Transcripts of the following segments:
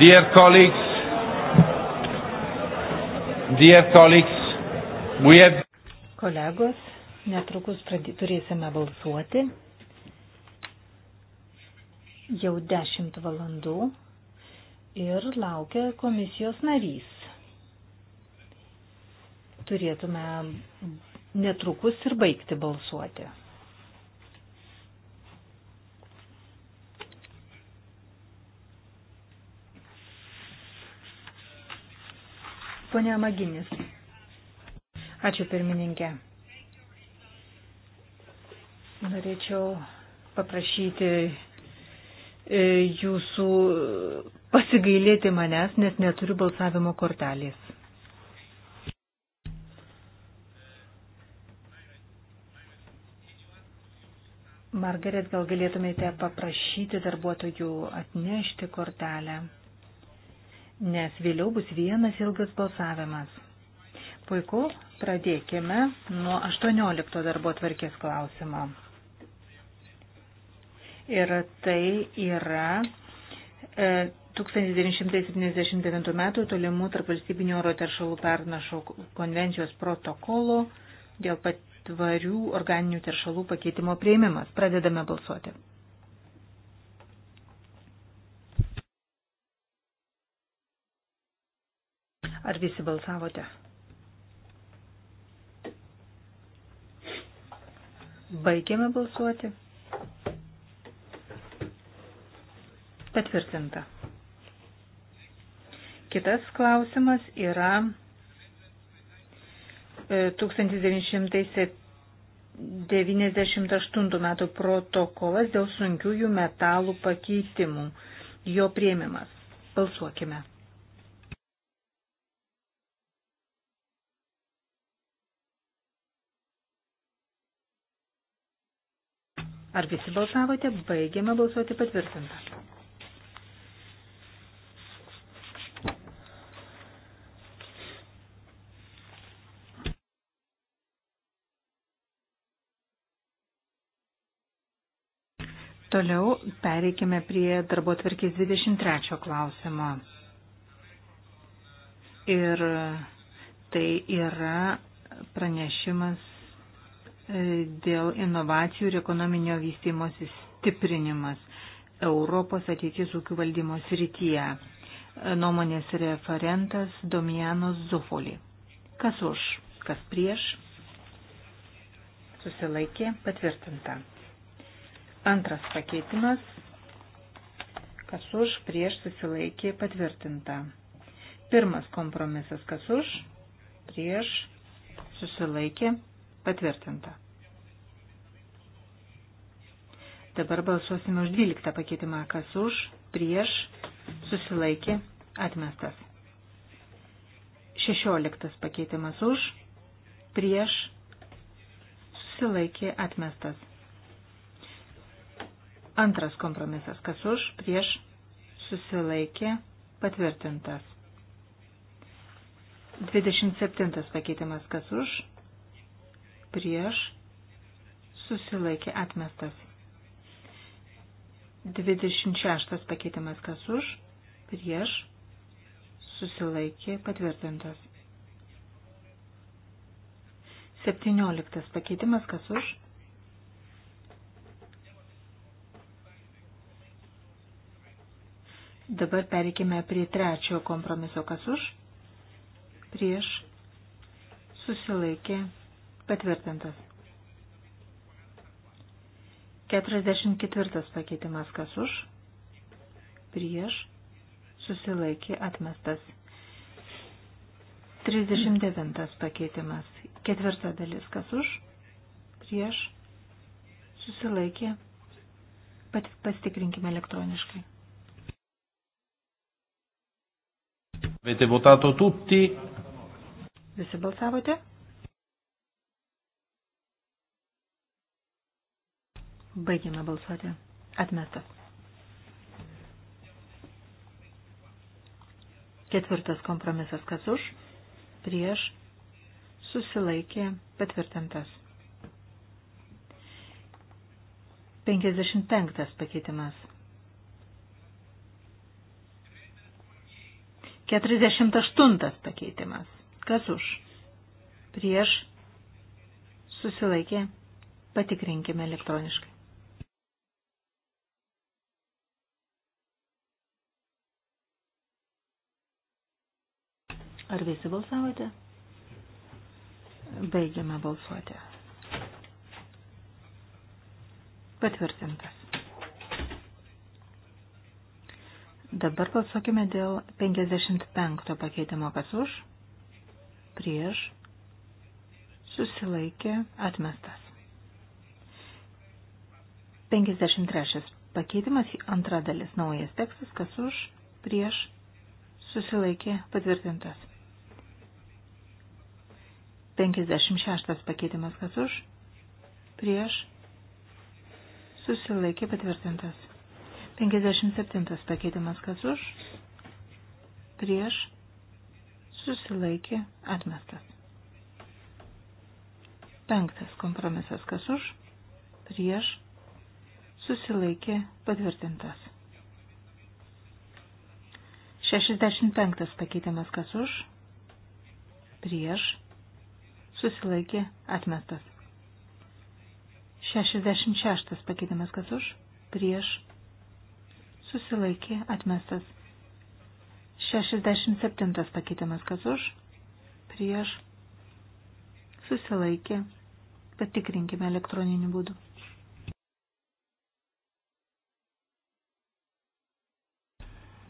Dear colleagues, dear colleagues, we have. Kolegos, netrukus pradė, turėsime balsuoti. Jau 10 valandų ir laukia komisijos narys. Turėtume netrukus ir baigti balsuoti. Pone Maginis. Ačiū pirmininkė. Norėčiau paprašyti e, jūsų pasigailėti manęs, nes neturiu balsavimo kortelės. Margaret, gal galėtumėte paprašyti darbuotojų atnešti kortelę? nes vėliau bus vienas ilgas balsavimas. Puiku, pradėkime nuo 18 darbo tvarkės klausimo. Ir tai yra 1979 e, m. tolimų tarpvalstybinio oro teršalų pernašo konvencijos protokolo dėl patvarių organinių teršalų pakeitimo prieimimas. Pradedame balsuoti. Ar visi balsavote? Baigėme balsuoti. Patvirtinta. Kitas klausimas yra 1998 e, metų protokolas dėl sunkiųjų metalų pakeitimų. Jo prieimimas. Balsuokime. Ar visi balsavote? Baigiame balsuoti patvirtintą. Toliau pereikime prie darbo tvarkės 23 klausimo. Ir tai yra pranešimas dėl inovacijų ir ekonominio vystimosi stiprinimas Europos ateities ūkių valdymo srityje. Nuomonės referentas Domijanos Zufoli. Kas už, kas prieš? Susilaikė patvirtinta. Antras pakeitimas. Kas už, prieš susilaikė patvirtinta. Pirmas kompromisas. Kas už, prieš susilaikė Patvirtinta. Dabar balsuosime už 12 pakeitimą, kas už, prieš, susilaikė, atmestas. 16 pakeitimas už, prieš, susilaikė, atmestas. Antras kompromisas, kas už, prieš, susilaikė, patvirtintas. 27 pakeitimas, kas už, prieš, susilaikė atmestas. 26 pakeitimas kas už, prieš, susilaikė patvirtintas. 17 pakeitimas kas už. Dabar pereikime prie trečiojo kompromiso kas už, prieš, susilaikė Patvirtintas. 44 pakeitimas kas už, prieš, susilaikė atmestas. 39 pakeitimas, ketvirta dalis kas už, prieš, susilaikė, Pat, pasitikrinkime elektroniškai. Avete votato tutti? Visi balsavote? Baigiame balsuoti. Atmestas. Ketvirtas kompromisas kas už, prieš, susilaikė, patvirtintas. 55 pakeitimas. 48 pakeitimas. Kas už? Prieš susilaikė. Patikrinkime elektroniškai. Ar visi balsavote? Baigiame balsuoti. Patvirtintas. Dabar balsuokime dėl 55 pakeitimo kas už, prieš, susilaikė, atmestas. 53 pakeitimas į antrą dalis naujas tekstas kas už, prieš, susilaikė, patvirtintas. 56 pakeitimas kas už, prieš, susilaikė patvirtintas. 57 pakeitimas kas už, prieš, susilaikė atmestas. Penktas kompromisas kas už, prieš, susilaikė patvirtintas. 65 pakeitimas kas už, prieš, susilaikė atmestas. 66 pakeitimas kas už, prieš, susilaikė atmestas. 67 pakeitimas kas už, prieš, susilaikė, patikrinkime elektroniniu būdu.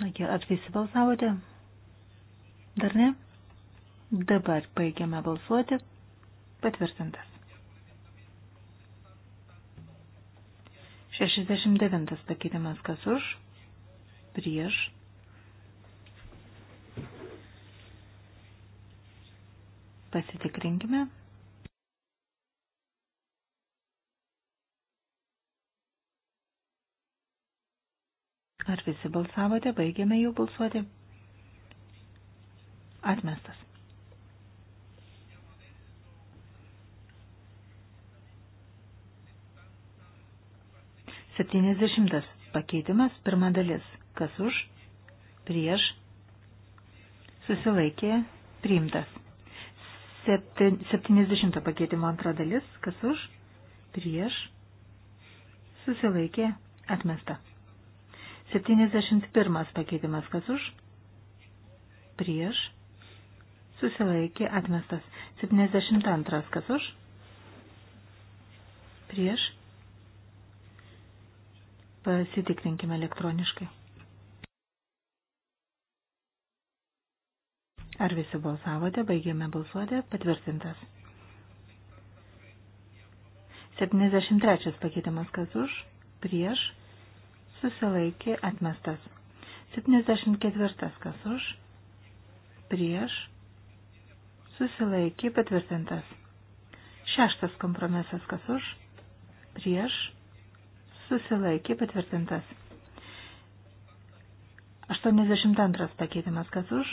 Nagi, ar visi balsavote? Dar ne? Dabar baigiame balsuoti. Patvirtintas. 69 pakeitimas kas už, prieš. Pasitikrinkime. Ar visi balsavote, baigėme jau balsuoti? Atmestas. 70 pakeitimas, pirma dalis. Kas už? Prieš. Susilaikė. Priimtas. 70 pakeitimo antra dalis. Kas už? Prieš. Susilaikė. Atmesta. 71 pakeitimas. Kas už? Prieš. Susilaikė. Atmestas. 72. Kas už? Prieš Pasitikrinkime elektroniškai. Ar visi balsavote, baigėme balsuoti, patvirtintas. 73 pakeitimas kas už, prieš, susilaikė, atmestas. 74 kas už, prieš, susilaikė, patvirtintas. Šeštas kompromisas kas už, prieš, susilaikė patvirtintas. 82 pakeitimas kas už,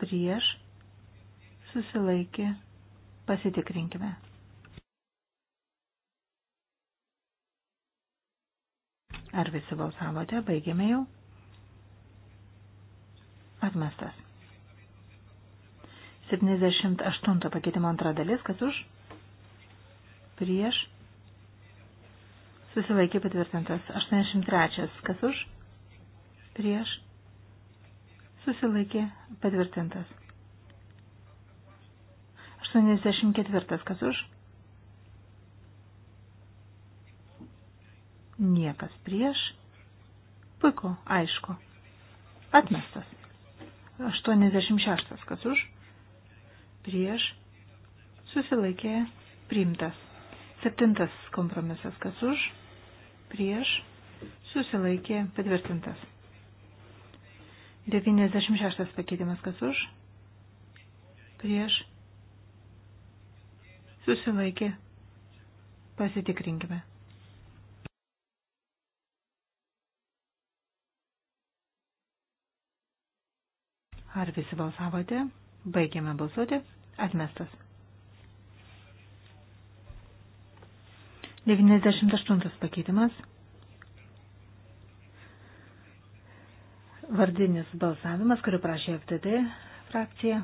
prieš, susilaikė, pasitikrinkime. Ar visi balsavote, baigėme jau? Atmestas. 78 pakeitimo antra dalis, kas už, prieš, Susilaikė patvirtintas. 83. Kas už? Prieš. Susilaikė patvirtintas. 84. Kas už? Niekas prieš. Puiku, aišku. Atmestas. 86. Kas už? Prieš. Susilaikė. Primtas. Septintas kompromisas, kas už, prieš, susilaikė, patvirtintas. 96 pakeitimas, kas už, prieš, susilaikė, pasitikrinkime. Ar visi balsavote? Baigėme balsuoti. Atmestas. 98 pakeitimas. Vardinis balsavimas, kurį prašė FTD frakcija.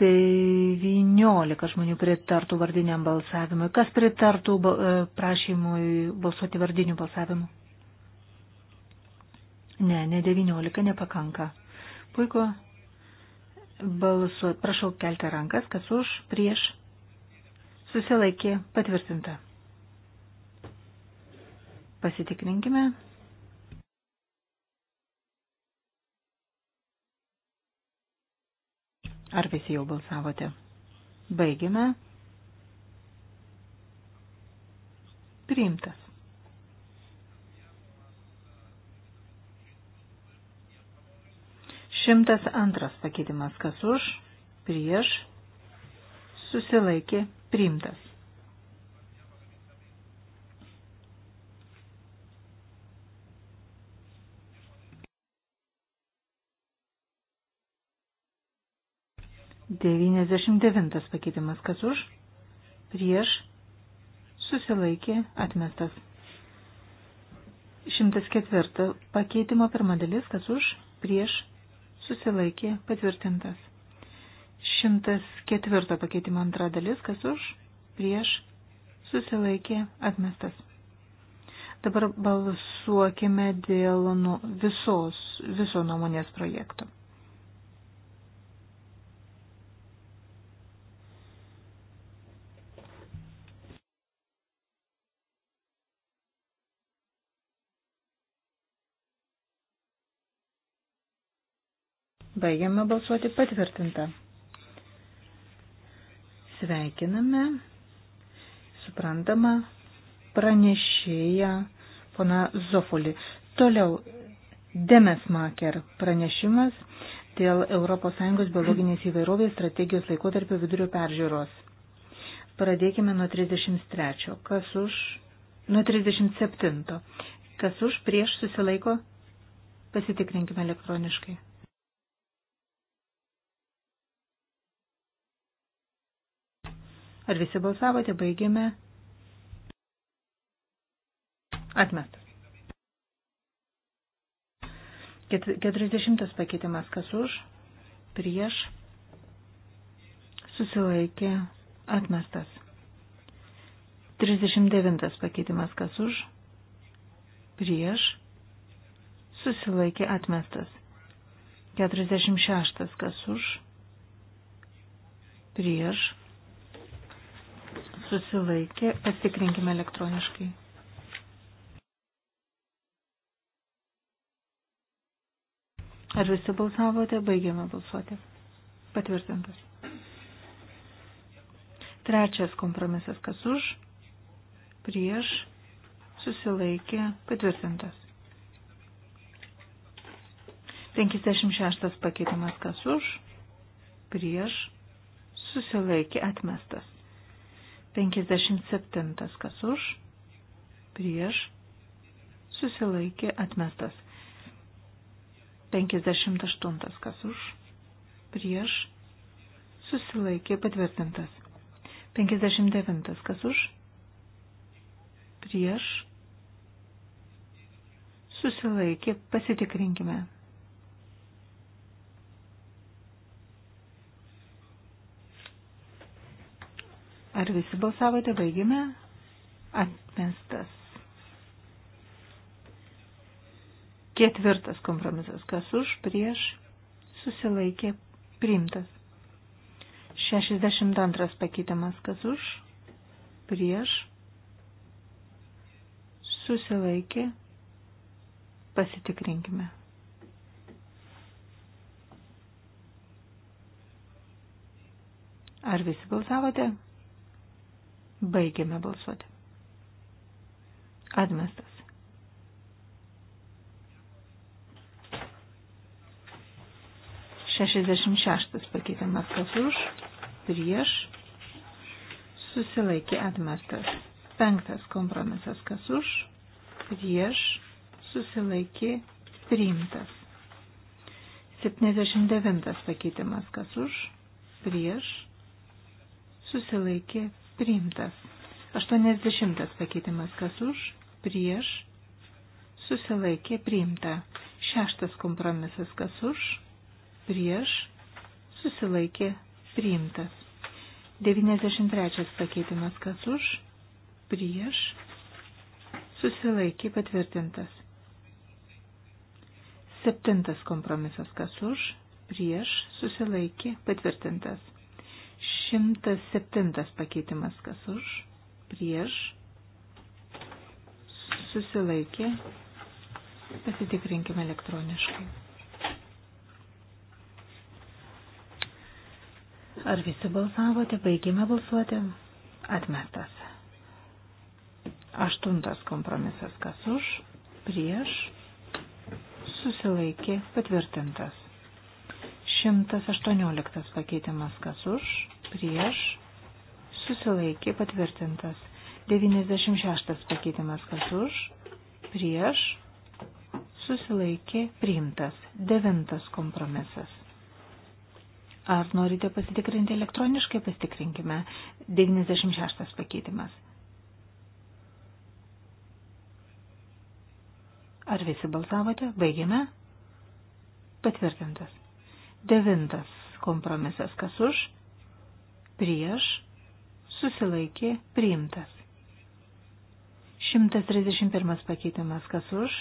Devyniolika žmonių pritartų vardiniam balsavimui. Kas pritartų e, prašymui balsuoti vardiniu balsavimu? Ne, ne devyniolika, nepakanka. Puiku, balsuoti. Prašau kelti rankas, kas už, prieš. Susilaikė patvirtinta. Pasitikrinkime. Ar visi jau balsavote? Baigime. Priimtas. 102 pakeitimas kas už, prieš, susilaikė, priimtas. Devyniasdešimt devintas pakeitimas kas už, prieš, susilaikė, atmestas. Šimtas ketvirta pakeitimo pirma dalis kas už, prieš, susilaikė patvirtintas. 104 pakeitimo antra dalis, kas už, prieš, susilaikė atmestas. Dabar balsuokime dėl nu, visos, viso nuomonės projekto. Baigiame balsuoti patvirtinta. Sveikiname, suprantama, pranešėją pana Zofoli. Toliau Demesmaker pranešimas dėl ES biologinės įvairovės strategijos laikotarpio vidurio peržiūros. Pradėkime nuo 33. Kas už? Nuo 37. Kas už prieš susilaiko? Pasitikrinkime elektroniškai. Ar visi balsavote? Baigėme. Atmestas. 40 pakeitimas kas už, prieš, susilaikė, atmestas. 39 pakeitimas kas už, prieš, susilaikė, atmestas. 46 kas už, prieš, susilaikė, pasikrinkime elektroniškai. Ar visi balsavote? Baigėme balsuoti. Patvirtintas. Trečias kompromisas, kas už, prieš, susilaikė, patvirtintas. 56 pakeitimas, kas už, prieš, susilaikė, atmestas. 57. Kas už? Prieš. Susilaikė atmestas. 58. Kas už? Prieš. Susilaikė patvirtintas. 59. Kas už? Prieš. Susilaikė pasitikrinkime. Ar visi balsavote? Baigime. Atmestas. Ketvirtas kompromisas. Kas už, prieš, susilaikė, priimtas. 62 pakeitimas. Kas už, prieš, susilaikė, pasitikrinkime. Ar visi balsavote? Baigiame balsuoti. Atmestas. Šešiasdešimt šeštas pakeitimas kas už, prieš, susilaikė atmestas. Penktas kompromisas kas už, prieš, susilaikė priimtas. 79 pakeitimas kas už, prieš, susilaikė priimtas. 80 pakeitimas kas už, prieš, susilaikė priimta. Šeštas kompromisas kas už, prieš, susilaikė priimtas. 93 pakeitimas kas už, prieš, susilaikė patvirtintas. Septintas kompromisas kas už, prieš, susilaikė patvirtintas. 107 pakeitimas kas už, prieš, susilaikė, pasitikrinkime elektroniškai. Ar visi balsavote, baigėme balsuoti? Atmestas. Aštuntas kompromisas kas už, prieš, susilaikė, patvirtintas. 118 pakeitimas kas už, prieš, susilaikė patvirtintas. 96 pakeitimas kas už, prieš, susilaikė priimtas. 9 kompromisas. Ar norite pasitikrinti elektroniškai, pasitikrinkime. 96 pakeitimas. Ar visi balsavote? Baigėme. Patvirtintas. Devintas kompromisas. Kas už? prieš, susilaikė, priimtas. 131 pakeitimas kas už,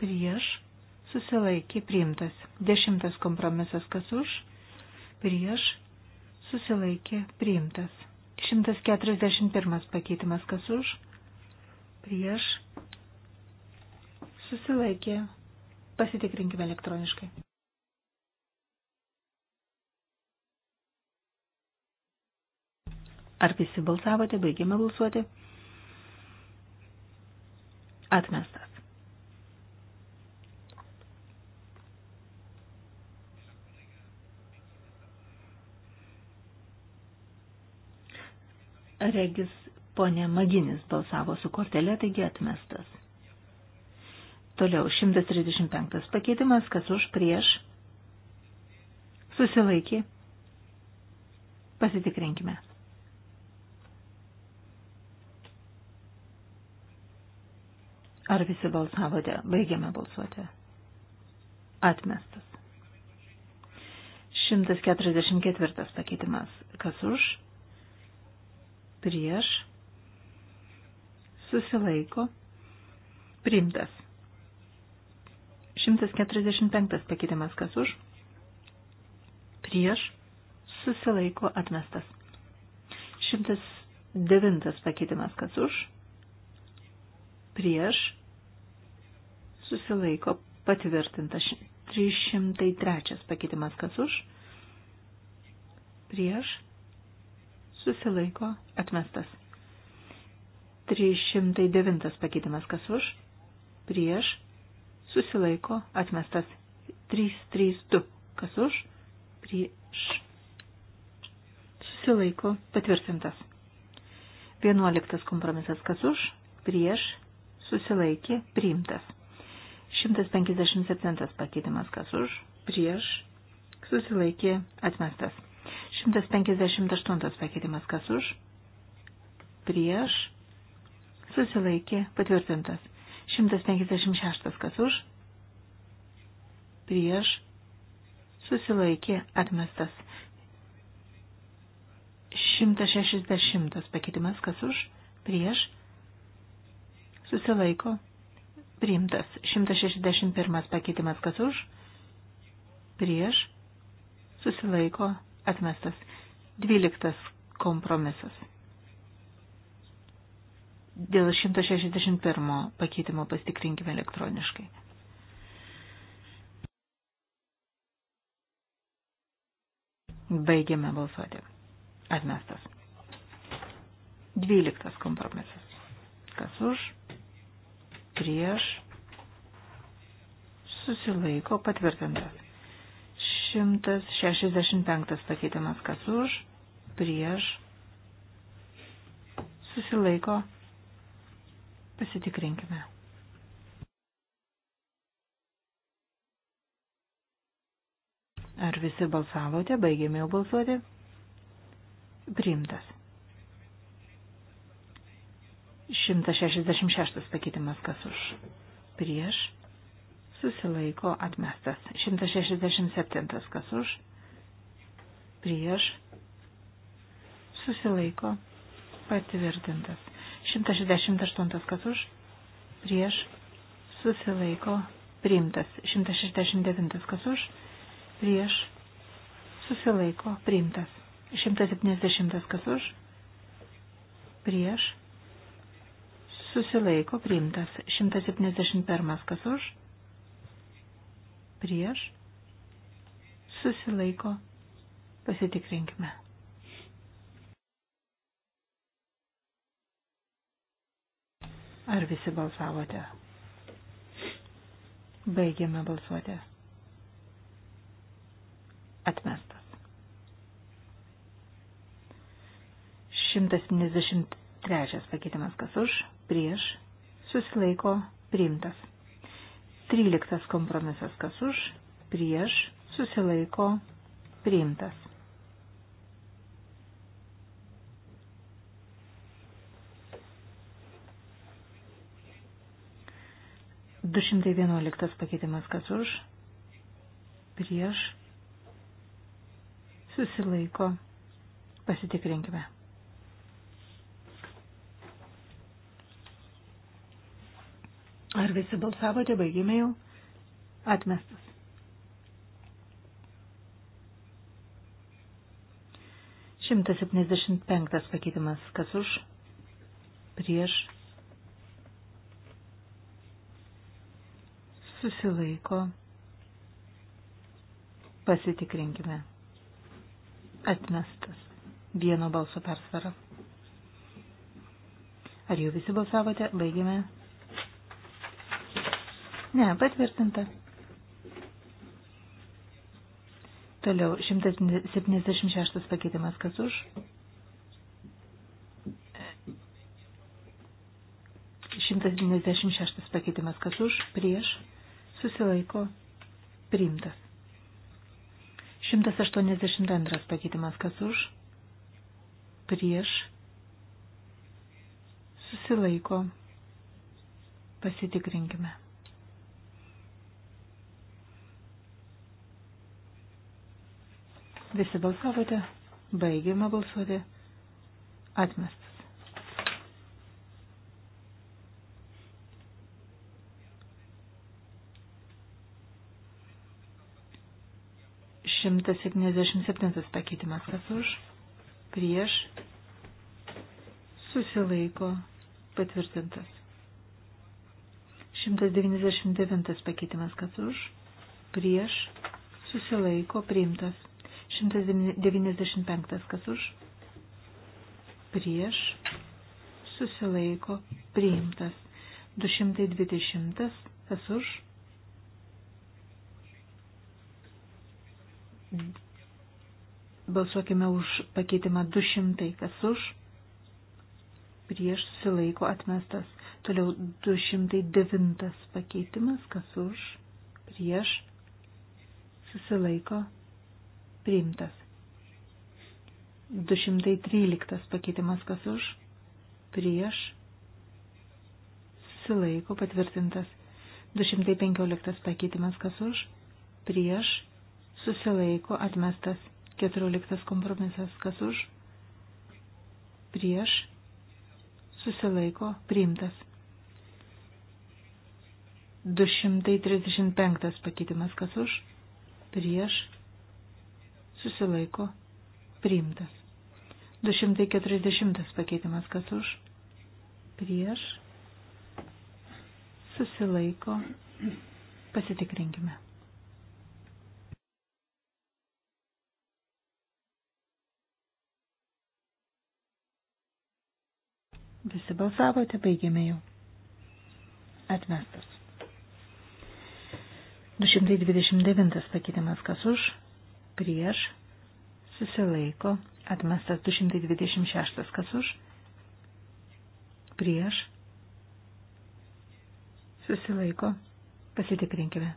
prieš, susilaikė, priimtas. 10 kompromisas kas už, prieš, susilaikė, priimtas. 141 pakeitimas kas už, prieš, susilaikė, pasitikrinkime elektroniškai. Ar visi balsavote? Baigėme balsuoti. Atmestas. Regis ponė Maginis balsavo su kortelė, taigi atmestas. Toliau 135 pakeitimas, kas už prieš. Susilaikė. Pasitikrinkime. Ar visi balsavote? Baigiame balsuoti. Atmestas. 144 pakeitimas. Kas už? Prieš. Susilaiko. Primtas. 145 pakeitimas. Kas už? Prieš. Susilaiko. Atmestas. 109 pakeitimas. Kas už? prieš susilaiko patvirtintas 303 pakeitimas kas už, prieš susilaiko atmestas. 309 pakeitimas kas už, prieš susilaiko atmestas. 332 kas už, prieš susilaiko patvirtintas. 11 kompromisas kas už, prieš susilaikė, priimtas. 157 pakeitimas kas už, prieš, susilaikė, atmestas. 158 pakeitimas kas už, prieš, susilaikė, patvirtintas. 156 kas už, prieš, susilaikė, atmestas. 160 pakeitimas kas už, prieš, susilaiko, priimtas. 161 pakeitimas kas už, prieš, susilaiko, atmestas. 12 kompromisas. Dėl 161 pakeitimo pasitikrinkime elektroniškai. Baigiame balsuoti. Atmestas. Dvyliktas kompromisas. Kas už? prieš, susilaiko patvirtinta. 165 pakeitimas kas už, prieš, susilaiko, pasitikrinkime. Ar visi balsavote, baigėme jau balsuoti? Priimtas. 166 pakeitimas kas už. Prieš. Susilaiko atmestas. 167 kas už. Prieš. Susilaiko patvirtintas. 168 kas už. Prieš. Susilaiko priimtas. 169 kas už. Prieš. Susilaiko priimtas. 170 kas už. Prieš susilaiko priimtas 171 kas už, prieš, susilaiko, pasitikrinkime. Ar visi balsavote? Baigiame balsuoti. Atmestas. 173 pakeitimas kas už prieš, susilaiko priimtas. 13 kompromisas kas už, prieš, susilaiko priimtas. Du šimtai vienuoliktas pakeitimas kas už, prieš, susilaiko, pasitikrinkime. Ar visi balsavote, baigėme jau? Atmestas. Šimtas septyniasdešimt penktas pakeitimas. Kas už? Prieš. Susilaiko. Pasitikrinkime. Atmestas. Vieno balso persvara. Ar jau visi balsavote? Baigėme. Ne, patvirtinta. Toliau 176 pakeitimas, kas už? 196 pakeitimas, kas už, prieš, susilaiko, priimtas. 182 pakeitimas, kas už, prieš, susilaiko, pasitikrinkime. Visi balsavote. Baigiame balsuoti. Atmestas. Šimtas septyniasdešimt septintas pakeitimas kas už, prieš, susilaiko, patvirtintas. Šimtas devyniasdešimt devintas pakeitimas kas už, prieš, susilaiko, priimtas. 195 kas už, prieš, susilaiko, priimtas. 220 kas už, balsuokime už pakeitimą 200 kas už, prieš, susilaiko, atmestas. Toliau 209 pakeitimas kas už, prieš, susilaiko, priimtas. 213 pakeitimas kas už, prieš, silaiko patvirtintas. 215 pakeitimas kas už, prieš, susilaiko atmestas. 14 kompromisas kas už, prieš, susilaiko priimtas. 235 pakeitimas kas už, prieš, susilaiko priimtas. 240 pakeitimas kas už, prieš, susilaiko, pasitikrinkime. Visi balsavote, baigėme jau. Atmestas. 229 pakeitimas kas už, prieš, susilaiko, atmestas 226, kas už, prieš, susilaiko, pasitikrinkime.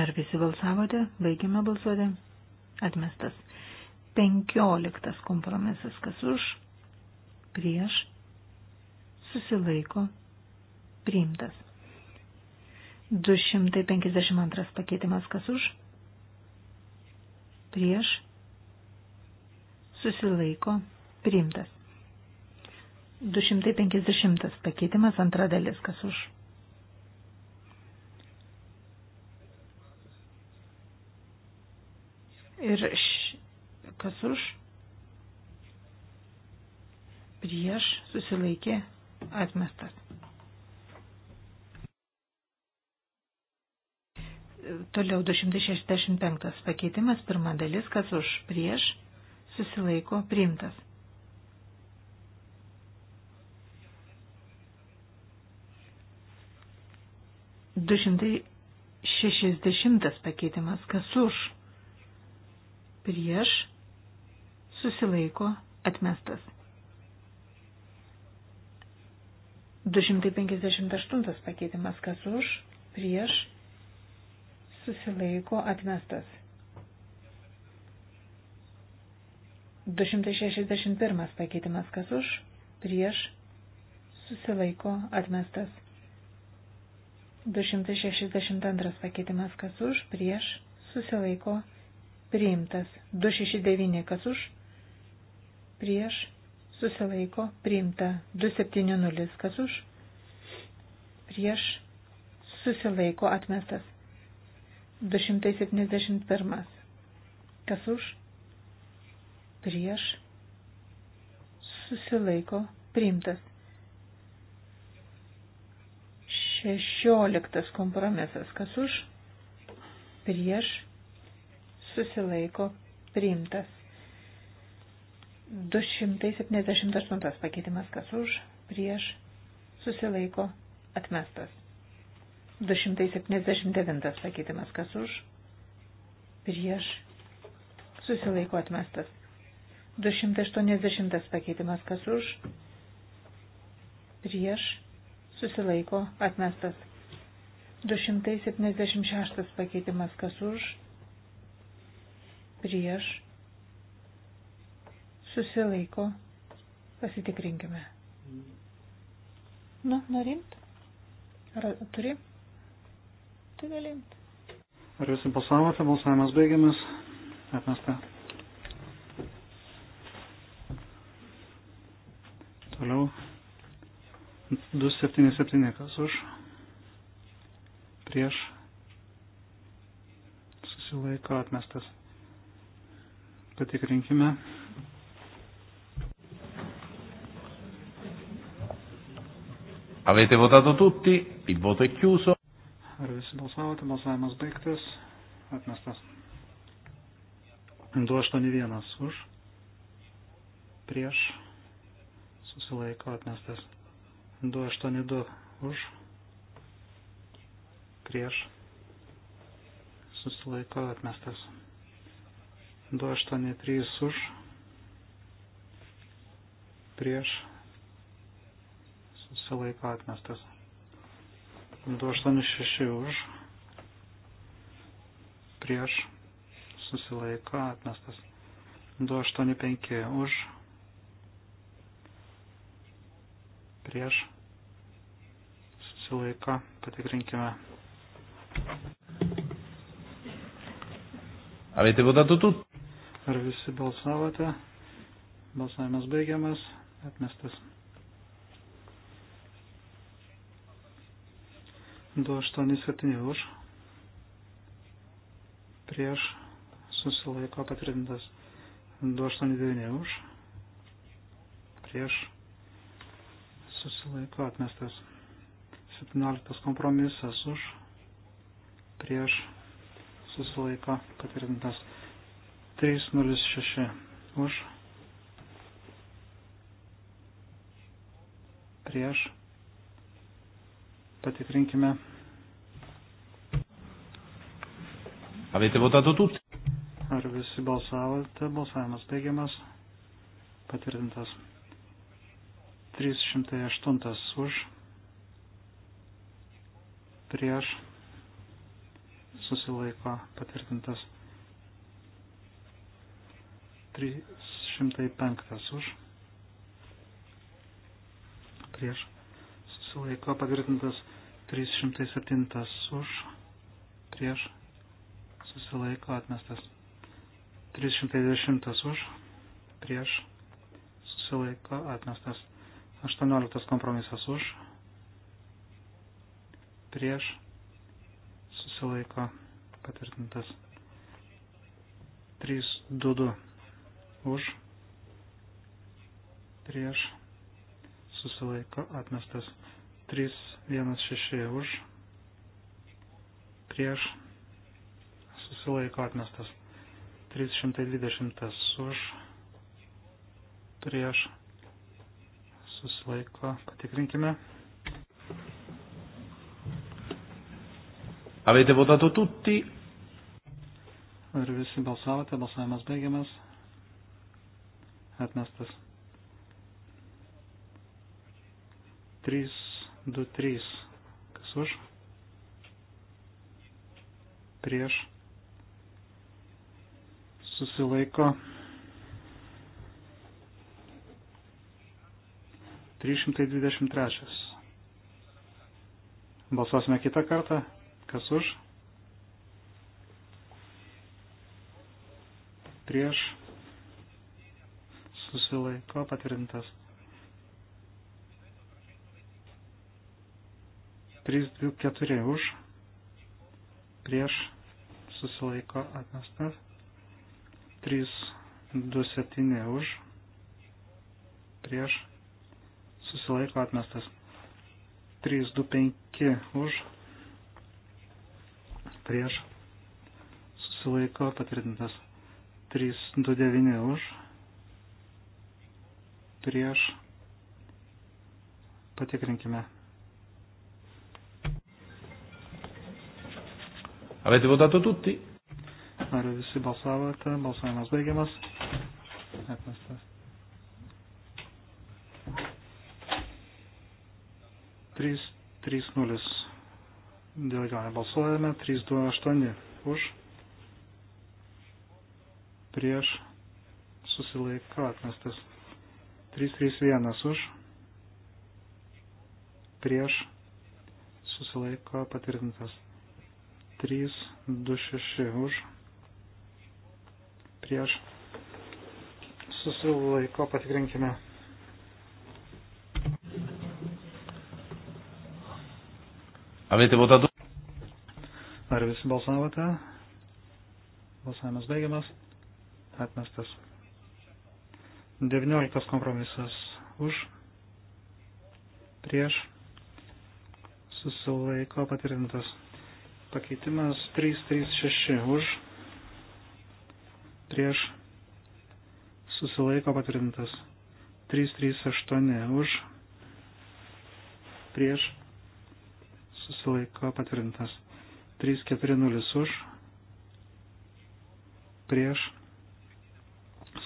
Ar visi balsavote? Baigime balsuoti. Atmestas. Penkioliktas kompromisas, kas už, prieš, susilaiko, priimtas. 252 pakeitimas kas už, prieš, susilaiko, priimtas. 250 pakeitimas antra dalis kas už. Ir š, kas už, prieš, susilaikė, atmestas. Toliau 265 pakeitimas, pirma dalis, kas už prieš, susilaiko priimtas. Du šimtai šešiasdešimtas pakeitimas, kas už, prieš, susilaiko, atmestas. Du šimtai penkiasdešimt aštuntas pakeitimas, kas už, prieš, susilaiko atmestas. 261 pakeitimas kas už, prieš, susilaiko atmestas. 262 pakeitimas kas už, prieš, susilaiko priimtas. 269 kas už, prieš, susilaiko priimta. 270 kas už, prieš, susilaiko atmestas. 271. Kas už? Prieš. Susilaiko. Priimtas. 16. Kompromisas. Kas už? Prieš. Susilaiko. Priimtas. 278 pakeitimas. Kas už? Prieš. Susilaiko. Atmestas. 279 sakytimas, kas už, prieš, susilaiko atmestas. 280 pakeitimas, kas už, prieš, susilaiko atmestas. 276 pakeitimas, kas už, prieš, susilaiko, pasitikrinkime. Nu, norim? Ar turi? Baigti galim. Ar jūs balsavote? Balsavimas baigiamas. Atmesta. Toliau. 277 kas už. Prieš. Susilaiko atmestas. Patikrinkime. Avete votato tutti, il voto è chiuso. Ar visi balsavote? Balsavimas baigtas. Atmestas. 281 už. Prieš. Susilaiko atmestas. 282 už. Prieš. Susilaiko atmestas. 283 už. Prieš. Susilaiko atmestas. 286 už, prieš, susilaiko, atmestas. 285 už, prieš, susilaiko, patikrinkime. Avete votato tutti? Ar visi balsavote? Balsavimas baigiamas, atmestas. 287 už, prieš susilaiko patvirtintas 289 už, prieš susilaiko atmestas 17 kompromisas už, prieš susilaiko patvirtintas 306 už, prieš patikrinkime Avete votato tutti? Ar visi balsavote? Balsavimas baigiamas. Patvirtintas. 308 už. Prieš. Susilaiko. Patvirtintas. 305 už. Prieš. Susilaiko. Patvirtintas. 307 už. Prieš susilaiko atmestas. 320 už, prieš, susilaiko atmestas. 18 kompromisas už, prieš, susilaiko patvirtintas. 322 už, prieš, susilaiko atmestas. 316 už, prieš, susilaiko atmestas. 320 už, prieš, susilaiko, patikrinkime. Avete votato tutti? Ar visi balsavote, balsavimas baigiamas. Atmestas. 3, 2, 3. Kas už? Prieš susilaiko 323. Balsuosime kitą kartą. Kas už? Prieš. Susilaiko patvirtintas. 324 už. Prieš. Susilaiko atmestas. 327 už, prieš, susilaiko atmestas. 325 už, prieš, susilaiko patvirtintas. 329 už, prieš, patikrinkime. Avete votato tutti? Atmestas, nariu visi balsavote, balsavimas baigiamas. Atmestas. 3-0. Dėl jo nebalsuojame. 3-2-8. Už. Prieš. Susilaiko atmestas. 3-3-1. Už. Prieš. Susilaiko patvirtintas. 3-2-6. Už prieš susilaiko patikrinkime. Avete votato? Ar visi balsavote? Balsavimas baigiamas. Atmestas. 19 kompromisas už. Prieš. Susilaiko patvirtintas. Pakeitimas 336 už prieš susilaiko patvirtintas. 338 už prieš susilaiko patvirtintas. 340 už prieš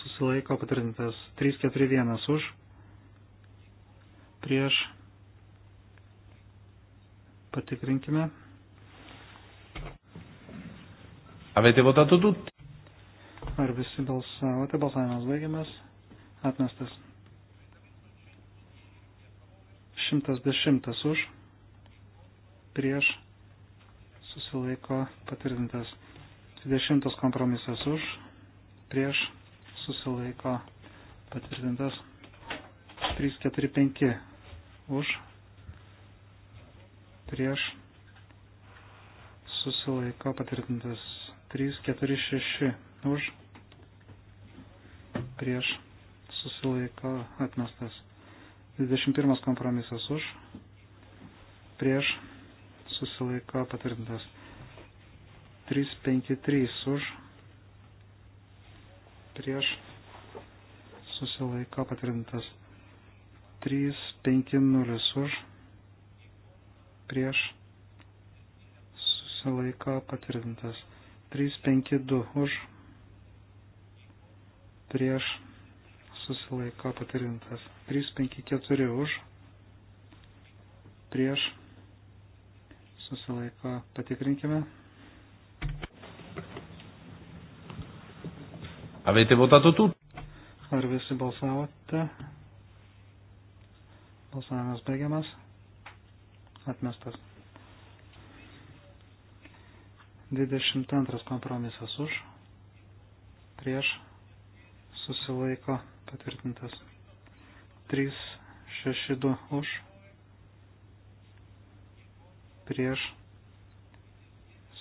susilaiko patvirtintas. 341 už prieš patikrinkime. Avete votato tutti? Ar visi balsavote? Balsavimas baigiamas. Atmestas. 110 už. Prieš. Susilaiko patvirtintas. 20 kompromisas už. Prieš. Susilaiko patvirtintas. 345 už. Prieš. Susilaiko patvirtintas. 346 už prieš susilaiko atmestas. 21 kompromisas už, prieš susilaiko patvirtintas. 353 už, prieš susilaiko patvirtintas. 350 už, prieš susilaiko patvirtintas. 352 už prieš susilaiko patvirtintas. 354 už, prieš susilaiko patikrinkime. Avete votato tutti? Ar visi balsavote? Balsavimas baigiamas. Atmestas. 22 kompromisas už. Prieš susilaiko patvirtintas. 3, 6, 2 už, prieš,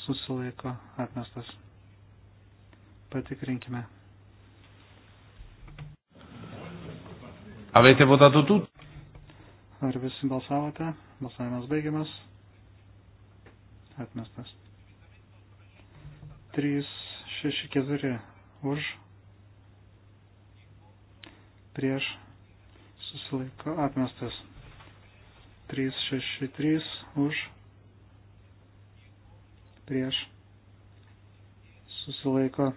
susilaiko atmestas. Patikrinkime. Avete votato tutti? Ar visi balsavote? Balsavimas baigiamas. Atmestas. 3, 6, 4 už prieš susilaiko atmestas. 363 už prieš susilaiko.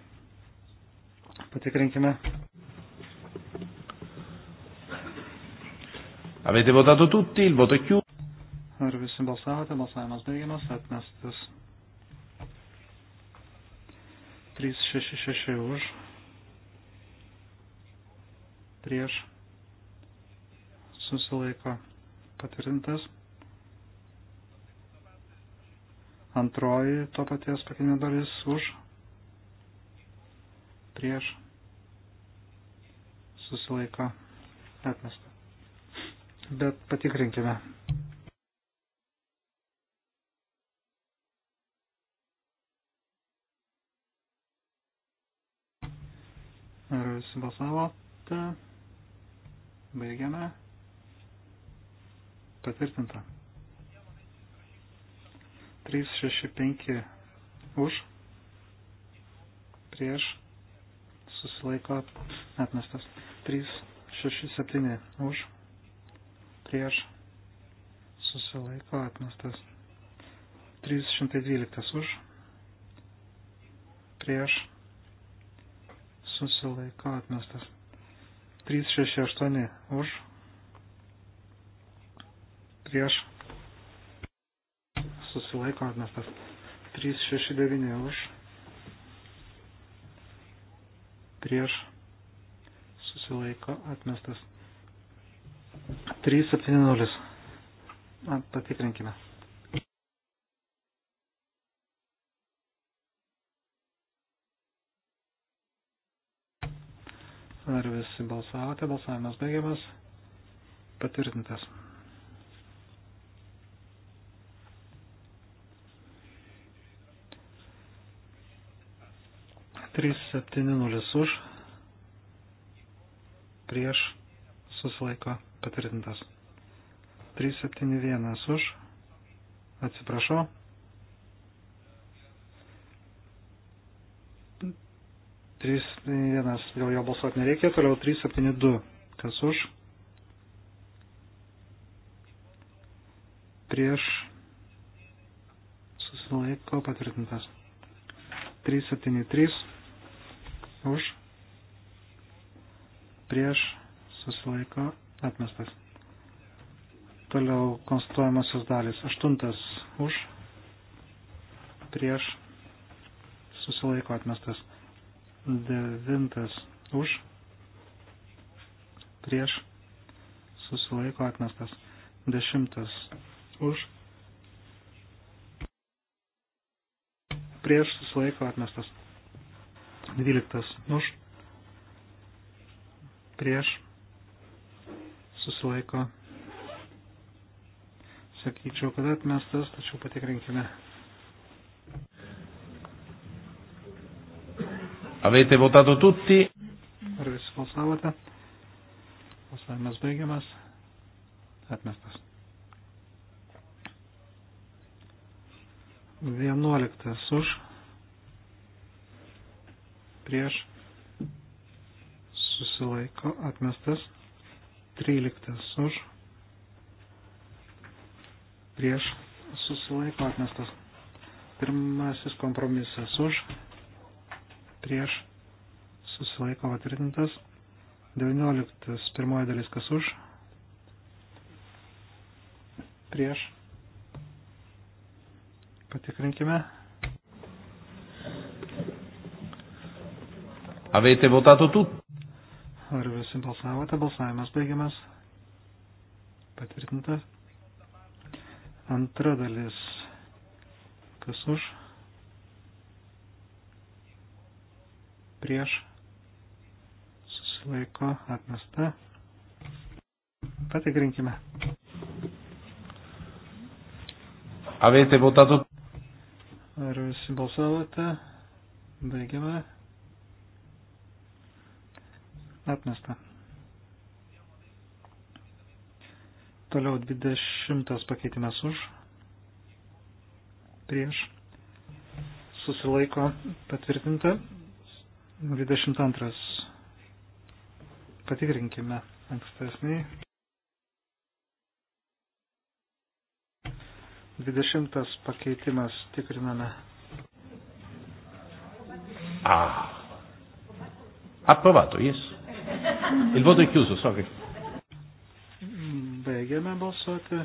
Patikrinkime. Avete votato tutti, il voto è chiuso. Ar visi balsavote, balsavimas baigiamas, atmestas. 366 už prieš susilaiko patvirtintas. Antroji to paties pakeitimo dalis už prieš susilaiko atmestą. Bet patikrinkime. Ar visi balsavote? Baigiame. Patvirtinta. 365 už. Prieš. Susilaiko. Atmestas. 367 už. Prieš. Susilaiko. Atmestas. 312 už. Prieš. Susilaiko. Atmestas. 368 už, prieš, susilaiko atmestas, 369 už, prieš, susilaiko atmestas, 370, patikrinkime. Ar visi balsavote? Balsavimas baigiamas. Patvirtintas. Trys septyni nulis už. Prieš susilaiko patvirtintas. 371 už. Atsiprašau. 3.1. Dėl jo balsuoti nereikia. Toliau 3.7.2. Kas už? Prieš. Susilaiko patvirtintas. 3.7.3. Už. Prieš. Susilaiko atmestas. Toliau konstruojamosios dalis. Aštuntas už. Prieš. Susilaiko atmestas devintas už, prieš, susilaiko atmestas, dešimtas už, prieš, susilaiko atmestas, dvyliktas už, prieš, susilaiko, sakyčiau, kad atmestas, tačiau patikrinkime. Avete votato tutti? Ar visi balsavote? Balsavimas baigiamas. Atmestas. 11 už. Prieš. Susilaiko. Atmestas. 13 už. Prieš. Susilaiko. Atmestas. Pirmasis kompromisas už prieš susilaiko patvirtintas. 19. Pirmoji dalis kas už. Prieš. Patikrinkime. Avete votato tutti? Ar visi balsavote? Balsavimas baigiamas. Patvirtintas. Antra dalis. Kas už? prieš, susilaiko, atmesta. Patikrinkime. Avete votato? Ar visi balsavote? Baigiame. Atmesta. Toliau 20 pakeitimas už. Prieš. Susilaiko patvirtinta. 22. Patikrinkime ankstesnį. 20 pakeitimas tikriname. Ah. Approvato, yes. Il voto è chiuso, so che. Baigiame balsuoti.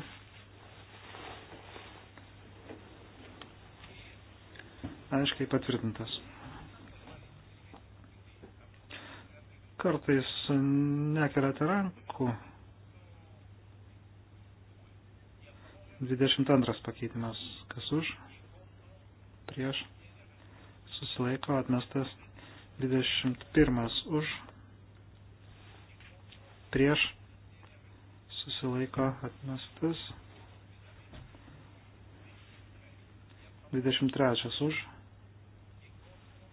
Aiškiai patvirtintas. kartais nekeliate rankų. 22 pakeitimas. Kas už? Prieš. Susilaiko atmestas. 21 už. Prieš. Susilaiko atmestas. 23 už.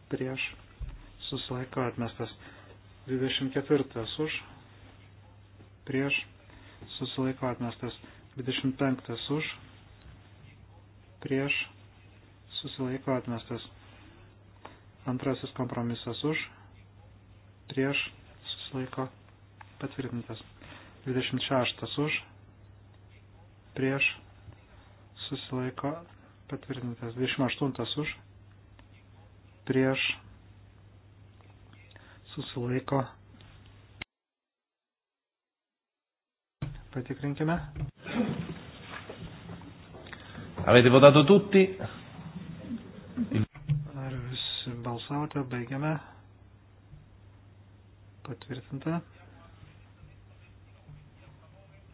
Prieš. Susilaiko atmestas. 24 už, prieš, susilaiko atmestas. 25 už, prieš, susilaiko atmestas. Antrasis kompromisas už, prieš, susilaiko patvirtintas. 26 už, prieš, susilaiko patvirtintas. 28 už, prieš, susilaiko. Patikrinkime. Avete votato tutti? Ar visi balsavote, baigiame. Patvirtinta.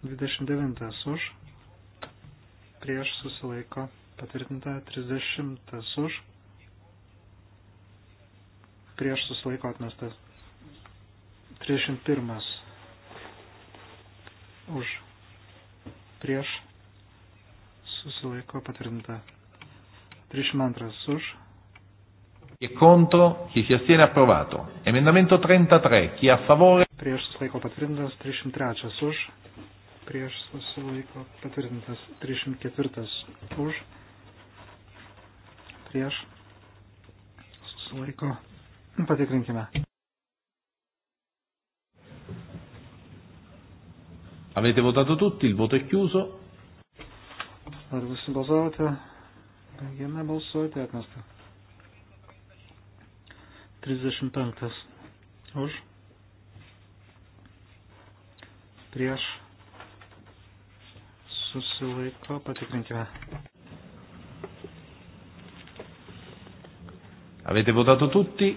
29 už. Prieš susilaiko. Patvirtinta 30 už. Prieš susilaiko atmestas 31 už prieš susilaiko patvirtinta. 32 už. Chi è contro, chi si astiene approvato. Emendamento 33, chi è a favore? Prieš susilaiko patvirtintas 33 už. Prieš susilaiko patvirtintas 34 už. Prieš susilaiko. Patikrinkime. Avete votato tutti, il voto è chiuso. Ar visi balsavote? Baigiame balsuoti, atmesta. 35. Už. Prieš. Susilaiko, patikrinkime. Avete votato tutti?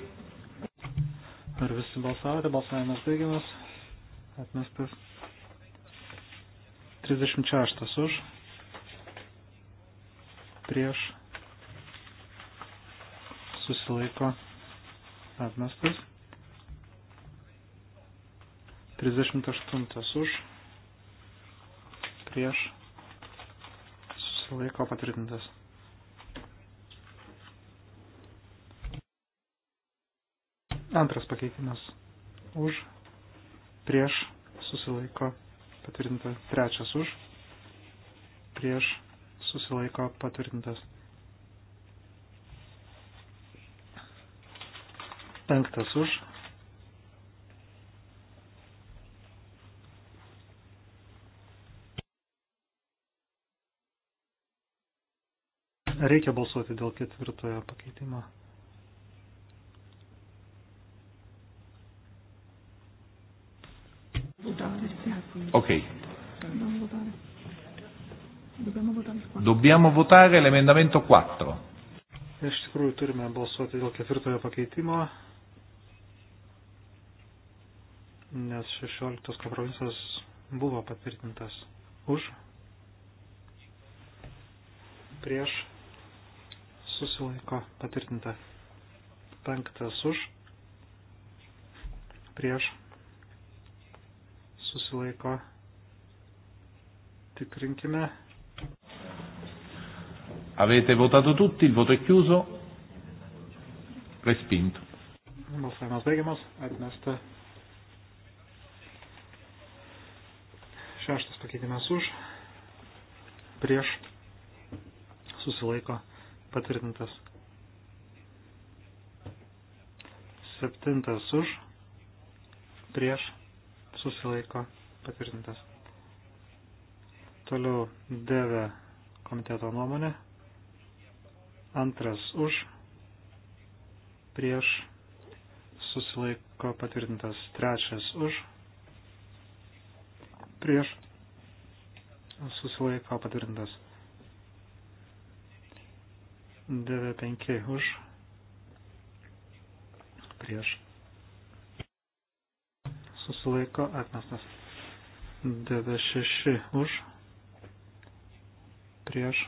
Ar visi balsavote? Balsavimas baigiamas. Atmestas. 36 už, prieš, susilaiko, atmestas. 38 už, prieš, susilaiko patvirtintas. Antras pakeitimas už, prieš, susilaiko patvirtintas patvirtinta. Trečias už, prieš susilaiko patvirtintas. Penktas už. Reikia balsuoti dėl ketvirtojo pakeitimo. Dobbiamo votare l'emendamento 4. Iš tikrųjų turime balsuoti dėl ketvirtojo pakeitimo, nes 16 kompromisas buvo patvirtintas už, prieš, susilaiko patvirtinta, penktas už, prieš, susilaiko, tikrinkime, Avete votato tutti, il voto è chiuso. Respinto. Balsavimas baigiamas, atmesta. Šeštas pakeitimas už, prieš, susilaiko, patvirtintas. Septintas už, prieš, susilaiko, patvirtintas. Toliau devė komiteto nuomonė. Antras už, prieš, susilaiko patvirtintas. Trečias už, prieš, susilaiko patvirtintas. 95 už, prieš, susilaiko atmestas. 96 už, prieš,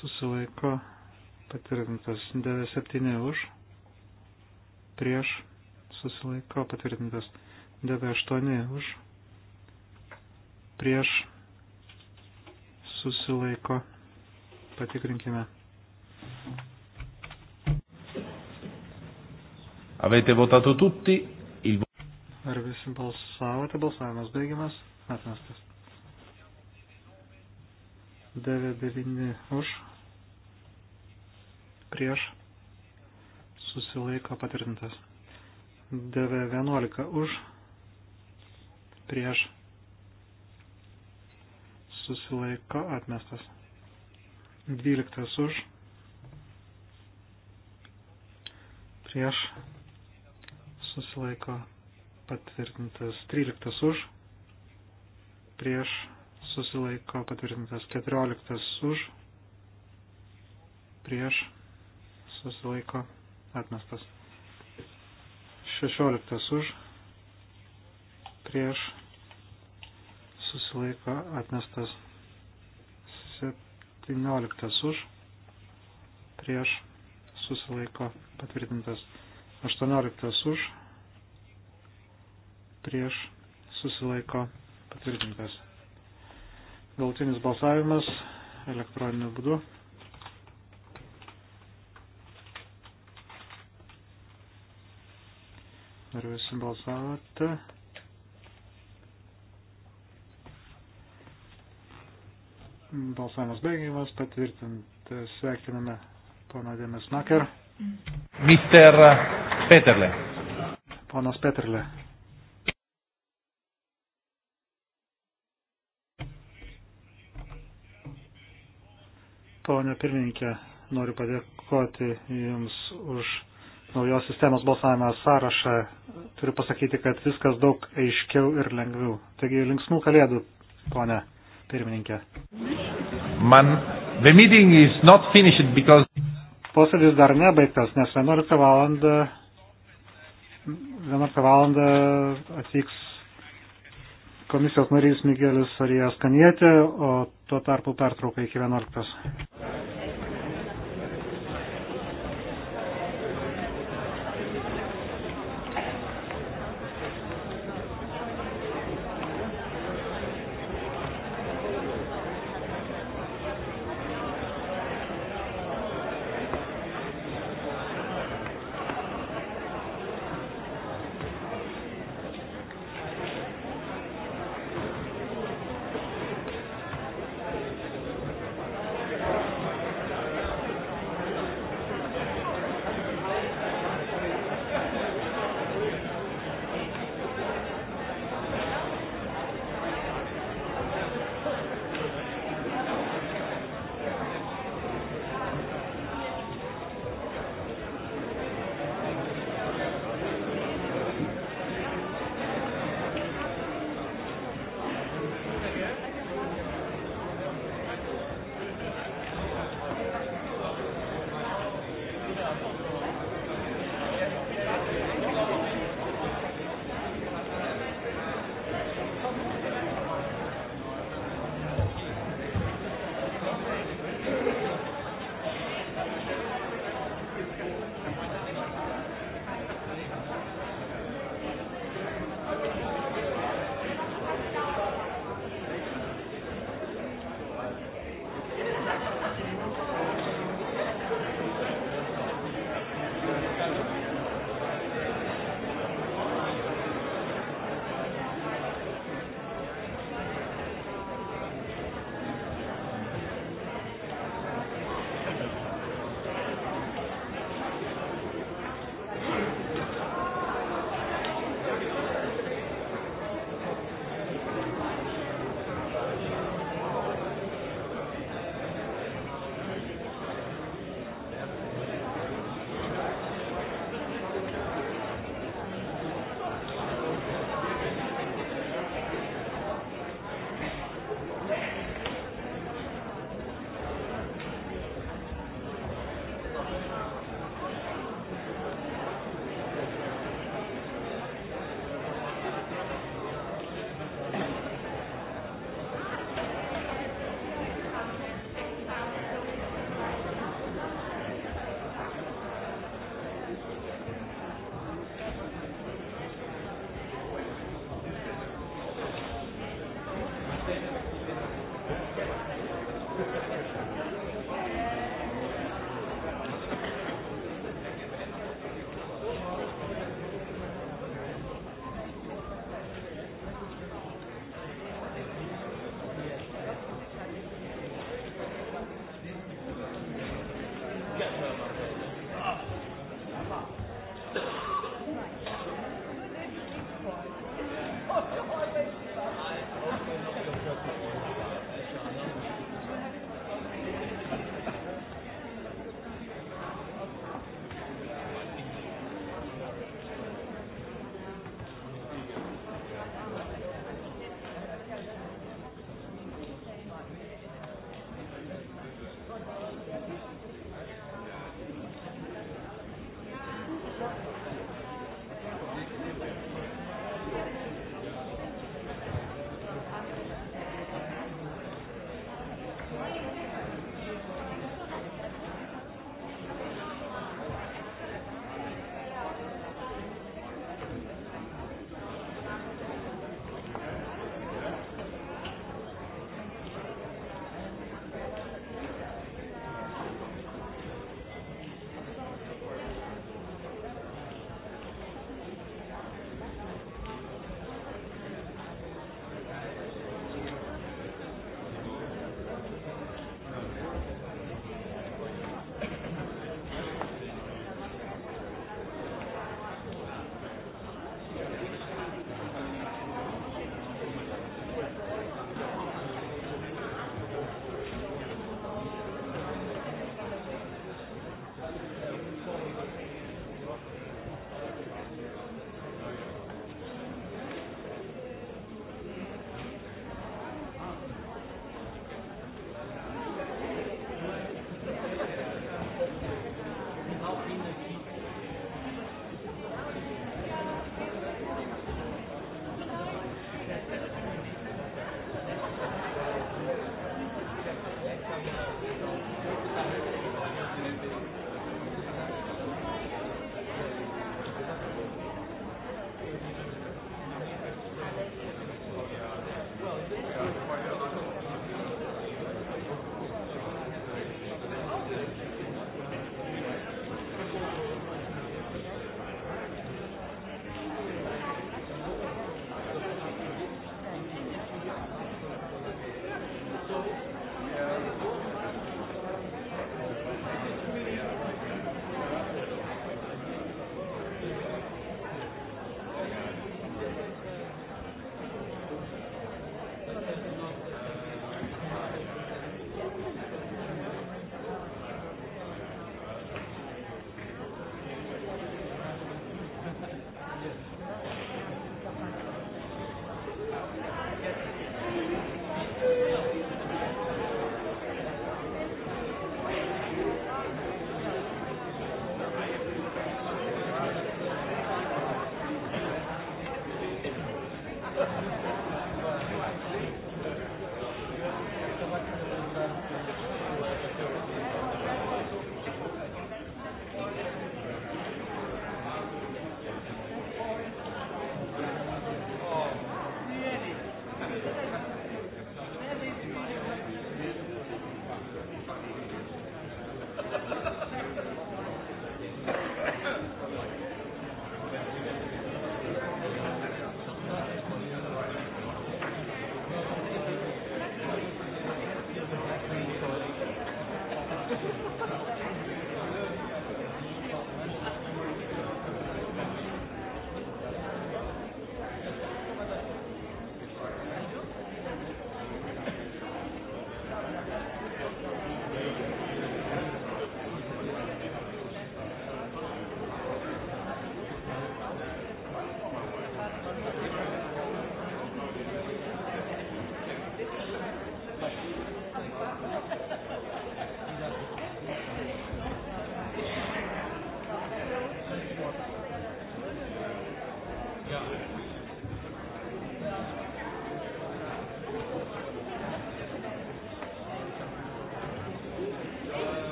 susilaiko patvirtintas 97 už, prieš susilaiko patvirtintas 98 už, prieš susilaiko patikrinkime. Avete votato tutti? Il... Ar visi balsavote? Balsavimas baigiamas. Atmestas. 99 už prieš susilaiko patvirtintas. DV11 už prieš susilaiko atmestas. 12 už prieš susilaiko patvirtintas. 13 už prieš susilaiko patvirtintas. 14 už prieš susilaiko atmestas. 16 už, prieš susilaiko atmestas. 17 už, prieš susilaiko patvirtintas. 18 už, prieš susilaiko patvirtintas. Galutinis balsavimas elektroniniu būdu. Visi balsavote. Balsavimas baigiamas, patvirtinti sveikiname pono Dėmes Maker. Mister Peterle. Ponas Peterle. Pone pirmininkė, noriu padėkoti Jums už naujos sistemos balsavimo sąrašą, turiu pasakyti, kad viskas daug aiškiau ir lengviau. Taigi linksmų kalėdų, ponė pirmininkė. Man, the meeting is not finished because... Posėdis dar nebaigtas, nes 11 val. 11 val. atvyks komisijos narys Miguelis Arijas Kanietė, o tuo tarpu pertrauka iki 11.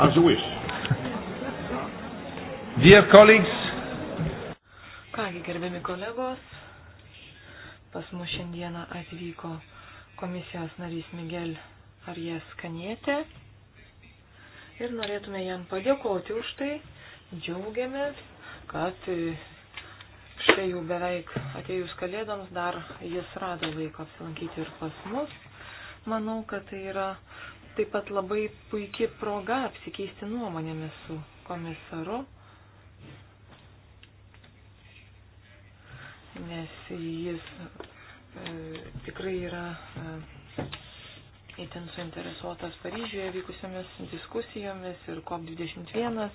As you wish. Dear colleagues. Kągi, gerbiami kolegos, pas mus šiandieną atvyko komisijos narys Miguel Arijas Kanietė ir norėtume jam padėkoti už tai. Džiaugiamės, kad e, štai jau beveik atėjus kalėdoms dar jis rado laiko apsilankyti ir pas mus. Manau, kad tai yra taip pat labai puikia proga apsikeisti nuomonėmis su komisaru, nes jis e, tikrai yra. E, itin suinteresuotas Paryžiuje vykusiamis diskusijomis ir COP21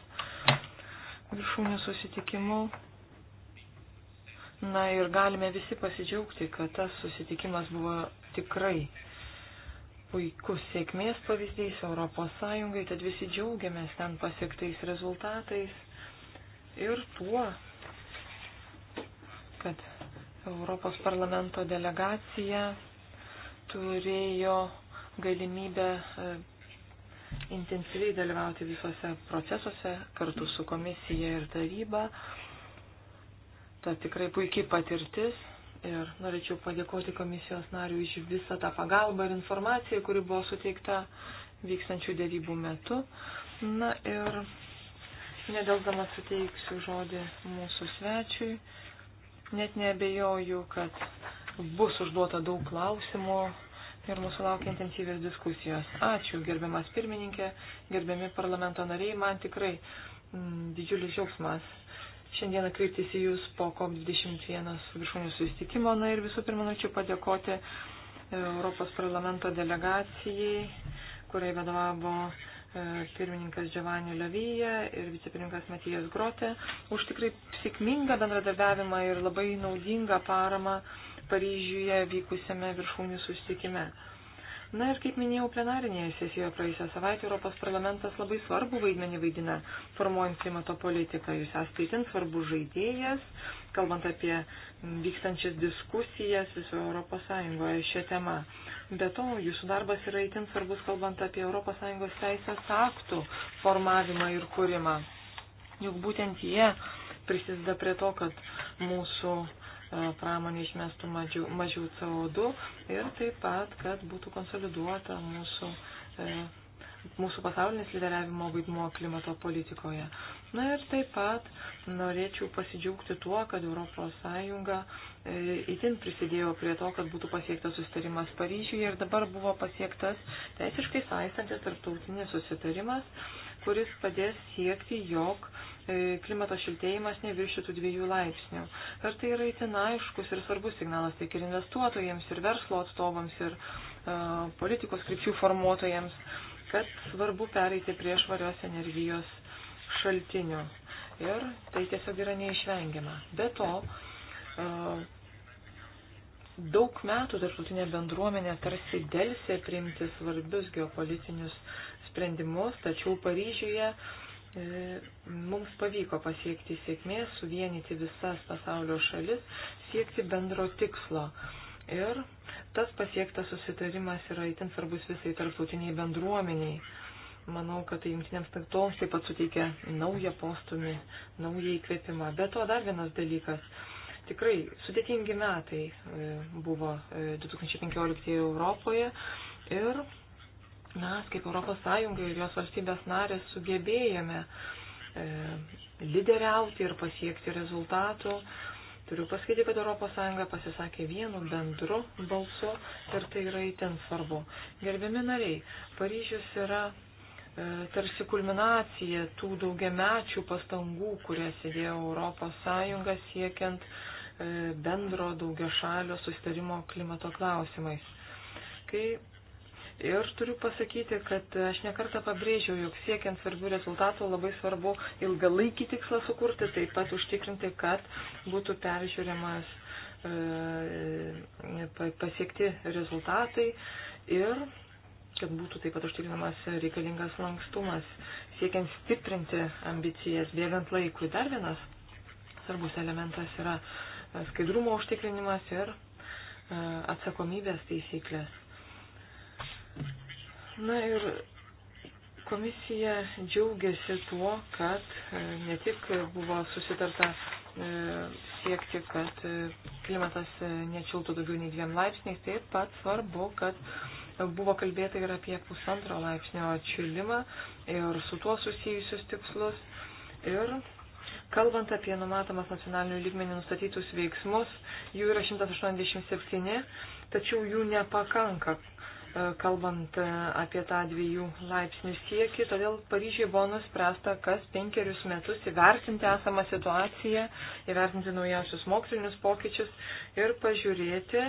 viršūnių susitikimu. Na ir galime visi pasidžiaugti, kad tas susitikimas buvo tikrai puikus sėkmės pavyzdys Europos Sąjungai, tad visi džiaugiamės ten pasiektais rezultatais ir tuo, kad Europos parlamento delegacija turėjo galimybę e, intensyviai dalyvauti visose procesuose kartu su komisija ir taryba. Ta tikrai puikiai patirtis ir norėčiau padėkoti komisijos nariui už visą tą pagalbą ir informaciją, kuri buvo suteikta vykstančių dėrybų metu. Na ir nedelsdama suteiksiu žodį mūsų svečiui. Net nebejoju, kad bus užduota daug klausimų ir mūsų laukia intensyvės diskusijos. Ačiū, gerbiamas pirmininkė, gerbiami parlamento nariai, man tikrai m, mm, didžiulis žiaugsmas šiandieną kreiptis į Jūs po COP21 viršūnių susitikimo. Na ir visų pirma, norėčiau padėkoti Europos parlamento delegacijai, kuriai vadovavo e, pirmininkas Giovanni Levyje ir vicepirinkas Matijas Grote, už tikrai sėkmingą bendradarbiavimą ir labai naudingą paramą Paryžiuje vykusiame viršūnių susitikime. Na ir kaip minėjau, plenarinėje sesijoje praėjusią savaitę Europos parlamentas labai svarbu vaidmenį vaidina formuojant klimato politiką. Jūs esate itin svarbus žaidėjas, kalbant apie vykstančias diskusijas viso Europos Sąjungoje šią temą. Be to, jūsų darbas yra itin svarbus, kalbant apie Europos Sąjungos teisės aktų formavimą ir kūrimą. Juk būtent jie prisideda prie to, kad mūsų E, pramonė išmestų mažiau, mažiau CO2 ir taip pat, kad būtų konsoliduota mūsų, e, mūsų pasaulinis lyderiavimo vaidmuo klimato politikoje. Na ir taip pat norėčiau pasidžiaugti tuo, kad ES įtin e, prisidėjo prie to, kad būtų pasiektas sustarimas Paryžiuje ir dabar buvo pasiektas teisiškai saistantis tarptautinis susitarimas, kuris padės siekti, jog uh, E, klimato šiltėjimas neviršytų dviejų laipsnių. Ir tai yra itin aiškus ir svarbus signalas tiek ir investuotojams, ir verslo atstovams, ir uh, politikos krypčių formuotojams, kad svarbu pereiti prie švarios energijos šaltinių. Ir tai tiesiog yra neišvengiama. Be to, uh, daug metų tarptautinė bendruomenė tarsi dėlsė priimti svarbius geopolitinius sprendimus, tačiau Paryžiuje uh, E, mums pavyko pasiekti sėkmės, suvienyti visas pasaulio šalis, siekti bendro tikslo. Ir tas pasiektas susitarimas yra itin svarbus visai tarptautiniai bendruomeniai. Manau, kad tai jungtinėms tautoms taip pat suteikia naują postumį, naują įkvėpimą. Be to dar vienas dalykas. Tikrai sudėtingi metai e, buvo 2015 e, Europoje ir mes kaip ES ir jos valstybės narės sugebėjome e, lyderiauti ir pasiekti rezultatų. Turiu pasakyti, kad ES pasisakė vienu bendru balsu ir tai yra įtin svarbu. Gerbiami nariai, Paryžius yra e, tarsi kulminacija tų daugiamečių pastangų, kurias įdėjo ES siekiant e, bendro daugiašalio sustarimo klimato klausimais. Kai Ir turiu pasakyti, kad aš nekartą pabrėžiau, jog siekiant svarbių rezultatų labai svarbu ilgalaikį tikslą sukurti, taip pat užtikrinti, kad būtų peržiūrimas e, pasiekti rezultatai ir kad būtų taip pat užtikrinamas reikalingas lankstumas, siekiant stiprinti ambicijas bėgant laikui. Dar vienas svarbus elementas yra e, skaidrumo užtikrinimas ir e, atsakomybės taisyklės. Na ir komisija džiaugiasi tuo, kad e, ne tik buvo susitarta e, siekti, kad e, klimatas nečiltų daugiau nei dviem laipsniais, taip pat svarbu, kad buvo kalbėta ir apie pusantro laipsnio atšilimą ir su tuo susijusius tikslus. Ir kalbant apie numatomas nacionalinių lygmenį nustatytus veiksmus, jų yra 187, tačiau jų nepakanka E, kalbant e, apie tą dviejų laipsnių siekį. Todėl Paryžiai buvo nuspręsta kas penkerius metus įvertinti esamą situaciją, įvertinti naujausius mokslinius pokyčius ir pažiūrėti,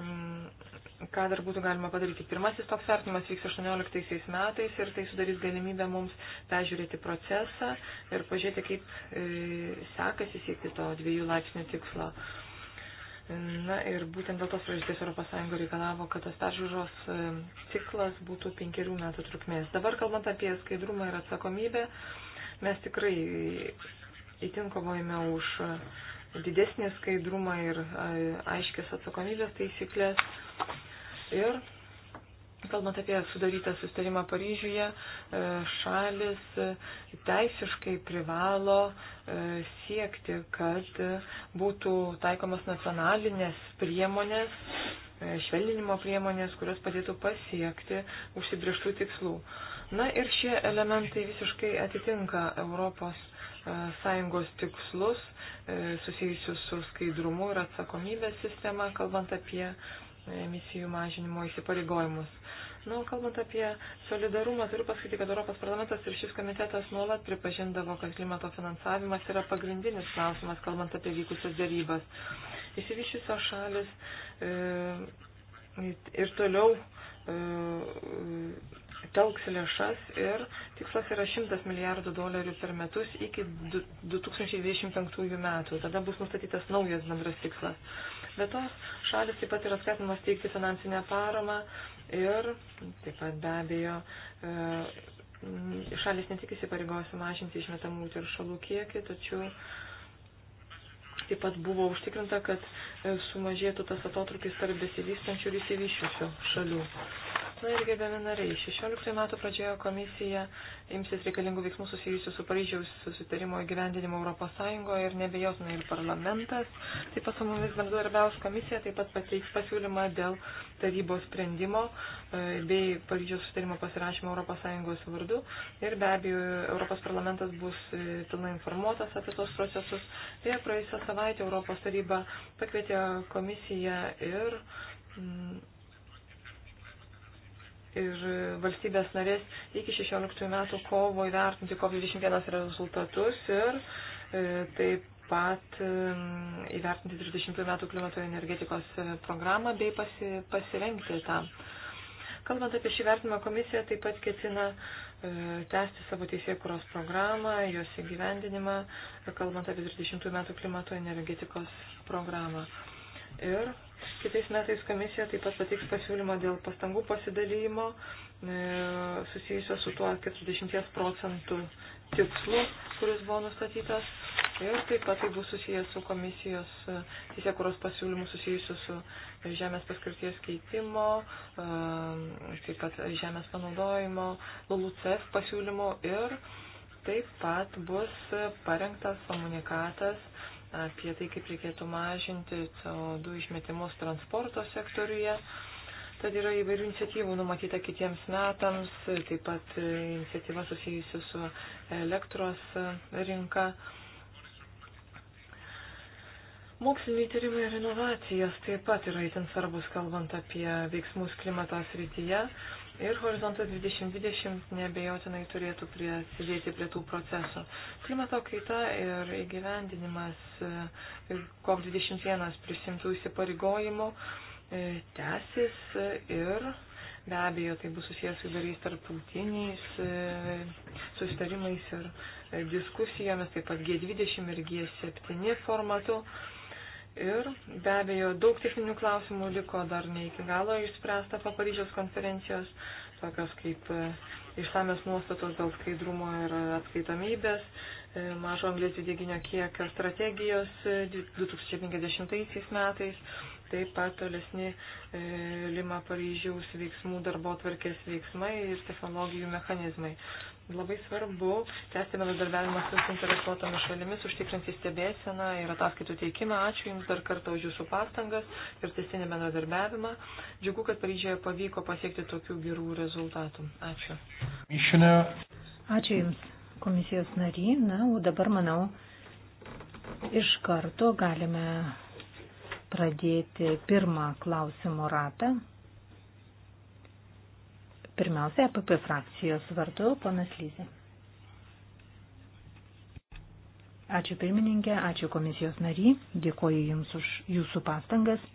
mm, ką dar būtų galima padaryti. Pirmasis toks vertinimas vyks 18 metais ir tai sudarys galimybę mums peržiūrėti procesą ir pažiūrėti, kaip e, sekasi siekti to dviejų laipsnių tikslo. Na ir būtent dėl tos priežasties ES reikalavo, kad tas peržiūros e, ciklas būtų penkerių metų trukmės. Dabar kalbant apie skaidrumą ir atsakomybę, mes tikrai įtin kovojame už e, didesnį skaidrumą ir e, aiškės atsakomybės taisyklės. Ir Kalbant apie sudarytą sustarimą Paryžiuje, e, šalis e, teisiškai privalo e, siekti, kad būtų taikomas nacionalinės priemonės, švelninimo priemonės, kurios padėtų pasiekti užsibrieštų tikslų. Na ir šie elementai visiškai atitinka Europos sąjungos tikslus susijusius su skaidrumu ir atsakomybės sistema, kalbant apie emisijų mažinimo įsipareigojimus. Na, nu, kalbant apie solidarumą, turiu pasakyti, kad Europos parlamentas ir šis komitetas nuolat pripažindavo, kad klimato finansavimas yra pagrindinis klausimas, kalbant apie vykusias dėrybas. Įsivyščiusios šalis e, ir toliau e, telks lėšas ir tikslas yra 100 milijardų dolerių per metus iki 2025 metų. Tada bus nustatytas naujas bendras tikslas. Bet tos šalis taip pat yra skatinamas teikti finansinę paramą ir taip pat be abejo e, šalis ne tik įsipareigos sumažinti išmetamų teršalų kiekį, tačiau taip pat buvo užtikrinta, kad e, sumažėtų tas atotrukis tarp besivystančių ir įsivyščiusių šalių. Na ir gerbiami nariai, 16 metų pradžioje komisija imsis reikalingų veiksmų susijusių su Paryžiaus susitarimo įgyvendinimu Europos Sąjungoje ir nebejotinai ir parlamentas. Taip pat su mumis bendradarbiaus komisija taip pat pateiks pasiūlymą dėl tarybos sprendimo e, bei Paryžiaus susitarimo pasirašymo Europos Sąjungos vardu. Ir be abejo, Europos parlamentas bus e, pilnai informuotas apie tos procesus. Ir praėjusią savaitę Europos taryba pakvietė komisiją ir. Mm, ir valstybės narės iki 16 metų kovo įvertinti COP21 rezultatus ir e, taip pat e, įvertinti 30 metų klimato energetikos e, programą bei pasi, pasirengti tam. Kalbant apie šį vertinimą, komisija taip pat ketina e, tęsti savo teisėkuros programą, jos įgyvendinimą, kalbant apie 30 metų klimato energetikos programą. Ir Kitais metais komisija taip pat pateiks pasiūlymą dėl pastangų pasidalymo e, susijusio su tuo 40 procentų tikslu, kuris buvo nustatytas. Ir taip pat tai bus susijęs su komisijos e, teisėkuros pasiūlymu susijusiu su žemės paskirties keitimo, e, taip pat žemės panaudojimo, LULUCEF pasiūlymu ir taip pat bus parengtas komunikatas apie tai, kaip reikėtų mažinti CO2 išmetimus transporto sektoriuje. Tad yra įvairių iniciatyvų numatyta kitiems metams, taip pat iniciatyva susijusi su elektros rinka. Moksliniai tyrimai ir inovacijos taip pat yra itin svarbus, kalbant apie veiksmus klimatos rytyje. Ir horizontas 2020 nebejotinai turėtų prisidėti prie tų procesų. Klimato kaita ir įgyvendinimas COP21 e, prisimtų įsipareigojimų e, tęsis ir be abejo tai bus susijęs su įvairiais tarptautiniais e, susitarimais ir diskusijomis, taip pat G20 ir G7 formatu. Ir be abejo, daug techninių klausimų liko dar ne iki galo išspręsta po Paryžiaus konferencijos, tokios kaip e, išsamės nuostatos dėl skaidrumo ir atskaitomybės, e, mažo anglės dvideginio kiekio strategijos 2050 e, metais, taip pat tolesni Lima Paryžiaus veiksmų darbo tvarkės veiksmai ir technologijų mechanizmai. Labai svarbu tęsti bendradarbiavimą su suinteresuotomis šalimis, užtikrinti stebėseną ir ataskaitų teikimą. Ačiū Jums dar kartą už Jūsų pastangas ir tiesinį bendradarbiavimą. Džiugu, kad Paryžioje pavyko pasiekti tokių gerų rezultatų. Ačiū. Ačiū Jums, komisijos nary. Na, o dabar, manau, iš karto galime pradėti pirmą klausimų ratą. Pirmiausia, APP e frakcijos vardu, ponas Lyzė. Ačiū pirmininkė, ačiū komisijos nary, dėkoju Jums už Jūsų pastangas.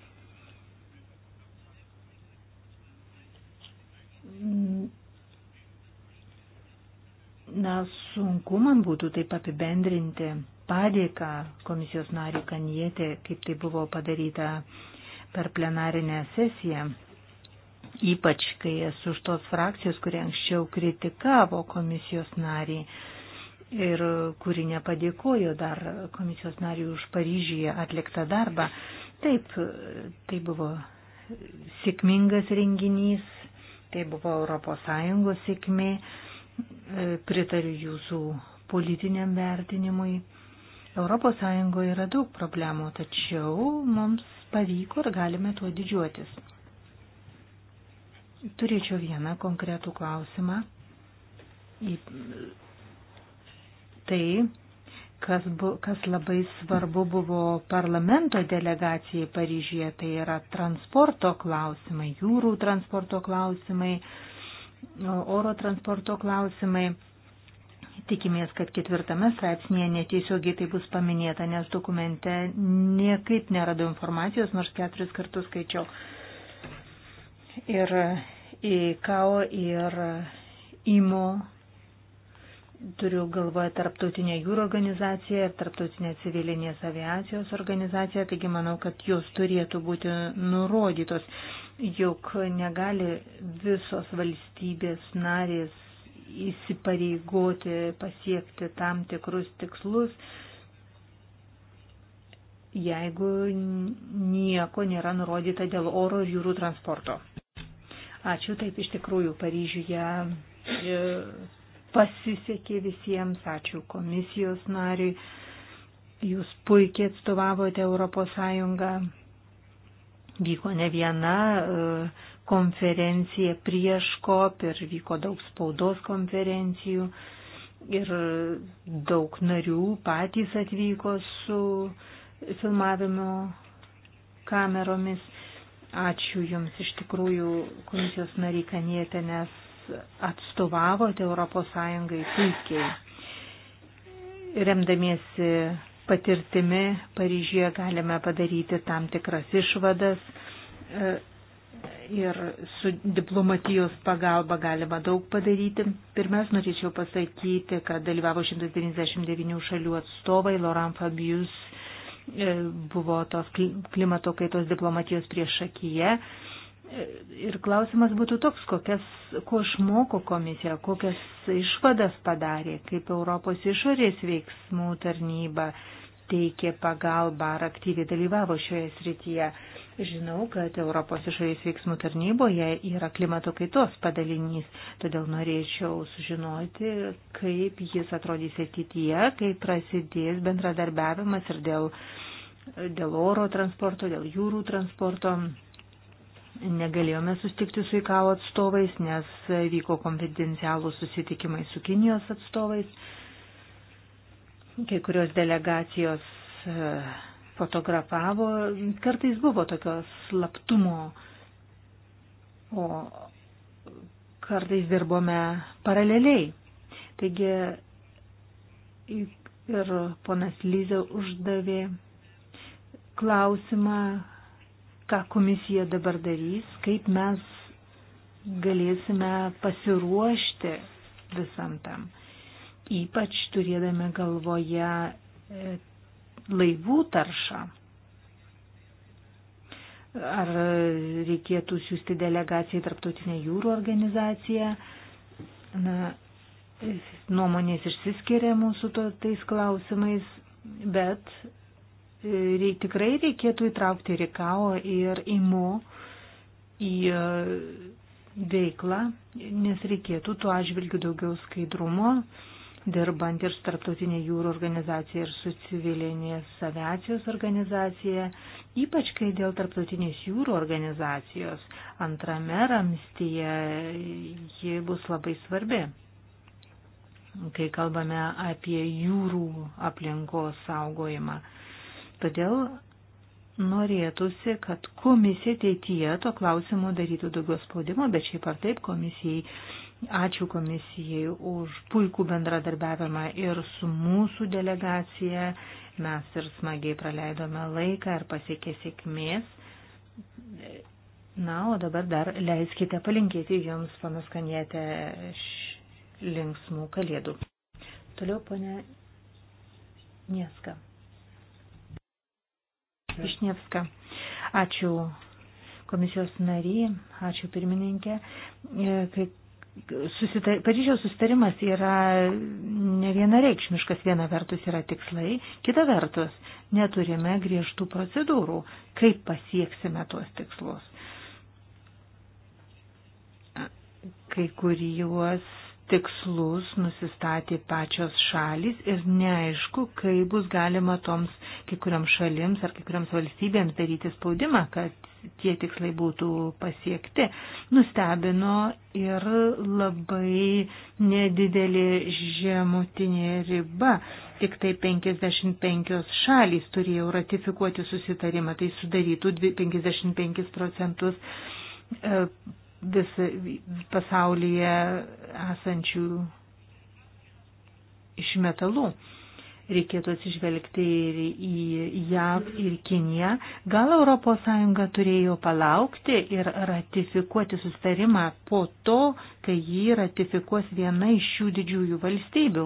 Na, sunku man būtų taip apibendrinti padėką komisijos nariui Kanietė, kaip tai buvo padaryta per plenarinę sesiją ypač kai esu už tos frakcijos, kurie anksčiau kritikavo komisijos narį ir kuri nepadėkojo dar komisijos nariui už Paryžyje atliktą darbą. Taip, tai buvo sėkmingas renginys, tai buvo ES sėkmė, e, pritariu jūsų politiniam vertinimui. ES yra daug problemų, tačiau mums pavyko ir galime tuo didžiuotis. Turėčiau vieną konkretų klausimą. Tai, kas, bu, kas labai svarbu buvo parlamento delegacijai Paryžyje, tai yra transporto klausimai, jūrų transporto klausimai, oro transporto klausimai. Tikimės, kad ketvirtame straipsnėje netiesiogiai tai bus paminėta, nes dokumente niekaip neradau informacijos, nors keturis kartus skaičiau. Ir ICAO ir IMO, turiu galvoje Tarptautinę jūrų organizaciją ir Tarptautinę civilinės aviacijos organizaciją, taigi manau, kad jos turėtų būti nurodytos, juk negali visos valstybės narės įsipareigoti pasiekti tam tikrus tikslus, jeigu nieko nėra nurodyta dėl oro ir jūrų transporto. Ačiū, taip iš tikrųjų Paryžiuje e, pasisekė visiems, ačiū komisijos nariui, jūs puikiai atstovavote Europos Sąjungą, vyko ne viena e, konferencija prieš kop ir vyko daug spaudos konferencijų ir daug narių patys atvyko su filmavimo kameromis Ačiū Jums iš tikrųjų, komisijos nariai Kanietė, nes atstovavote Europos Sąjungai puikiai. Remdamiesi patirtimi Paryžyje galime padaryti tam tikras išvadas e, ir su diplomatijos pagalba galima daug padaryti. Pirmiausia, norėčiau pasakyti, kad dalyvavo 199 šalių atstovai, Laurent Fabius E, buvo tos klimato kaitos diplomatijos prieš akiją. E, ir klausimas būtų toks, kokias, ko išmoko komisija, kokias išvadas padarė, kaip Europos išorės veiksmų tarnyba teikė pagalbą ar aktyviai dalyvavo šioje srityje. Žinau, kad Europos išorės veiksmų tarnyboje yra klimato kaitos padalinys, todėl norėčiau sužinoti, kaip jis atrodys ateityje, kaip prasidės bendradarbiavimas ir dėl, dėl oro transporto, dėl jūrų transporto negalėjome sustikti su IKAO atstovais, nes vyko konfidencialų susitikimai su Kinijos atstovais. Kai kurios delegacijos e, fotografavo, kartais buvo tokios slaptumo, o kartais dirbome paraleliai. Taigi ir ponas Lyzė uždavė klausimą, ką komisija dabar darys, kaip mes galėsime pasiruošti visam tam ypač turėdami galvoje e, laivų taršą. Ar reikėtų siūsti delegaciją į Tarptautinę jūrų organizaciją? Na, nuomonės išsiskiria mūsų to, tais klausimais, bet e, reik, tikrai reikėtų įtraukti Rikao ir IMO į e, veiklą, nes reikėtų tuo atžvilgiu daugiau skaidrumo dirbant ir su tarptautinė jūrų organizacija ir su civilinės aviacijos organizacija, ypač kai dėl tarptautinės jūrų organizacijos antrame ramstyje ji bus labai svarbi, kai kalbame apie jūrų aplinkos saugojimą. Todėl norėtųsi, kad komisija ateityje to klausimu darytų daugiau spaudimo, bet šiaip ar taip komisijai Ačiū komisijai už puikų bendradarbiavimą ir su mūsų delegacija. Mes ir smagiai praleidome laiką ir pasiekė sėkmės. Na, o dabar dar leiskite palinkėti Jums, panas Kanietė, linksmų kalėdų. Toliau, ponė Nieska. Išnievska. Ačiū komisijos nary, ačiū pirmininkė. E, Kaip susitar, Paryžiaus susitarimas yra ne vienareikšmiškas, viena vertus yra tikslai, kita vertus neturime griežtų procedūrų, kaip pasieksime tuos tikslus. Kai kuriuos tikslus nusistatė pačios šalis ir neaišku, kaip bus galima toms kai kuriam šalims ar kai kuriams valstybėms daryti spaudimą, kad tie tikslai būtų pasiekti. Nustebino ir labai nedidelė žemutinė riba. Tik tai 55 šalys turėjo ratifikuoti susitarimą, tai sudarytų 55 procentus e, vis pasaulyje esančių iš metalų reikėtų atsižvelgti ir į JAV ir Kiniją. Gal ES turėjo palaukti ir ratifikuoti sustarimą po to, kai jį ratifikuos viena iš šių didžiųjų valstybių.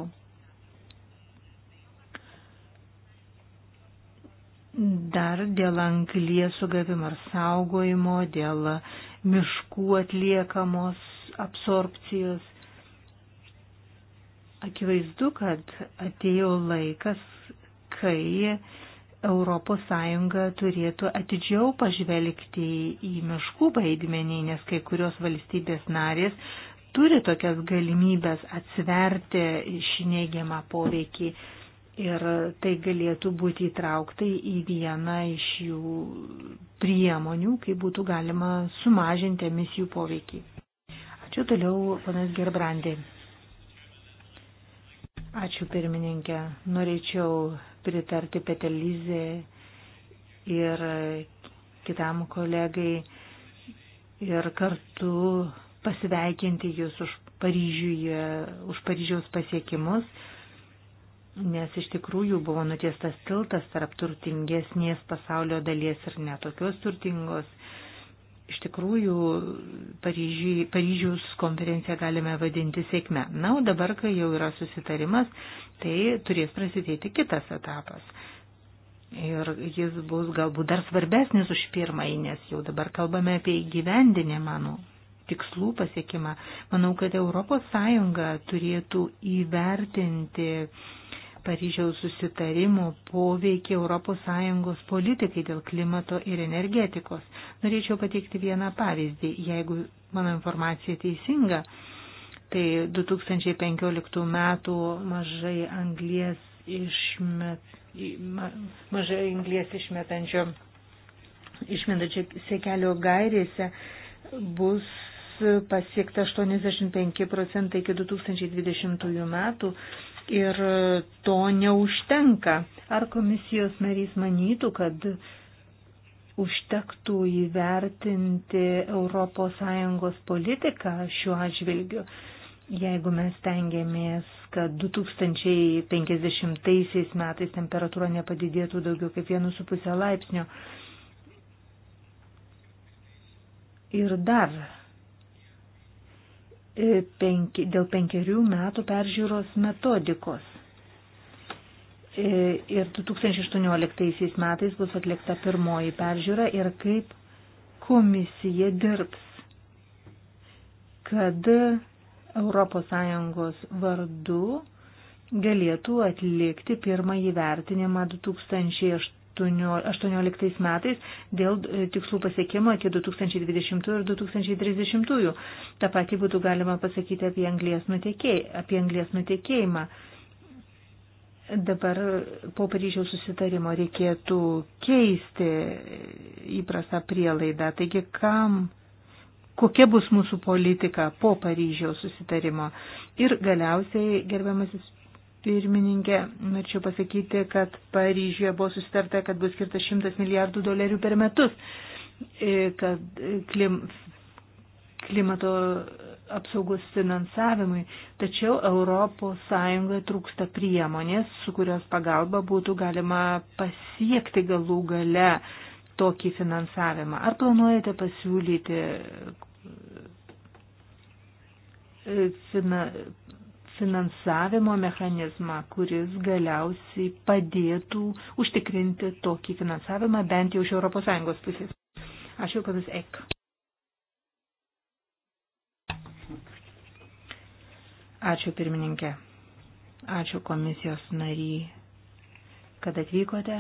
Dar dėl anglies sugavimo ar saugojimo, dėl miškų atliekamos absorpcijos Akivaizdu, kad atėjo laikas, kai ES turėtų atidžiau pažvelgti į miškų vaidmenį, nes kai kurios valstybės narės turi tokias galimybės atsverti šį neigiamą poveikį ir tai galėtų būti įtraukta į vieną iš jų priemonių, kai būtų galima sumažinti emisijų poveikį. Ačiū toliau, panas Gerbrandė. Ačiū pirmininkė. Norėčiau pritarti Petelizė ir kitam kolegai ir kartu pasveikinti jūs už, Paryžiuje, už Paryžiaus pasiekimus, nes iš tikrųjų buvo nutiestas tiltas tarp turtingesnės pasaulio dalies ir netokios turtingos iš tikrųjų Paryžiai, Paryžiaus konferenciją galime vadinti sėkme. Na, o dabar, kai jau yra susitarimas, tai turės prasidėti kitas etapas. Ir jis bus galbūt dar svarbesnis už pirmąjį, nes jau dabar kalbame apie įgyvendinę mano tikslų pasiekimą. Manau, kad ES turėtų įvertinti uh, Paryžiaus susitarimų poveikį ES politikai dėl klimato ir energetikos. Norėčiau pateikti vieną pavyzdį, jeigu mano informacija teisinga. Tai 2015 metų mažai anglies, išmet, mažai anglies išmetančio išmetančio sekelio gairėse bus pasiekta 85 procentai iki 2020 metų ir to neužtenka. Ar komisijos narys manytų, kad užtektų įvertinti ES politiką šiuo atžvilgiu, jeigu mes tengiamės, kad 2050 metais temperatūra nepadidėtų daugiau kaip 1,5 laipsnio. Ir dar penki, dėl penkerių metų peržiūros metodikos. E, ir 2018 metais bus atlikta pirmoji peržiūra ir kaip komisija dirbs, kad ES vardu galėtų atlikti pirmąjį vertinimą 2008 2018 metais dėl e, tikslų pasiekimo iki 2020 ir 2030. Ta pati būtų galima pasakyti apie anglės, nutekėj, apie anglės nutekėjimą. Dabar po Paryžiaus susitarimo reikėtų keisti įprastą prielaidą. Taigi, kam, kokia bus mūsų politika po Paryžiaus susitarimo? Ir galiausiai, gerbiamasis pirmininkė, norėčiau pasakyti, kad Paryžiuje buvo susitarta, kad bus skirta 100 milijardų dolerių per metus, e, kad e, klim, klimato apsaugos finansavimui, tačiau ES trūksta priemonės, su kurios pagalba būtų galima pasiekti galų gale tokį finansavimą. Ar planuojate pasiūlyti e, fina, finansavimo mechanizmą, kuris galiausiai padėtų užtikrinti tokį finansavimą bent jau iš ES pusės. Ačiū, kad jūs ek. Ačiū pirmininkė. Ačiū komisijos nary, kad atvykote.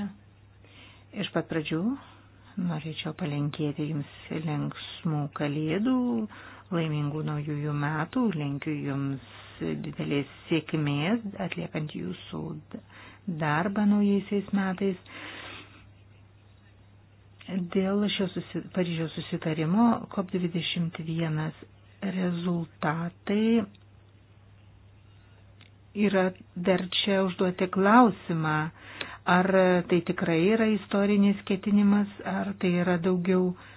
Iš pat pradžių norėčiau palinkėti jums linksmų kalėdų, laimingų naujųjų metų, linkiu jums didelės sėkmės atliekant jūsų darbą naujaisiais metais. Dėl šio susi, Paryžiaus susitarimo COP21 rezultatai yra verčia užduoti klausimą, ar tai tikrai yra istorinis ketinimas, ar tai yra daugiau uh,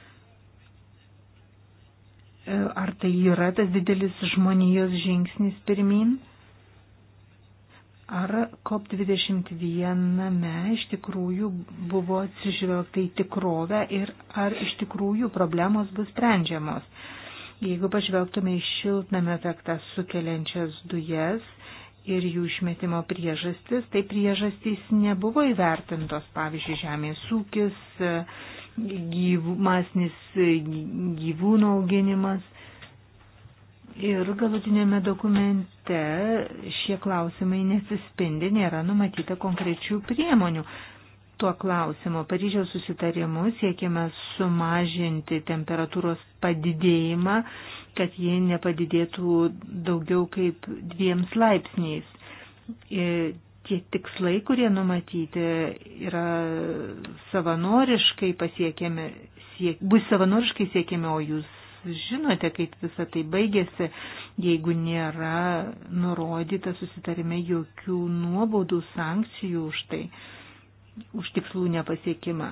E, ar tai yra tas didelis žmonijos žingsnis pirmin? Ar COP21 iš tikrųjų buvo atsižvelgta į tikrovę ir ar iš tikrųjų problemos bus sprendžiamos? Jeigu pažvelgtume į šiltnamio efektą sukeliančias dujas ir jų išmetimo priežastis, tai priežastys nebuvo įvertintos, pavyzdžiui, žemės ūkis, gyvų, masinis e, gyvūnų auginimas. Ir galutinėme dokumente šie klausimai nesispindi, nėra numatyta konkrečių priemonių. Tuo klausimu Paryžiaus susitarimu siekime sumažinti temperatūros padidėjimą, kad ji nepadidėtų daugiau kaip dviems laipsniais. Ir e, tie tikslai, kurie numatyti, yra savanoriškai pasiekiami, siek, bus savanoriškai siekiami, o jūs žinote, kaip visa tai baigėsi, jeigu nėra nurodyta susitarime jokių nuobaudų, sankcijų už tai, už tikslų nepasiekimą.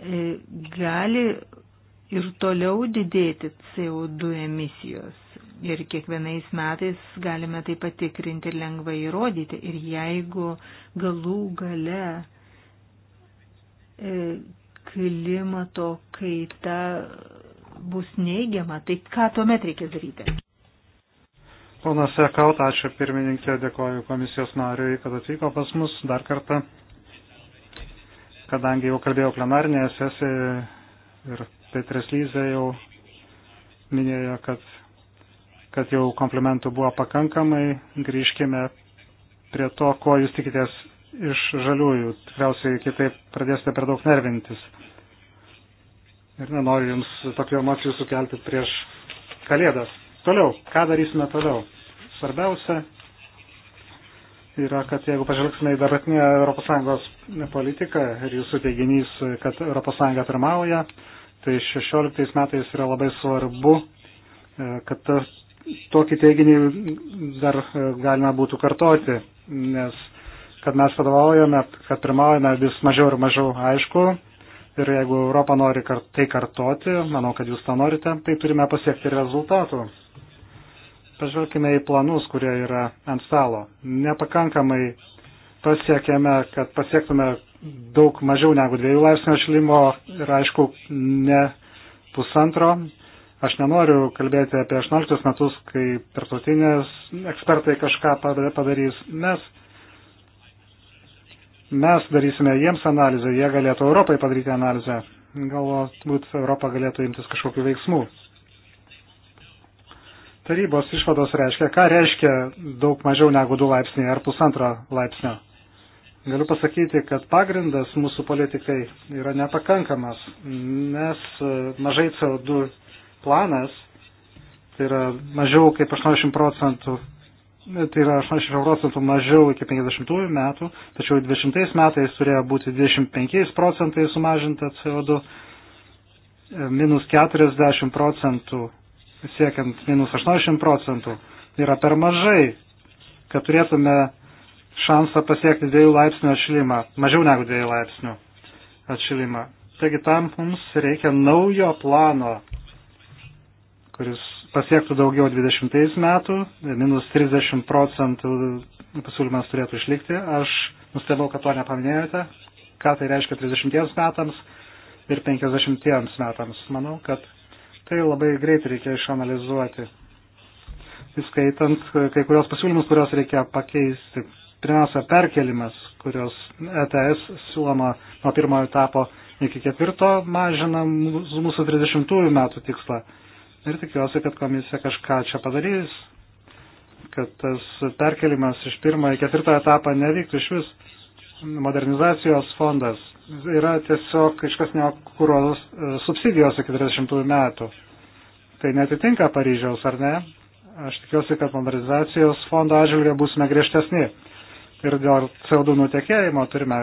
E, gali ir toliau didėti CO2 emisijos ir kiekvienais metais galime tai patikrinti ir lengvai įrodyti. Ir jeigu galų gale e, klimato kaita bus neigiama, tai ką tuomet reikės daryti? Ponas Sekaut, ačiū pirmininkė, dėkoju komisijos nariui, kad atvyko pas mus dar kartą, kadangi jau kalbėjau plenarinėje sesijoje ir Petras Lyzė jau minėjo, kad kad jau komplementų buvo pakankamai. Grįžkime prie to, ko jūs tikitės iš žaliųjų. Tikriausiai kitaip pradėsite per daug nervintis. Ir nenoriu jums tokių emocijų sukelti prieš kalėdas. Toliau, ką darysime toliau? Svarbiausia yra, kad jeigu pažvelgsime į dabartinę ES politiką ir jūsų teiginys, kad ES pirmauja, tai 16 metais yra labai svarbu, e, kad tas tokį teiginį dar e, galima būtų kartoti, nes kad mes vadovaujame, kad pirmaujame vis mažiau ir mažiau aišku. Ir jeigu Europa nori tai kartoti, manau, kad jūs tą norite, tai turime pasiekti rezultatų. Pažvelkime į planus, kurie yra ant stalo. Nepakankamai pasiekėme, kad pasiektume daug mažiau negu dviejų laipsnių šilimo ir aišku, ne pusantro, Aš nenoriu kalbėti apie 18 metus, kai tarptautinės ekspertai kažką padarys. Mes, mes darysime jiems analizę, jie galėtų Europai padaryti analizę. Galbūt Europa galėtų imtis kažkokiu veiksmu. Tarybos išvados reiškia, ką reiškia daug mažiau negu 2 laipsniai ar pusantro laipsnio. Galiu pasakyti, kad pagrindas mūsų politikai yra nepakankamas, nes e, mažai CO2 planas, tai yra mažiau kaip 80 procentų, tai yra 80 procentų mažiau iki 50 metų, tačiau 20 metais turėjo būti 25 procentai sumažinta CO2, minus 40 procentų, siekiant minus 80 procentų, tai yra per mažai, kad turėtume šansą pasiekti 2 laipsnių atšilimą, mažiau negu 2 laipsnių atšilimą. Taigi tam mums reikia naujo plano kuris pasiektų daugiau 20 metų, minus 30 procentų pasiūlymas turėtų išlikti. Aš nustebau, kad to nepaminėjote, ką tai reiškia 30 metams ir 50 metams. Manau, kad tai labai greit reikia išanalizuoti, įskaitant kai kurios pasiūlymus, kurios reikia pakeisti. Pirmiausia, perkelimas, kurios ETS siūloma nuo pirmojo etapo iki ketvirto mažina mūsų 30 metų tikslą Ir tikiuosi, kad komisija kažką čia padarys, kad tas perkelimas iš pirmo į ketvirtą etapą nevyktų iš vis. Modernizacijos fondas yra tiesiog iškasnio kūros e, subsidijos iki 30 metų. Tai netitinka Paryžiaus, ar ne? Aš tikiuosi, kad modernizacijos fondo atžvilgiu būsime griežtesni. Ir dėl CO2 nutekėjimo turime,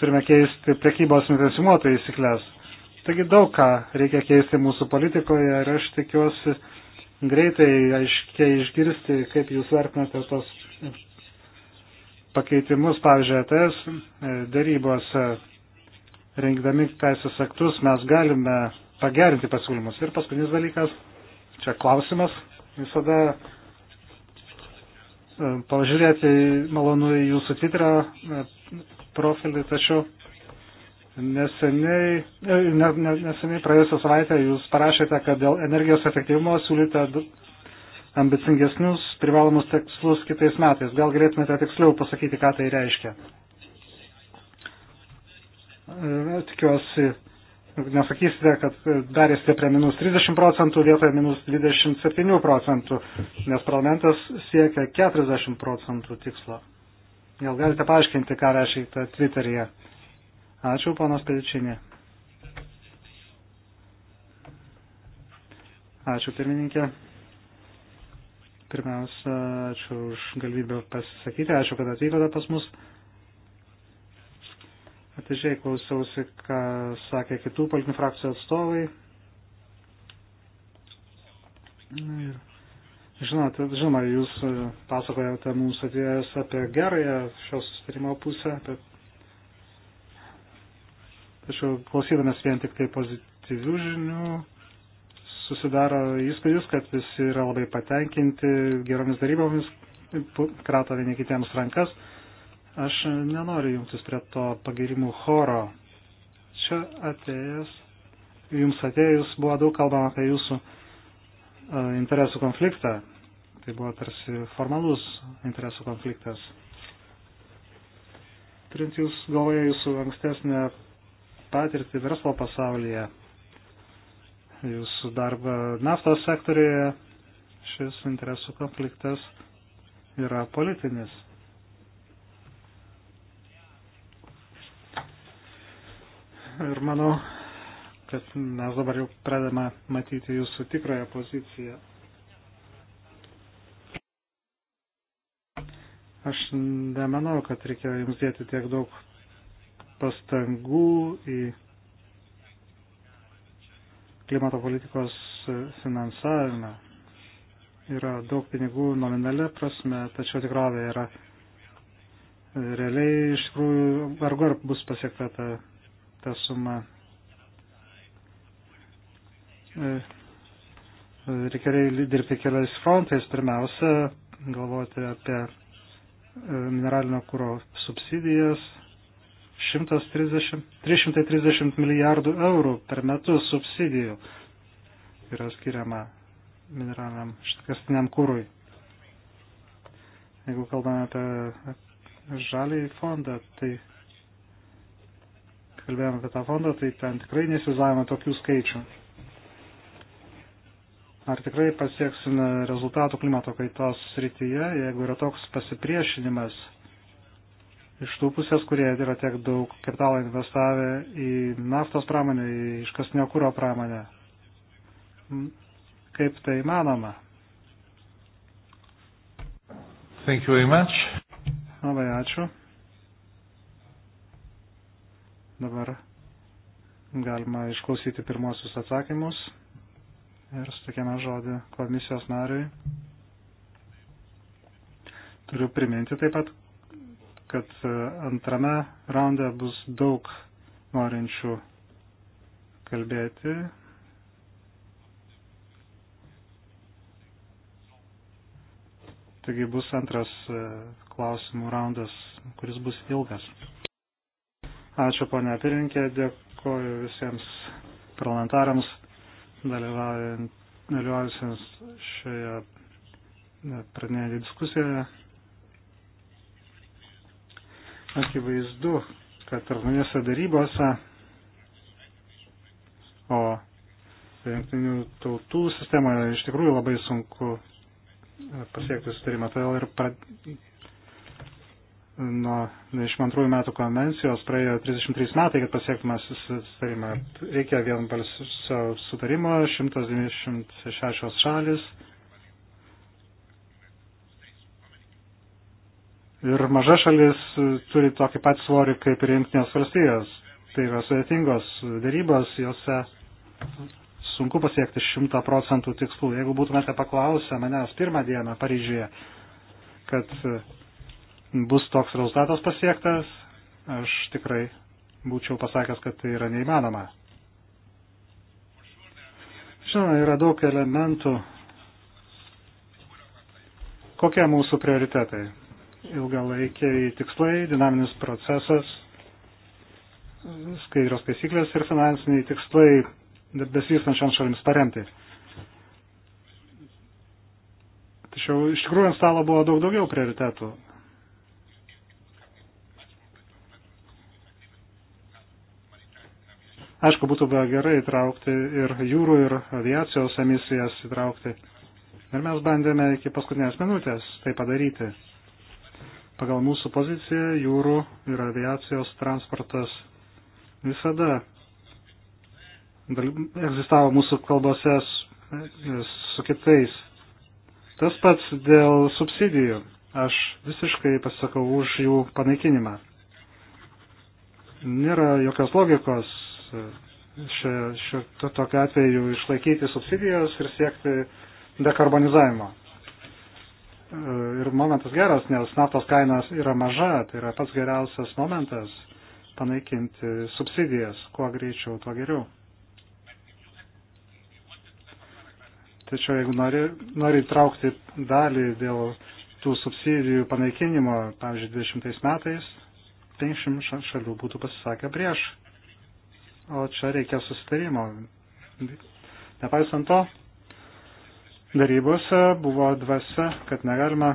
turime keisti prekybos intensyvumo taisyklės. Taigi daug ką reikia keisti mūsų politikoje ir aš tikiuosi greitai aiškiai išgirsti, kaip jūs vertinate tos pakeitimus, pavyzdžiui, ETS darybose, rengdami teisės aktus, mes galime pagerinti pasiūlymus. Ir paskutinis dalykas, čia klausimas, visada e, pažiūrėti malonu į jūsų Twitterio e, profilį, tačiau Neseniai, e, ne, ne, neseniai praėjusią savaitę jūs parašėte, kad dėl energijos efektyvumo siūlyte ambicingesnius privalomus tikslus kitais metais. Gal galėtumėte tiksliau pasakyti, ką tai reiškia? E, tikiuosi, nesakysite, kad darėsite prie minus 30 procentų vietoje minus 27 procentų, nes parlamentas siekia 40 procentų tikslo. Gal galite paaiškinti, ką rašyta Twitter'yje? Ačiū, panas Pedičinė. Ačiū, pirmininkė. Pirmiausia, ačiū už galimybę pasisakyti, ačiū, kad atvykote pas mus. Atižiai klausiausi, ką sakė kitų politinių frakcijų atstovai. Ir, žinot, žinoma, jūs pasakojate mums atėjęs apie gerąją šios sustarimo pusę, bet Tačiau klausydamas vien tik tai pozityvių žinių, susidaro įspūdis, kad visi yra labai patenkinti geromis darybomis, krato vieni kitiems rankas. Aš nenoriu jungtis prie to pagirimų choro. Čia atėjęs, jums atėjus buvo daug kalbama apie jūsų e, interesų konfliktą. Tai buvo tarsi formalus interesų konfliktas. Turint jūs galvoje jūsų ankstesnę patirtį verslo pasaulyje, jūsų darbą naftos sektorijoje. Šis interesų konfliktas yra politinis. Ir manau, kad mes dabar jau pradame matyti jūsų tikrąją poziciją. Aš nemanau, kad reikėjo jums dėti tiek daug pastangų į klimato politikos finansavimą. Yra daug pinigų nominale prasme, tačiau tikrovė yra realiai iš tikrųjų vargu ar bus pasiekta ta, ta suma. E, reikia dirbti keliais frontais. Pirmiausia, galvoti apie e, mineralinio kūro subsidijas, 130, 330 milijardų eurų per metus subsidijų yra skiriama mineraliniam iškastiniam kūrui. Jeigu kalbame apie žalį fondą, tai kalbėjome apie tą fondą, tai ten tikrai nesivizavome tokių skaičių. Ar tikrai pasieksime rezultatų klimato kaitos srityje, jeigu yra toks pasipriešinimas – iš tų pusės, kurie yra tiek daug kapitalo investavę į naftos pramonę, į iškasnio kūro pramonę. Kaip tai manoma? Thank you very much. Labai ačiū. Dabar galima išklausyti pirmosius atsakymus ir sutikėme žodį komisijos nariui. Turiu priminti taip pat, kad e, antrame raunde bus daug norinčių kalbėti. Taigi bus antras e, klausimų raundas, kuris bus ilgas. Ačiū ponia pirinkė, dėkoju visiems parlamentarams dalyvaujusiems šioje e, pradinėje diskusijoje akivaizdu, kad tarptautinėse darybose, o jungtinių tautų sistemoje iš tikrųjų labai sunku e, pasiekti sutarimą. Todėl ir pra... nuo 92 metų konvencijos praėjo 33 metai, kad pasiektume sutarimą. Reikia vienbalsio sutarimo, 196 šalis Ir maža šalis turi tokį pat svorį kaip ir Junktinės valstijos. Tai yra sudėtingos darybos, juose sunku pasiekti 100 procentų tikslų. Jeigu būtumėte paklausę manęs pirmą dieną Paryžyje, kad e, bus toks rezultatas pasiektas, aš tikrai būčiau pasakęs, kad tai yra neįmanoma. Žinoma, yra daug elementų. Kokie mūsų prioritetai? ilgalaikiai tikslai, dinaminis procesas, skaidrios taisyklės ir finansiniai tikslai besivystančioms šalims paremti. Tačiau iš tikrųjų ant stalo buvo daug daugiau prioritetų. Aišku, būtų buvę gerai įtraukti ir jūrų, ir aviacijos emisijas įtraukti. Ir mes bandėme iki paskutinės minutės tai padaryti. Pagal mūsų poziciją jūrų ir aviacijos transportas visada egzistavo mūsų kalbose su kitais. Tas pats dėl subsidijų. Aš visiškai pasisakau už jų panaikinimą. Nėra jokios logikos šio, e, šio, to, tokio atveju išlaikyti subsidijas ir siekti dekarbonizavimo. E, ir momentas geras, nes naftos kainos yra maža, tai yra pats geriausias momentas panaikinti subsidijas, kuo greičiau, tuo geriau. Tačiau jeigu nori, nori traukti dalį dėl tų subsidijų panaikinimo, pavyzdžiui, 20 metais, 500 šalių būtų pasisakę prieš. O čia reikia susitarimo. Nepaisant to, darybose buvo dvasia, kad negalima,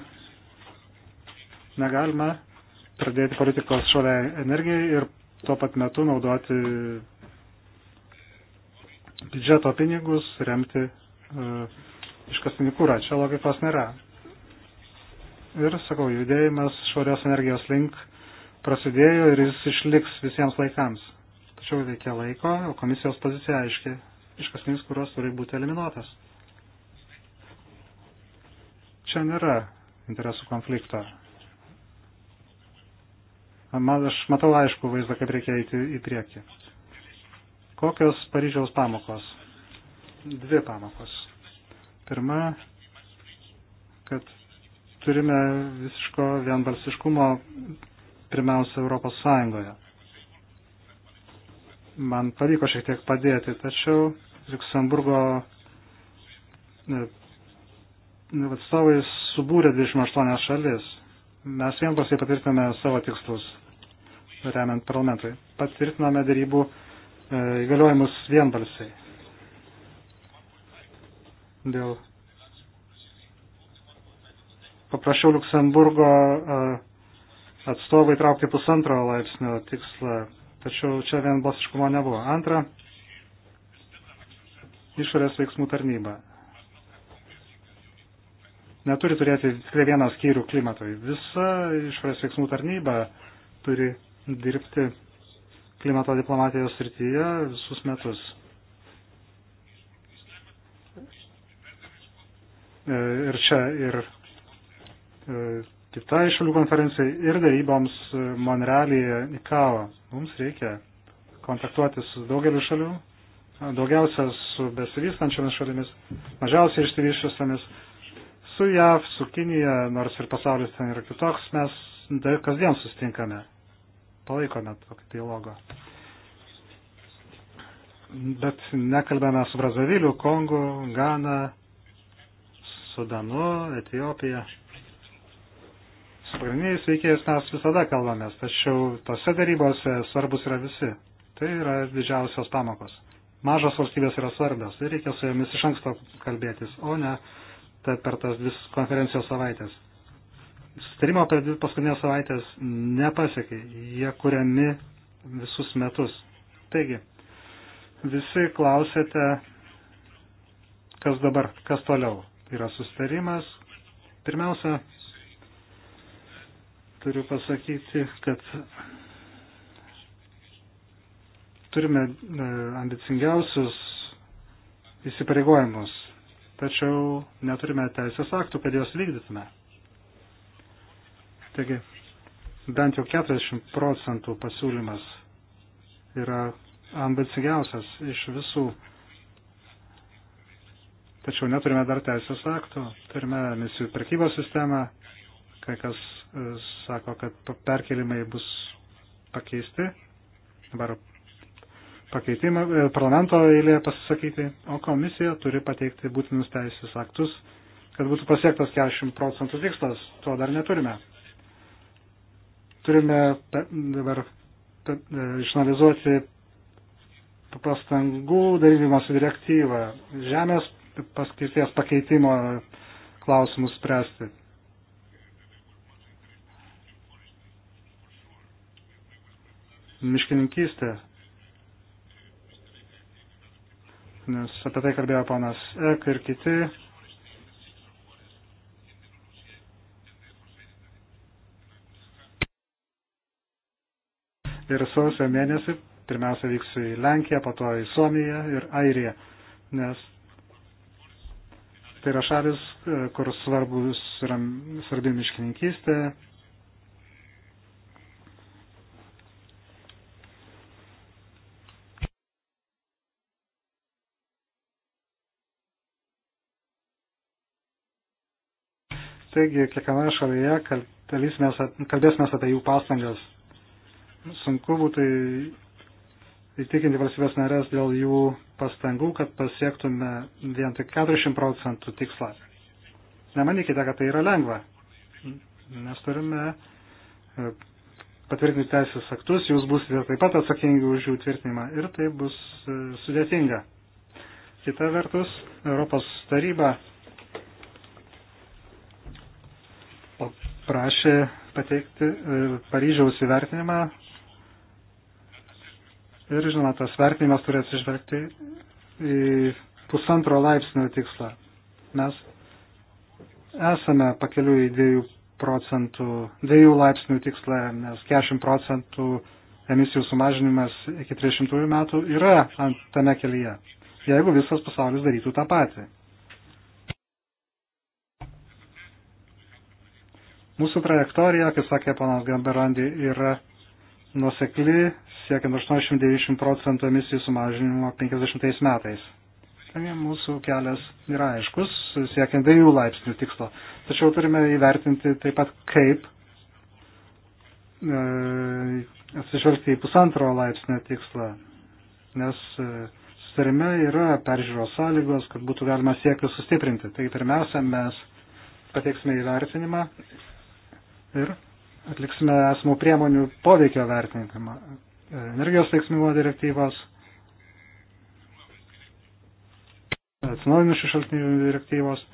negalima pradėti politikos šaliai energijai ir tuo pat metu naudoti biudžeto pinigus, remti uh, iškastinį kūrą. Čia logikos nėra. Ir, sakau, judėjimas švarios energijos link prasidėjo ir jis išliks visiems laikams. Tačiau reikia laiko, o komisijos pozicija aiški, iškastinis kūros turi būti eliminuotas. Čia nėra interesų konflikto. Man, aš matau aišku vaizdą, kaip reikia eiti į priekį. Kokios Paryžiaus pamokos? Dvi pamokos. Pirma, kad turime visiško vienbalsiškumo pirmiausia Europos Sąjungoje. Man pavyko šiek tiek padėti, tačiau Luksemburgo e, atstovai subūrė 28 šalis. Mes vienbalsiai patvirtiname savo tikslus, remiant parlamentui. Patvirtiname darybų e, įgaliojimus vienbalsiai. Dėl paprašiau Luksemburgo e, atstovai traukti pusantro laipsnio tikslą, tačiau čia vienbalsiškumo nebuvo. Antra, išorės veiksmų tarnyba neturi turėti tikrai vieną skyrių klimatui. Visa išorės veiksmų tarnyba turi dirbti klimato diplomatijos srityje visus metus. E, ir čia ir e, kitai šalių konferencijai ir daryboms Monrealyje ICAO. Mums reikia kontaktuoti su daugeliu šalių, daugiausia su besivystančiomis šalimis, mažiausiai išsivyščiusiamis su JAV, su Kinija, nors ir pasaulis ten yra kitoks, mes kasdien sustinkame, palaikome tokį dialogą. Bet nekalbame su Brazaviliu, Kongu, Gana, Sudanu, Etijopija. Su pagrindiniais veikėjais mes visada kalbamės, tačiau tose darybose svarbus yra visi. Tai yra didžiausios pamokos. Mažos valstybės yra svarbios ir tai reikia su jomis iš anksto kalbėtis, o ne uh, per tas vis konferencijos savaitės. Sustarimo per dvi paskutinės savaitės nepasiekė, jie kuriami visus metus. Taigi, visi klausėte, kas dabar, kas toliau. Yra sustarimas. Pirmiausia, turiu pasakyti, kad turime e, ambicingiausius įsipareigojimus tačiau neturime teisės aktų, kad juos vykdytume. Taigi, bent jau 40 procentų pasiūlymas yra ambicingiausias iš visų. Tačiau neturime dar teisės aktų, turime emisijų prekybos sistemą, kai kas e, sako, kad perkelimai bus pakeisti, dabar pakeitimą, e, parlamento eilė pasisakyti, o komisija turi pateikti būtinus teisės aktus, kad būtų pasiektas 40 procentų tikslas. To dar neturime. Turime pe, dabar pe, e, išanalizuoti pastangų dalyvimosi direktyvą, žemės paskirties pakeitimo klausimus spręsti. Miškininkystė nes apie tai kalbėjo ponas Ek ir kiti. Ir sausio mėnesį pirmiausia vyksiu į Lenkiją, po to į Suomiją ir Airiją, nes tai yra šalis, e, kur svarbus yra svarbi miškininkystė, Taigi, kiekvienoje šalyje kalbėsime apie jų pastangas. Sunku būtų įtikinti valstybės narės dėl jų pastangų, kad pasiektume vien tik 40 procentų tikslą. Nemanykite, kad tai yra lengva, nes turime e, patvirtinti teisės aktus, jūs būsite taip pat atsakingi už jų tvirtinimą ir tai bus e, sudėtinga. Kita vertus, Europos taryba paprašė pateikti e, Paryžiaus įvertinimą. Ir, žinoma, tas vertinimas turės išvelgti į pusantro laipsnio tikslą. Mes esame pakeliu į 2 procentų, 2 laipsnių tikslą, nes 40 procentų emisijų sumažinimas iki 30 metų yra ant tame kelyje. Jeigu visas pasaulis darytų tą patį. Mūsų trajektorija, kaip sakė panas Gamberandi, yra nusekli, siekiant 80-90 procentų emisijų sumažinimo 50 metais. Taigi mūsų kelias yra aiškus, siekiant 2 laipsnių tikslo. Tačiau turime įvertinti taip pat, kaip e, atsižvelgti į pusantro laipsnio tikslą, nes e, sustarime yra peržiūros sąlygos, kad būtų galima siekti sustiprinti. Tai pirmiausia, mes pateiksime įvertinimą ir atliksime esamų priemonių poveikio vertinimą. Energijos veiksmimo direktyvos, atsinaujinančių šaltinių direktyvos.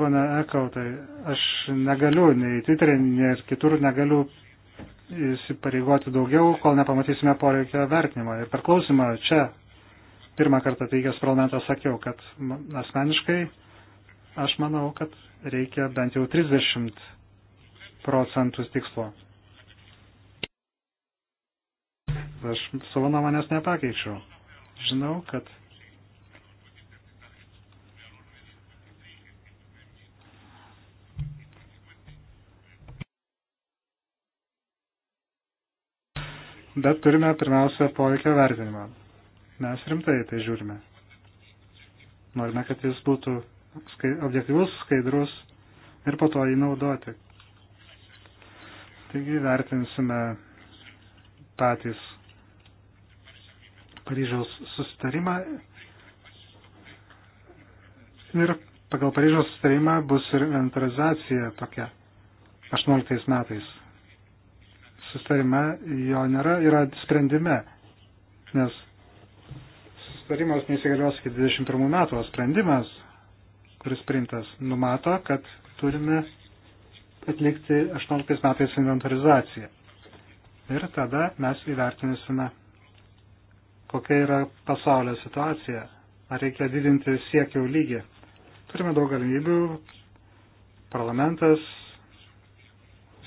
Pone Ekautai, aš negaliu, nei Twitter'e, nei kitur negaliu įsipareigoti daugiau, kol nepamatysime poreikio vertinimo. Ir per klausimą čia pirmą kartą teikęs parlamentą sakiau, kad asmeniškai aš manau, kad reikia bent jau 30 procentus tikslo. Aš savo nuomonės nepakeičiau. Žinau, kad Bet turime pirmiausia poveikio vertinimą. Mes rimtai tai žiūrime. Norime, kad jis būtų skai, objektyvus, skaidrus ir po to jį naudoti. Taigi vertinsime patys Paryžiaus susitarimą ir pagal Paryžiaus susitarimą bus ir inventarizacija tokia 18 metais. Susitarime jo nėra, yra sprendime, nes susitarimas neįsigalios iki 21 metų, o sprendimas kuris printas, numato, kad turime atlikti 18 metais inventorizaciją. Ir tada mes įvertinysime, kokia yra pasaulio situacija, ar reikia didinti siekiau lygį. Turime daug galimybių, parlamentas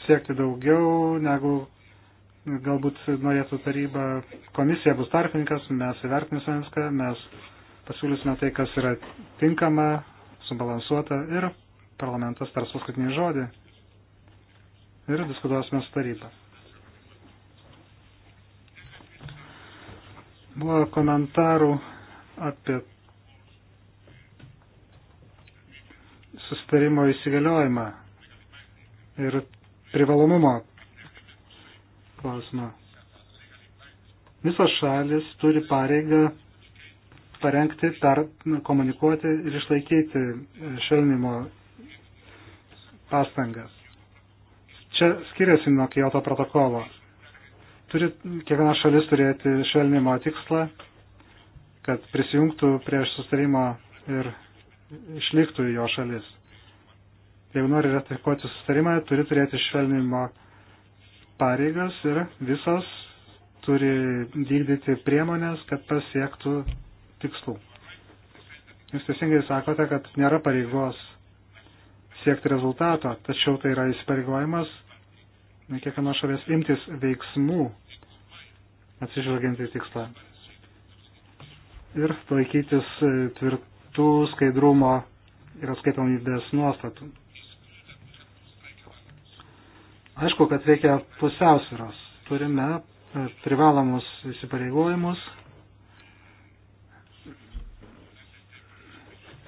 siekti daugiau negu galbūt norėtų taryba, komisija bus tarpininkas, mes įvertinsime viską, mes pasiūlysime tai, kas yra tinkama, subalansuota ir parlamentas tars paskutinį žodį ir diskutuosime su taryba. Buvo komentarų apie sustarimo įsigaliojimą ir privalomumo klausimą. Visos šalis turi pareigą parengti, per komunikuoti ir išlaikyti švelnimo pastangas. Čia skiriasi nuo Kyoto protokolo. Turi kiekviena šalis turėti švelnimo tikslą, kad prisijungtų prie sustarimo ir išliktų jo šalis. Jeigu nori ratifikuoti sustarimą, turi turėti švelnimo pareigas ir visos turi vykdyti priemonės, kad pasiektų tikslų. Jūs teisingai sakote, kad nėra pareigos siekti rezultato, tačiau tai yra įsipareigojimas kiekvienos šalies imtis veiksmų atsižvelgiant į tikslą. Ir laikytis tvirtų skaidrumo ir atskaitomybės nuostatų. Aišku, kad reikia pusiausviros. Turime e, privalomus įsipareigojimus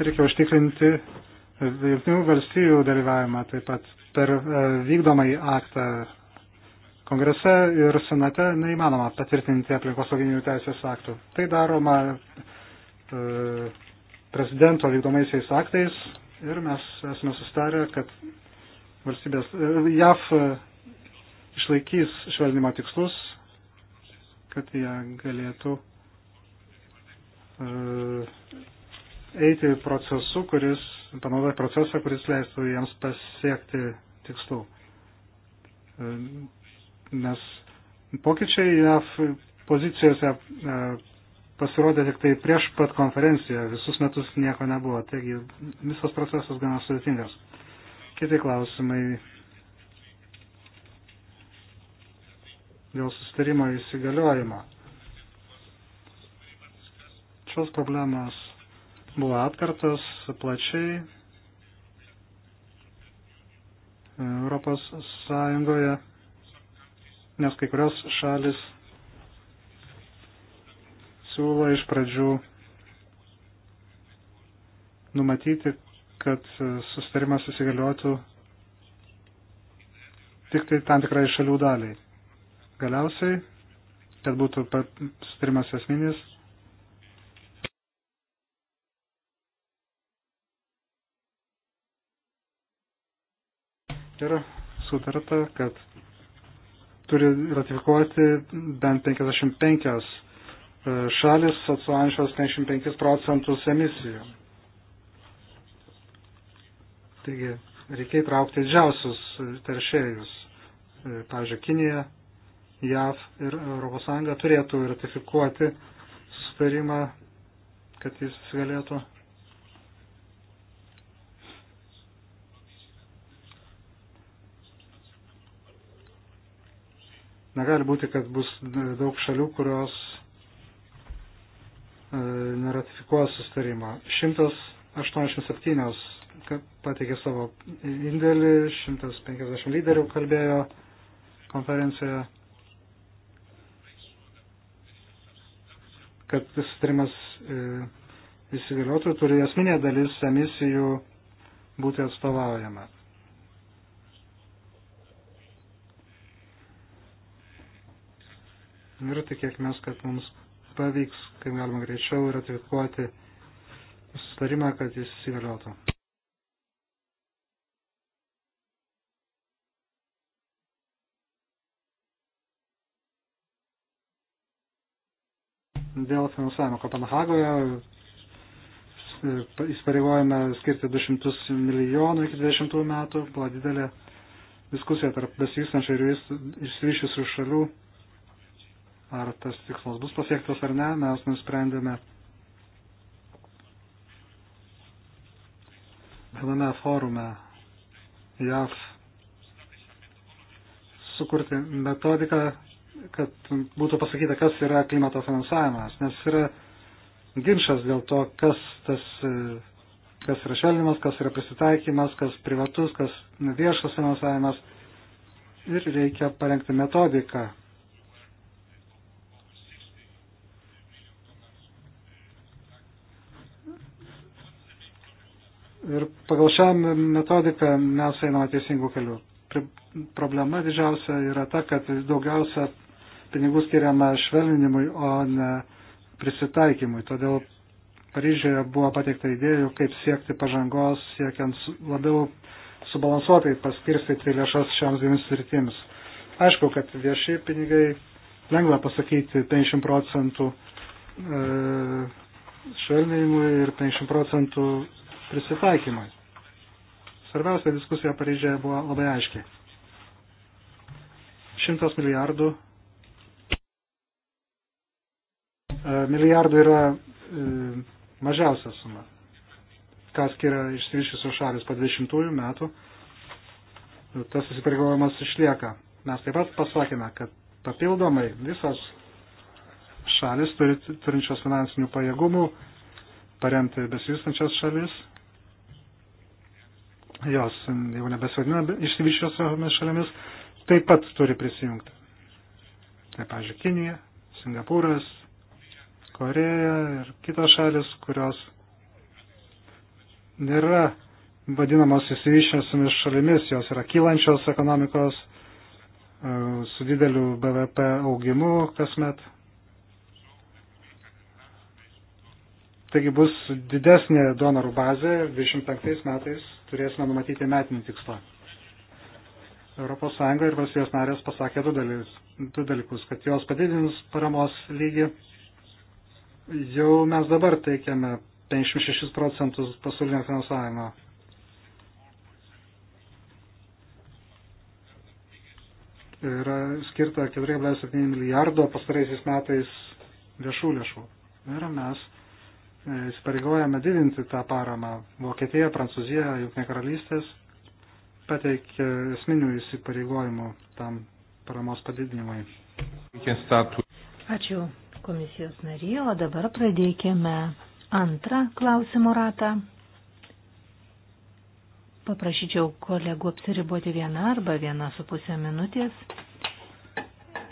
reikia užtikrinti jungtinių valstybių dalyvavimą taip pat per e, vykdomąjį aktą. Kongrese ir senate neįmanoma patvirtinti aplinkosauginių teisės aktų. Tai daroma e, prezidento vykdomaisiais aktais ir mes esame sustarę, kad valstybės, e, JAF e, išlaikys švelnimo tikslus, kad jie galėtų e, eiti procesu, kuris, panaudoti procesą, kuris leistų jiems pasiekti tikslų. E, nes pokyčiai JAV pozicijose e, pasirodė tik tai prieš pat konferenciją, visus metus nieko nebuvo, taigi visas procesas gana sudėtingas. Kiti klausimai dėl sustarimo įsigaliojimo. Šios problemos buvo aptartas plačiai Europos Sąjungoje, nes kai kurios šalis siūlo iš pradžių numatyti, kad sustarimas įsigaliotų tik tai tam tikrai šalių daliai. Galiausiai, kad būtų sustarimas esminis, ir sutarta, kad turi ratifikuoti bent 55 e, šalis atsuojančios 55 procentus emisijų. Taigi reikia įtraukti didžiausius teršėjus. E, pavyzdžiui, Kinija, JAV ir ES turėtų ratifikuoti sustarimą, kad jis galėtų Negali būti, kad bus daug šalių, kurios e, neratifikuoja sustarimą. 187 pateikė savo indėlį, 150 lyderių kalbėjo konferencijoje, kad sustarimas e, įsigaliotų, turi esminė dalis emisijų būti atstovaujama. ir tikėkime, kad mums pavyks, kaip galima greičiau, ratifikuoti sustarimą, kad jis įsigaliotų. Dėl finansavimo Kopenhagoje įsipareigojame skirti 200 milijonų iki 20 metų, buvo didelė diskusija tarp besivystančių ir išsivyščiusių šalių ar tas tikslas bus pasiektas ar ne, mes nusprendėme viename forume JAV sukurti metodiką, kad būtų pasakyta, kas yra klimato finansavimas, nes yra ginčas dėl to, kas, tas, kas yra švelnimas, kas yra prisitaikymas, kas privatus, kas viešas finansavimas ir reikia parengti metodiką Ir pagal šią metodiką mes einame teisingų kelių. Problema didžiausia yra ta, kad daugiausia pinigų skiriama švelninimui, o ne prisitaikymui. Todėl Paryžioje buvo pateikta idėjų, kaip siekti pažangos, siekiant labiau subalansuotai paskirstyti lėšas šiams dviems sritims. Aišku, kad vieši pinigai, lengva pasakyti, 50 procentų e, švelninimui ir 50 procentų prisitaikymui. Svarbiausia diskusija Paryžėje buvo labai aiškiai. Šimtas milijardų. E, milijardų yra e, mažiausia suma, ką skiria išsivyščiusios šalis po 20 metų. Tas įsipareigojimas išlieka. Mes taip pat pasakėme, kad papildomai visos šalis turi, turinčios finansinių pajėgumų paremti besivystančias šalis jos jau nebesvadina išsivyščiosiomis šalimis, taip pat turi prisijungti. Tai, pažiūrėjau, Kinija, Singapūras, Koreja ir kitos šalis, kurios nėra vadinamos įsivyščiosiomis šalimis, jos yra kylančios ekonomikos e, su dideliu BVP augimu kasmet. Taigi bus didesnė donorų bazė 25 metais turėsime numatyti metinį tikslą. ES ir valstybės narės pasakė du, dalys, du dalykus, kad jos padidins paramos lygį. Jau mes dabar teikiame 56 procentus pasaulinio finansavimo. Yra skirta 4,7 milijardo pastaraisiais metais viešų lėšų. Ir mes įsipareigojame didinti tą paramą. Vokietija, Prancūzija, Junknė karalystės pateikė esminių įsipareigojimų tam paramos padidinimui. Ačiū komisijos narį, o dabar pradėkime antrą klausimų ratą. Paprašyčiau kolegų apsiriboti vieną arba vieną su pusę minutės.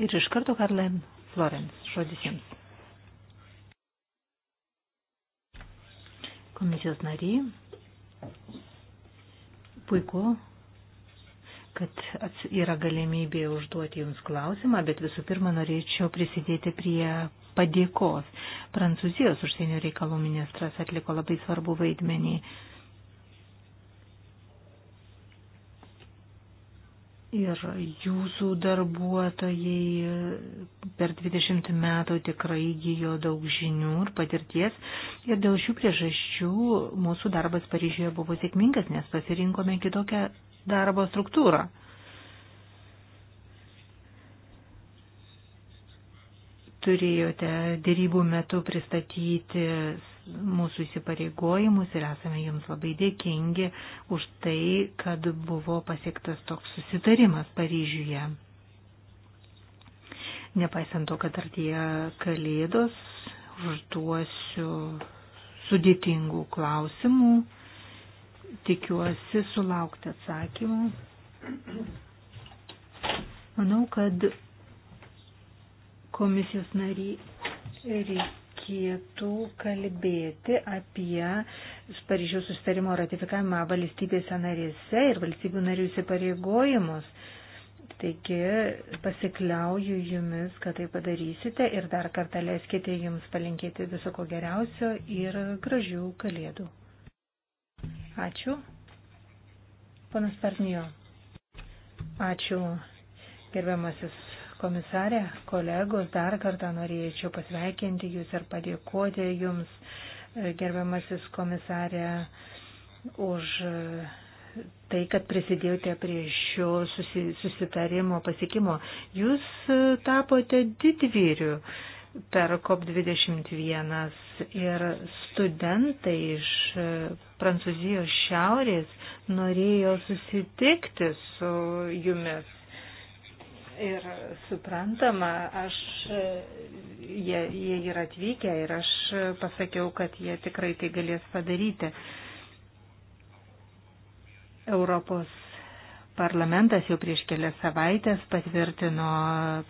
Ir iš karto Karlen Florence, žodis jums. komisijos nariai. Puiku, kad yra galimybė užduoti Jums klausimą, bet visų pirma norėčiau prisidėti prie padėkos. Prancūzijos užsienio reikalų ministras atliko labai svarbu vaidmenį Ir jūsų darbuotojai per 20 metų tikrai įgyjo daug žinių ir patirties. Ir dėl šių priežasčių mūsų darbas Paryžioje buvo sėkmingas, nes pasirinkome kitokią darbo struktūrą. Turėjote dėrybų metu pristatyti mūsų įsipareigojimus ir esame jums labai dėkingi už tai, kad buvo pasiektas toks susitarimas Paryžiuje. Nepaisant to, kad artėja Kalėdos, užduosiu sudėtingų klausimų, tikiuosi sulaukti atsakymą. Manau, kad komisijos nariai reikia reikėtų kalbėti apie Paryžiaus sustarimo ratifikavimą valstybėse narėse ir valstybių narių įsipareigojimus. Taigi pasikliauju jumis, kad tai padarysite ir dar kartą leiskite jums palinkėti viso ko geriausio ir gražių kalėdų. Ačiū. Panas Parnijo. Ačiū, gerbiamasis Komisarė, kolegos, dar kartą norėčiau pasveikinti Jūs ir padėkoti Jums, e, gerbiamasis komisarė, už e, tai, kad prisidėjote prie šio susi, susitarimo pasiekimo. Jūs e, tapote didvyriu per COP21 ir studentai iš Prancūzijos šiaurės norėjo susitikti su jumis Ir suprantama, aš, jie, jie yra atvykę ir aš pasakiau, kad jie tikrai tai galės padaryti. Europos parlamentas jau prieš kelias savaitės patvirtino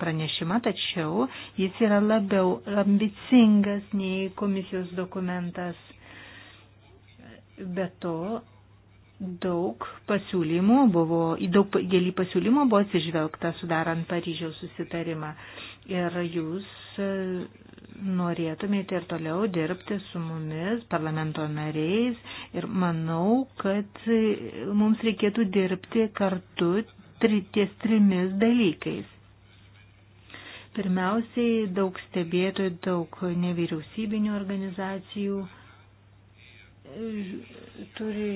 pranešimą, tačiau jis yra labiau ambicingas nei komisijos dokumentas. Be to, daug pasiūlymų buvo, į daug gėlį pasiūlymų buvo atsižvelgta sudarant Paryžiaus susitarimą. Ir jūs e, norėtumėte ir toliau dirbti su mumis, parlamento nariais. Ir manau, kad e, mums reikėtų dirbti kartu ties trimis dalykais. Pirmiausiai daug stebėtojų, daug nevyriausybinių organizacijų e, turi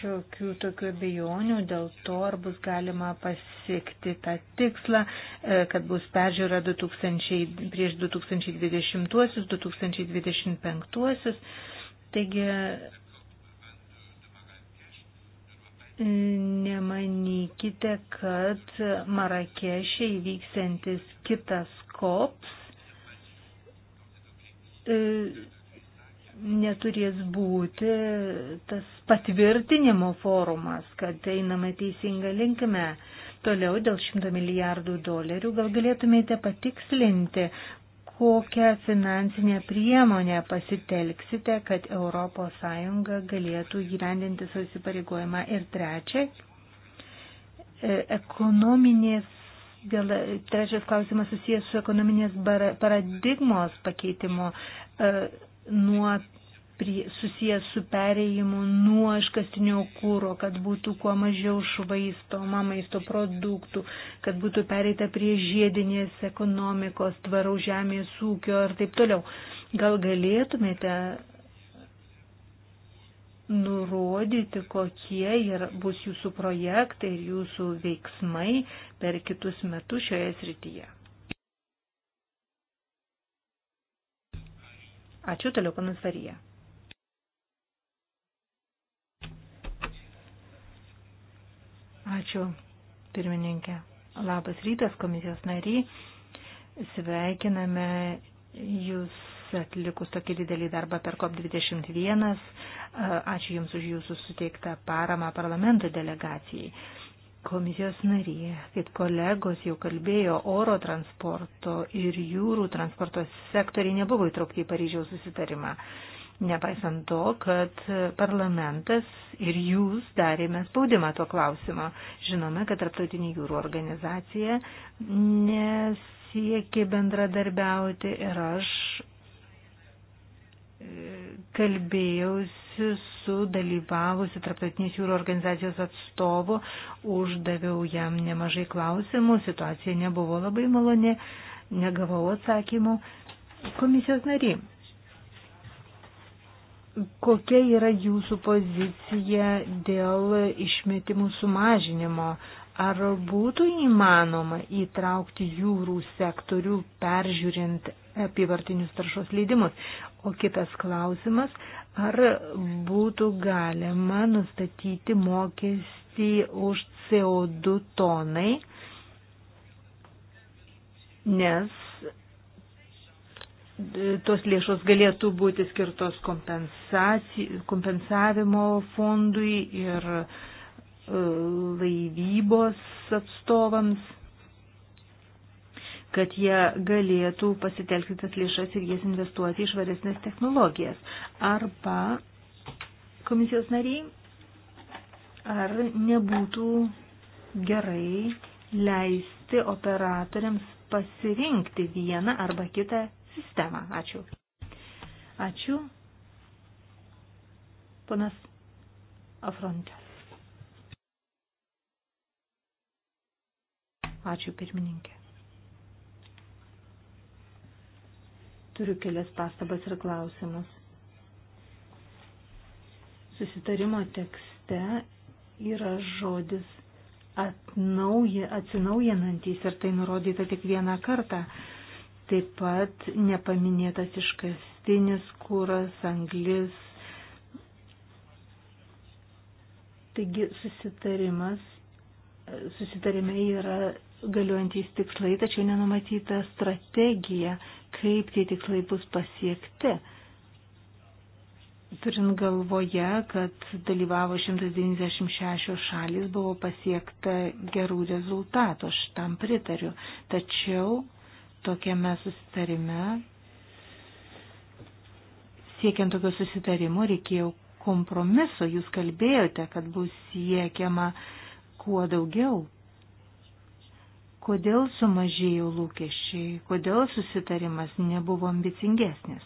šiokių tokių abejonių dėl to, ar bus galima pasiekti tą tikslą, e, kad bus peržiūra 2000, prieš 2020-2025. Taigi nemanykite, kad Marakešė įvyksiantis kitas kops e, neturės būti tas patvirtinimo forumas, kad einame teisinga linkme. Toliau dėl 100 milijardų dolerių gal galėtumėte patikslinti, kokią finansinę priemonę pasitelksite, kad ES galėtų gyvendinti savo įsipareigojimą. Ir trečia, e, ekonominės, dėl, trečias klausimas susijęs su ekonominės paradigmos pakeitimo. E, nuo prie, susijęs su pereimu nuo iškastinio kūro, kad būtų kuo mažiau švaistoma maisto produktų, kad būtų pereita prie žiedinės ekonomikos, tvarau žemės ūkio ir taip toliau. Gal galėtumėte nurodyti, kokie ir bus jūsų projektai ir jūsų veiksmai per kitus metus šioje srityje? Ačiū toliau, panas Varija. Ačiū, pirmininkė. Labas rytas, komisijos nariai. Sveikiname jūs atlikus tokį didelį darbą per COP21. Ačiū Jums už Jūsų suteiktą paramą parlamento delegacijai komisijos narė, kaip kolegos jau kalbėjo, oro transporto ir jūrų transporto sektoriai nebuvo įtraukti į Paryžiaus susitarimą. Nepaisant to, kad parlamentas ir jūs darėme spaudimą tuo klausimą. Žinome, kad Tarptautinė jūrų organizacija nesiekė bendradarbiauti ir aš e, kalbėjausi su dalyvavusiu Traptautinės jūrų organizacijos atstovu, uždaviau jam nemažai klausimų, situacija nebuvo labai malonė, negavau atsakymų. Komisijos nariai, kokia yra jūsų pozicija dėl išmetimų sumažinimo? Ar būtų įmanoma įtraukti jūrų sektorių peržiūrint apyvartinius taršos leidimus. O kitas klausimas, ar būtų galima nustatyti mokestį už CO2 tonai, nes tos lėšos galėtų būti skirtos kompensavimo fondui ir e, laivybos atstovams kad jie galėtų pasitelkti tas lėšas ir jas investuoti į švaresnės technologijas. Arba komisijos nariai, ar nebūtų gerai leisti operatoriams pasirinkti vieną arba kitą sistemą. Ačiū. Ačiū. Ponas Afrontė. Ačiū pirmininkė. Turiu kelias pastabas ir klausimus. Susitarimo tekste yra žodis atnauja, atsinaujinantys ir tai nurodyta tik vieną kartą. Taip pat nepaminėtas iškastinis kūras, anglis. Taigi susitarimas, susitarime yra galiuojantys tikslai, tačiau nenumatyta strategija, kaip tie tikslai bus pasiekti. Turint galvoje, kad dalyvavo 196 šalis, buvo pasiekta gerų rezultatų, aš tam pritariu. Tačiau tokiame susitarime, siekiant tokio susitarimo, reikėjo kompromiso. Jūs kalbėjote, kad bus siekiama kuo daugiau kodėl sumažėjo lūkesčiai, kodėl susitarimas nebuvo ambicingesnis.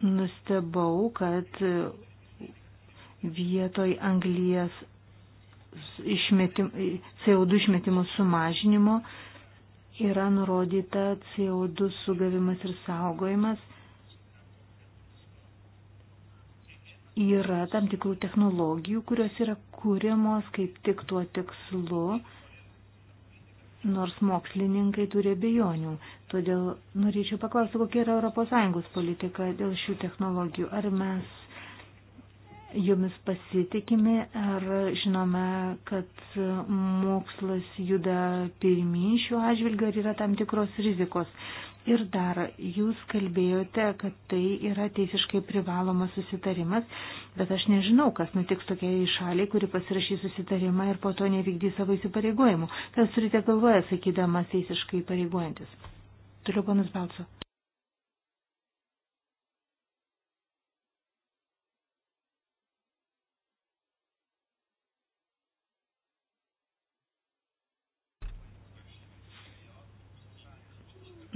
Nustebau, kad vietoj anglijas išmetim, CO2 išmetimų sumažinimo yra nurodyta CO2 sugavimas ir saugojimas yra tam tikrų technologijų, kurios yra kūrimos kaip tik tuo tikslu, nors mokslininkai turi bejonių. Todėl norėčiau paklausti, kokia yra ES politika dėl šių technologijų. Ar mes jomis pasitikime, ar žinome, kad mokslas juda pirmyn šiuo atžvilgiu, ar yra tam tikros rizikos. Ir dar, jūs kalbėjote, kad tai yra teisiškai privalomas susitarimas, bet aš nežinau, kas nutiks tokiai šaliai, kuri pasirašys susitarimą ir po to nevykdys savo įsipareigojimų. Kas turite galvoje, sakydamas teisiškai pareigojantis? Toliau panas Balco.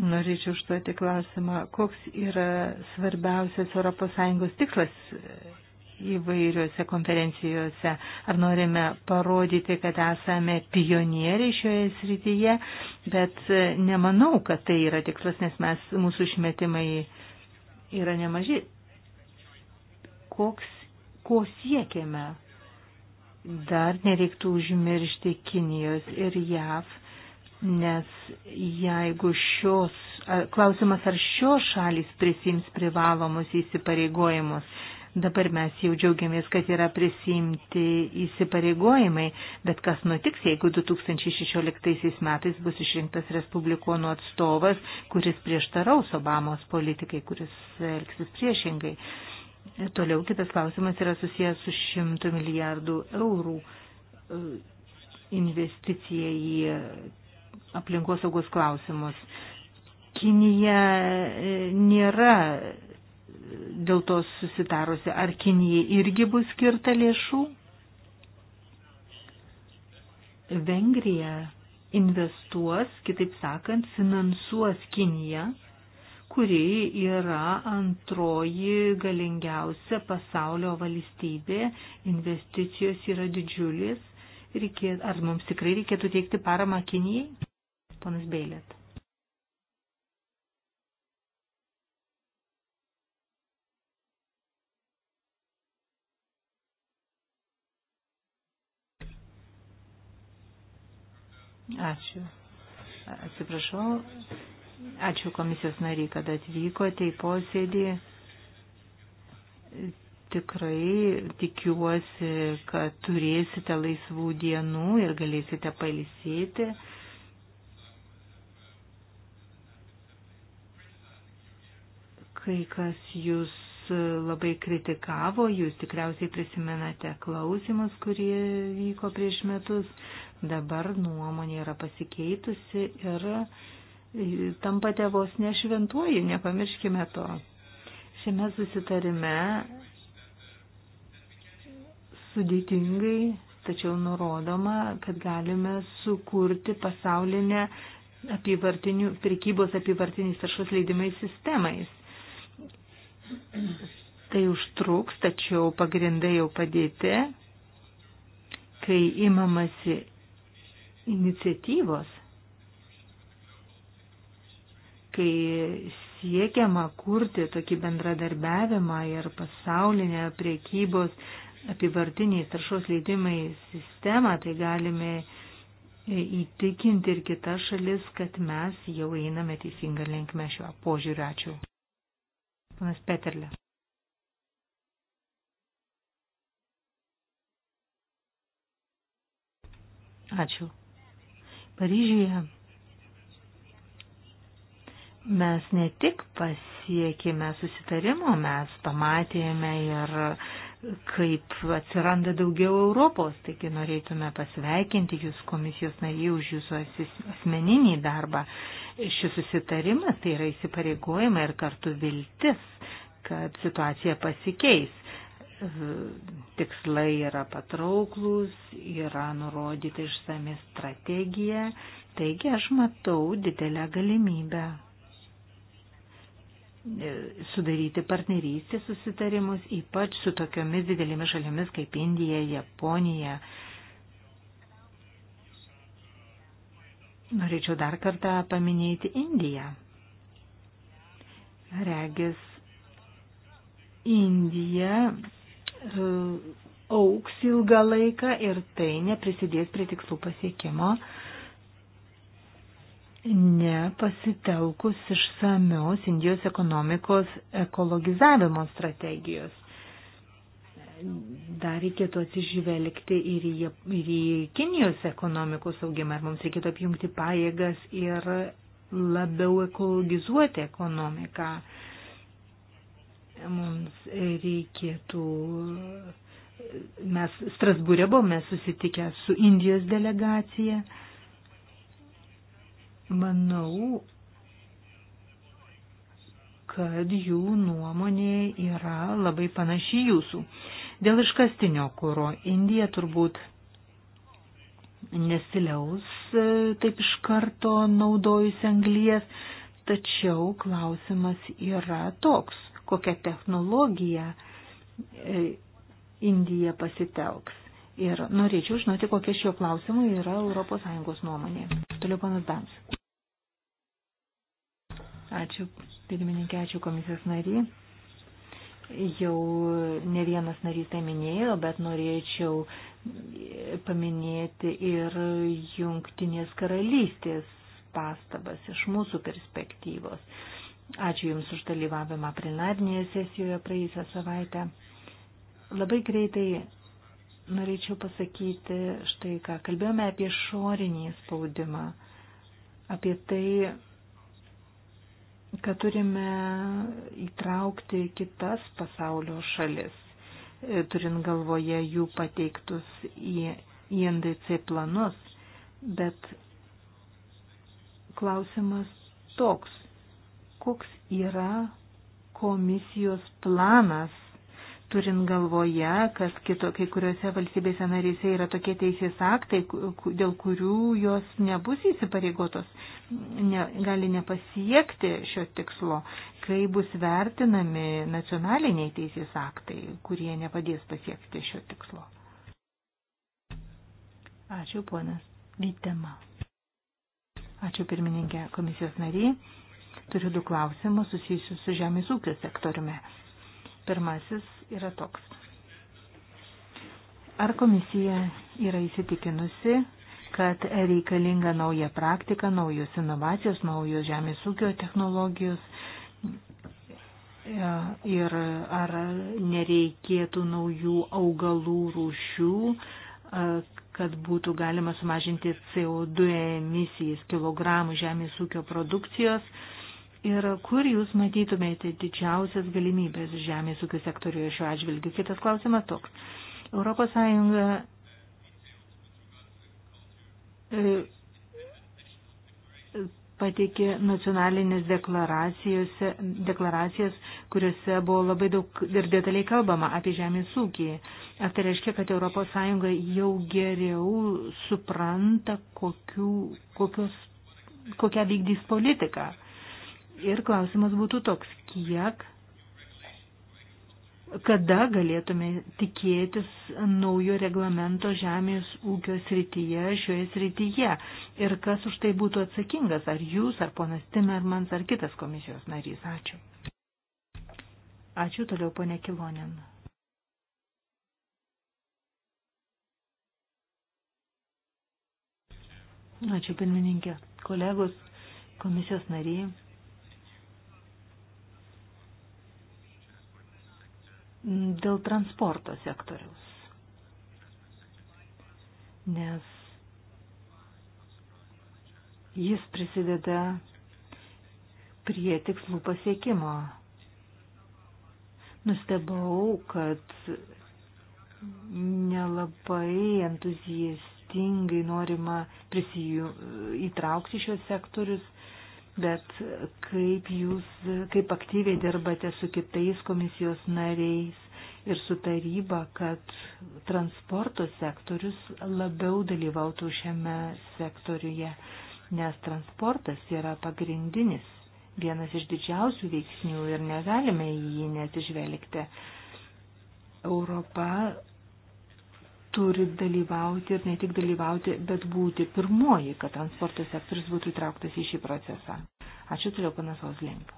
Norėčiau užduoti klausimą, koks yra svarbiausias ES tikslas įvairiose konferencijose. Ar norime parodyti, kad esame pionieriai šioje srityje, bet nemanau, kad tai yra tikslas, nes mes, mūsų išmetimai yra nemaži. Koks, ko siekiame? Dar nereiktų užmiršti Kinijos ir JAV nes jeigu šios, klausimas ar šios šalis prisims privalomus įsipareigojimus, dabar mes jau džiaugiamės, kad yra prisimti įsipareigojimai, bet kas nutiks, jeigu 2016 metais bus išrinktas Respublikonų atstovas, kuris prieštaraus Obamos politikai, kuris elgsis priešingai. Toliau kitas klausimas yra susijęs su 100 milijardų eurų e, investicija į aplinkosaugos klausimus. Kinija e, nėra dėl to susitarusi. Ar Kinijai irgi bus skirta lėšų? Vengrija investuos, kitaip sakant, finansuos Kiniją, kuri yra antroji galingiausia pasaulio valstybė, investicijos yra didžiulis. Reikėt, ar mums tikrai reikėtų teikti paramą Kinijai? Ponas Beilėt. Ačiū. Atsiprašau. Ačiū komisijos nariai, kad atvykote į posėdį. Tikrai tikiuosi, kad turėsite laisvų dienų ir galėsite palisėti. kai kas jūs labai kritikavo, jūs tikriausiai prisimenate klausimus, kurie vyko prieš metus, dabar nuomonė yra pasikeitusi ir e, tampate vos nešventuoji, nepamirškime to. Šiame susitarime sudėtingai, tačiau nurodoma, kad galime sukurti pasaulinę apivartinių, prekybos apivartiniais taršos leidimais sistemais Tai užtruks, tačiau pagrindai jau padėti, kai imamasi iniciatyvos, kai siekiama kurti tokį bendradarbiavimą ir pasaulinę priekybos apivartiniais taršos leidimai sistemą, tai galime įtikinti ir kitas šalis, kad mes jau einame teisingą linkmę šiuo požiūriu. Ačiū. Panas Peterlė. Ačiū. Paryžiuje mes ne tik pasiekime susitarimo, mes pamatėme ir kaip atsiranda daugiau Europos, taigi norėtume pasveikinti Jūs komisijos nariai už Jūsų asmeninį darbą šis susitarimas tai yra įsipareigojimai ir kartu viltis, kad situacija pasikeis. Tikslai yra patrauklus, yra nurodyta išsami strategija, taigi aš matau didelę galimybę e, sudaryti partnerystės susitarimus, ypač su tokiomis didelėmis šalimis kaip Indija, Japonija, Norėčiau dar kartą paminėti Indiją. Regis, Indija e, auks ilgą laiką ir tai neprisidės prie tikslų pasiekimo, nepasitelkus išsamios Indijos ekonomikos ekologizavimo strategijos dar reikėtų atsižvelgti ir į, ir į Kinijos ekonomikos augimą, ar mums reikėtų apjungti pajėgas ir labiau ekologizuoti ekonomiką. Mums reikėtų, mes Strasbūrė buvome susitikę su Indijos delegacija. Manau, kad jų nuomonė yra labai panaši jūsų. Dėl iškastinio kūro Indija turbūt nesiliaus e, taip iš karto naudojusi anglijas, tačiau klausimas yra toks, kokią technologiją e, Indija pasitelks. Ir norėčiau žinoti, kokia šio klausimu yra ES nuomonė. Toliau panas Dans. Ačiū, pirmininkė, ačiū komisijos nariai jau ne vienas narys tai minėjo, bet norėčiau paminėti ir jungtinės karalystės pastabas iš mūsų perspektyvos. Ačiū Jums už dalyvavimą plenarnėje sesijoje praėjusią savaitę. Labai greitai norėčiau pasakyti štai ką. Kalbėjome apie šorinį spaudimą, apie tai, kad turime įtraukti kitas pasaulio šalis, e, turint galvoje jų pateiktus į INDC planus, bet klausimas toks, koks yra komisijos planas turint galvoje, kas kito, kai kuriuose valstybėse narėse yra tokie teisės aktai, dėl kurių jos nebus įsipareigotos, ne, gali nepasiekti šio tikslo, kai bus vertinami nacionaliniai teisės aktai, kurie nepadės pasiekti šio tikslo. Ačiū, ponas Vytema. Ačiū, pirmininkė komisijos nariai. Turiu du klausimus susijusius su žemės ūkio sektoriumi. Pirmasis yra toks. Ar komisija yra įsitikinusi, kad reikalinga nauja praktika, naujos inovacijos, naujos žemės ūkio technologijos ir ar nereikėtų naujų augalų rūšių, kad būtų galima sumažinti CO2 emisijas kilogramų žemės ūkio produkcijos ir kur jūs matytumėte didžiausias galimybės žemės ūkio sektoriuje šiuo atžvilgiu? Kitas klausimas toks. Europos Sąjunga e, pateikė nacionalinės deklaracijas, kuriuose buvo labai daug ir detaliai kalbama apie žemės ūkį. Ar tai reiškia, kad ES jau geriau supranta, kokiu, kokios, kokią vykdys politiką? Ir klausimas būtų toks, kiek, kada galėtume tikėtis naujo reglamento žemės ūkio srityje, šioje srityje ir kas už tai būtų atsakingas, ar jūs, ar ponas Timermans, ar kitas komisijos narys. Ačiū. Ačiū toliau, ponė Kilonin. Ačiū, pirmininkė, kolegos, komisijos nariai. dėl transporto sektoriaus. Nes jis prisideda prie tikslų pasiekimo. Nustebau, kad nelabai entuziastingai norima prisijų, įtraukti šios sektorius, bet kaip jūs, kaip aktyviai dirbate su kitais komisijos nariais ir su taryba, kad transporto sektorius labiau dalyvautų šiame sektoriuje, nes transportas yra pagrindinis, vienas iš didžiausių veiksnių ir negalime į jį nesižvelgti. Europa turi dalyvauti ir ne tik dalyvauti, bet būti pirmoji, kad transporto sektorius būtų įtrauktas į šį procesą. Ačiū toliau panas Oslink.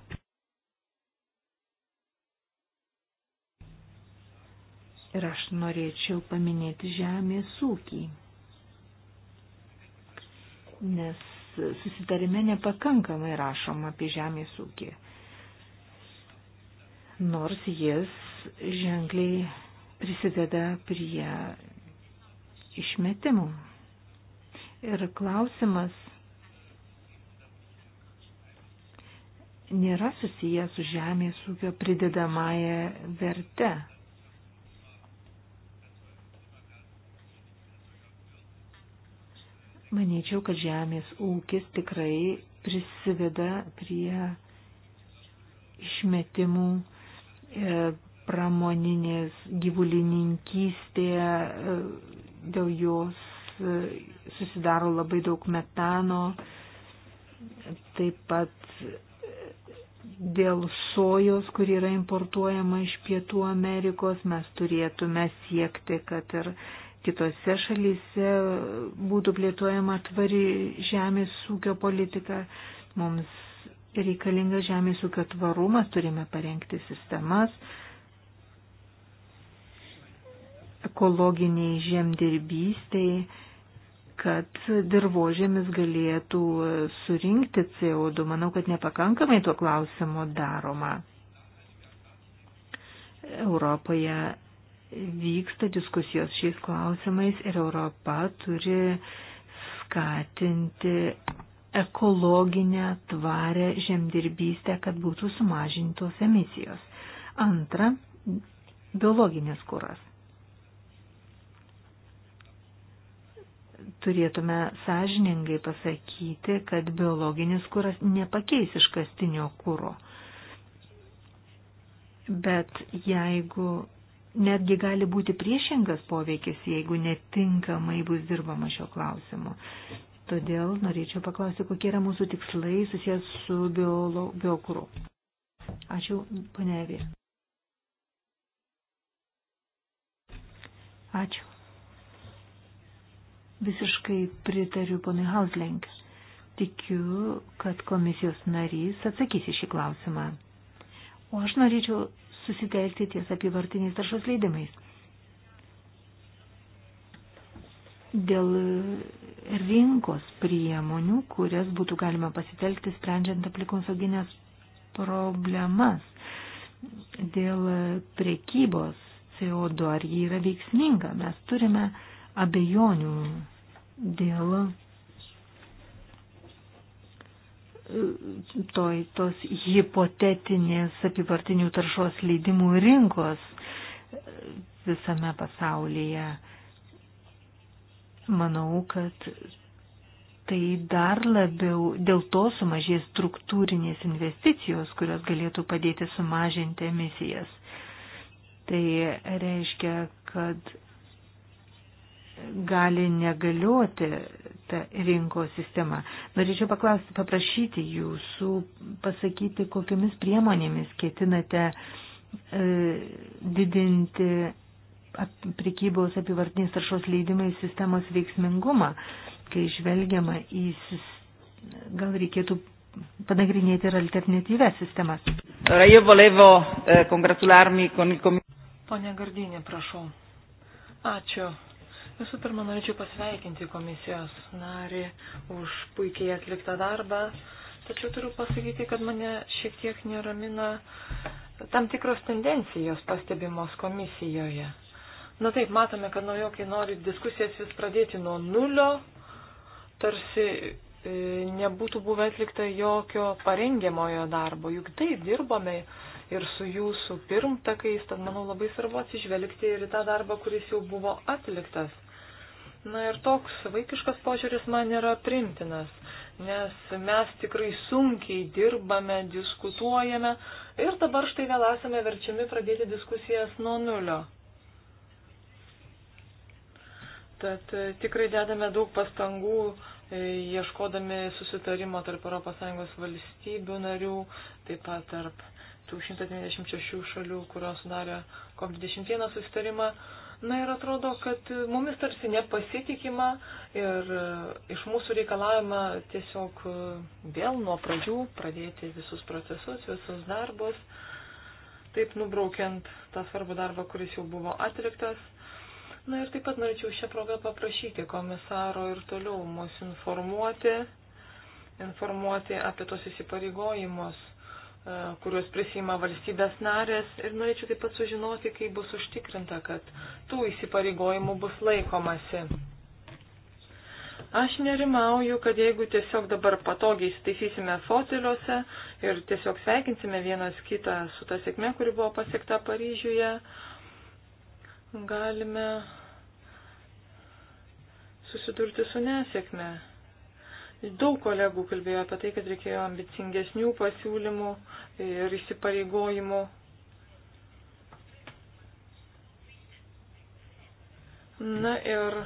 Ir aš norėčiau paminėti žemės ūkį, nes susitarime nepakankamai rašom apie žemės ūkį, nors jis ženkliai prisideda prie išmetimų. Ir klausimas nėra susijęs su žemės ūkio pridedamąją vertę. Manyčiau, kad žemės ūkis tikrai prisiveda prie išmetimų e, pramoninės gyvulininkystėje dėl jos e, susidaro labai daug metano, taip pat e, dėl sojos, kur yra importuojama iš Pietų Amerikos, mes turėtume siekti, kad ir kitose šalyse būtų plėtojama tvari žemės ūkio politika. Mums reikalingas žemės ūkio tvarumas, turime parengti sistemas, ekologiniai žemdirbystėj, kad dirbožėmis galėtų surinkti CO2. Manau, kad nepakankamai tuo klausimu daroma. Europoje vyksta diskusijos šiais klausimais ir Europa turi skatinti ekologinę, tvarę žemdirbystę, kad būtų sumažintos emisijos. Antra, biologinis kuras. turėtume sąžiningai pasakyti, kad biologinis kuras nepakeis iškastinio kūro. Bet jeigu netgi gali būti priešingas poveikis, jeigu netinkamai bus dirbama šio klausimu. Todėl norėčiau paklausti, kokie yra mūsų tikslai susijęs su biolo, biokuru. Ačiū, panevė. Ačiū. Visiškai pritariu ponui Hauslenk. Tikiu, kad komisijos narys atsakys į šį klausimą. O aš norėčiau susitelkti ties apivartiniais taršos leidimais. Dėl rinkos priemonių, kurias būtų galima pasitelkti sprendžiant aplikonsauginės problemas, dėl prekybos CO2, ar ji yra veiksminga, mes turime uh, abejonių dėl e, toj, tos hipotetinės apivartinių taršos leidimų rinkos e, visame pasaulyje. Manau, kad tai dar labiau dėl to sumažės struktūrinės investicijos, kurios galėtų padėti sumažinti emisijas. Tai reiškia, kad gali negalioti ta rinkos sistema. Norėčiau paklausti, paprašyti jūsų pasakyti, kokiamis priemonėmis ketinate e, didinti ap, prikybos apivartiniais taršos leidimai sistemos veiksmingumą, kai žvelgiama į, gal reikėtų panagrinėti ir alternatyves sistemas. Eh, Pone Gardinė, prašau. Ačiū. Visų pirma, norėčiau pasveikinti komisijos narį už puikiai atliktą darbą, tačiau turiu pasakyti, kad mane šiek tiek neramina tam tikros tendencijos pastebimos komisijoje. Na taip, matome, kad naujokai nori diskusijas vis pradėti nuo nulio, tarsi e, nebūtų buvę atlikta jokio parengiamojo darbo. Juk taip dirbame ir su jūsų pirmtakais, tad manau labai svarbu atsižvelgti ir į tą darbą, kuris jau buvo atliktas. Na ir toks vaikiškas požiūris man yra primtinas, nes mes tikrai sunkiai dirbame, diskutuojame ir dabar štai vėl esame verčiami pradėti diskusijas nuo nulio. Tad e, tikrai dedame daug pastangų e, ieškodami susitarimo tarp ES valstybių narių, taip pat tarp tų 196 šalių, kurios sudarė COP21 susitarimą. Na ir atrodo, kad mumis tarsi nepasitikima ir e, iš mūsų reikalavima tiesiog e, vėl nuo pradžių pradėti visus procesus, visus darbus, taip nubraukiant tą svarbų darbą, kuris jau buvo atliktas. Na ir taip pat norėčiau šią progą paprašyti komisaro ir toliau mus informuoti, informuoti apie tos įsipareigojimus kuriuos prisima valstybės narės ir norėčiau taip pat sužinoti, kaip bus užtikrinta, kad tų įsipareigojimų bus laikomasi. Aš nerimauju, kad jeigu tiesiog dabar patogiai įsitaisysime foteliuose ir tiesiog sveikinsime vienas kitą su ta sėkme, kuri buvo pasiekta Paryžiuje, galime susidurti su nesėkme. Daug kolegų kalbėjo apie tai, kad reikėjo ambicingesnių pasiūlymų ir įsipareigojimų. Na ir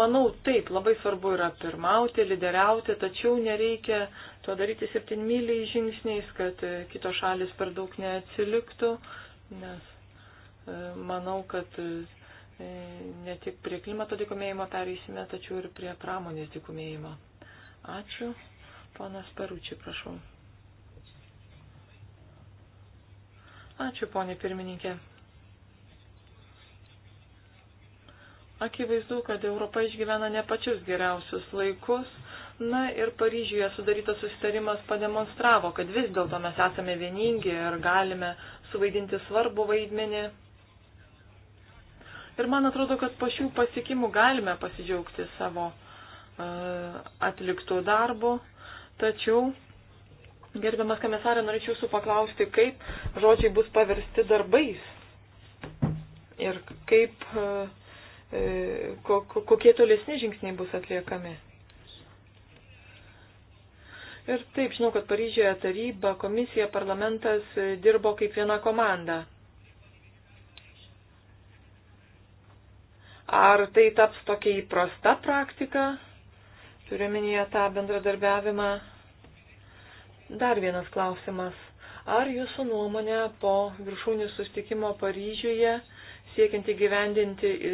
manau, taip, labai svarbu yra pirmauti, lyderiauti, tačiau nereikia to daryti septynmyliai žingsniais, kad kitos šalis per daug neatsiliktų, nes e, manau, kad e, ne tik prie klimato dikumėjimo pereisime, tačiau ir prie pramonės dikumėjimo. Ačiū. Ponas Peručiai, prašau. Ačiū, ponė pirmininkė. Akivaizdu, kad Europa išgyvena ne pačius geriausius laikus. Na ir Paryžiuje sudarytas susitarimas pademonstravo, kad vis dėlto mes esame vieningi ir galime suvaidinti svarbu vaidmenį. Ir man atrodo, kad po šių pasiekimų galime pasidžiaugti savo atliktų darbų. Tačiau, gerbiamas komisarė, norėčiau jūsų paklausti, kaip žodžiai bus paversti darbais ir kaip, e, e, kokie tolesni žingsniai bus atliekami. Ir taip, žinau, kad Paryžioje taryba, komisija, parlamentas e, dirbo kaip viena komanda. Ar tai taps tokia įprasta praktika? Turiuomenyje tą bendradarbiavimą. Dar vienas klausimas. Ar jūsų nuomonė po viršūnių sustikimo Paryžiuje, siekiant įgyvendinti e,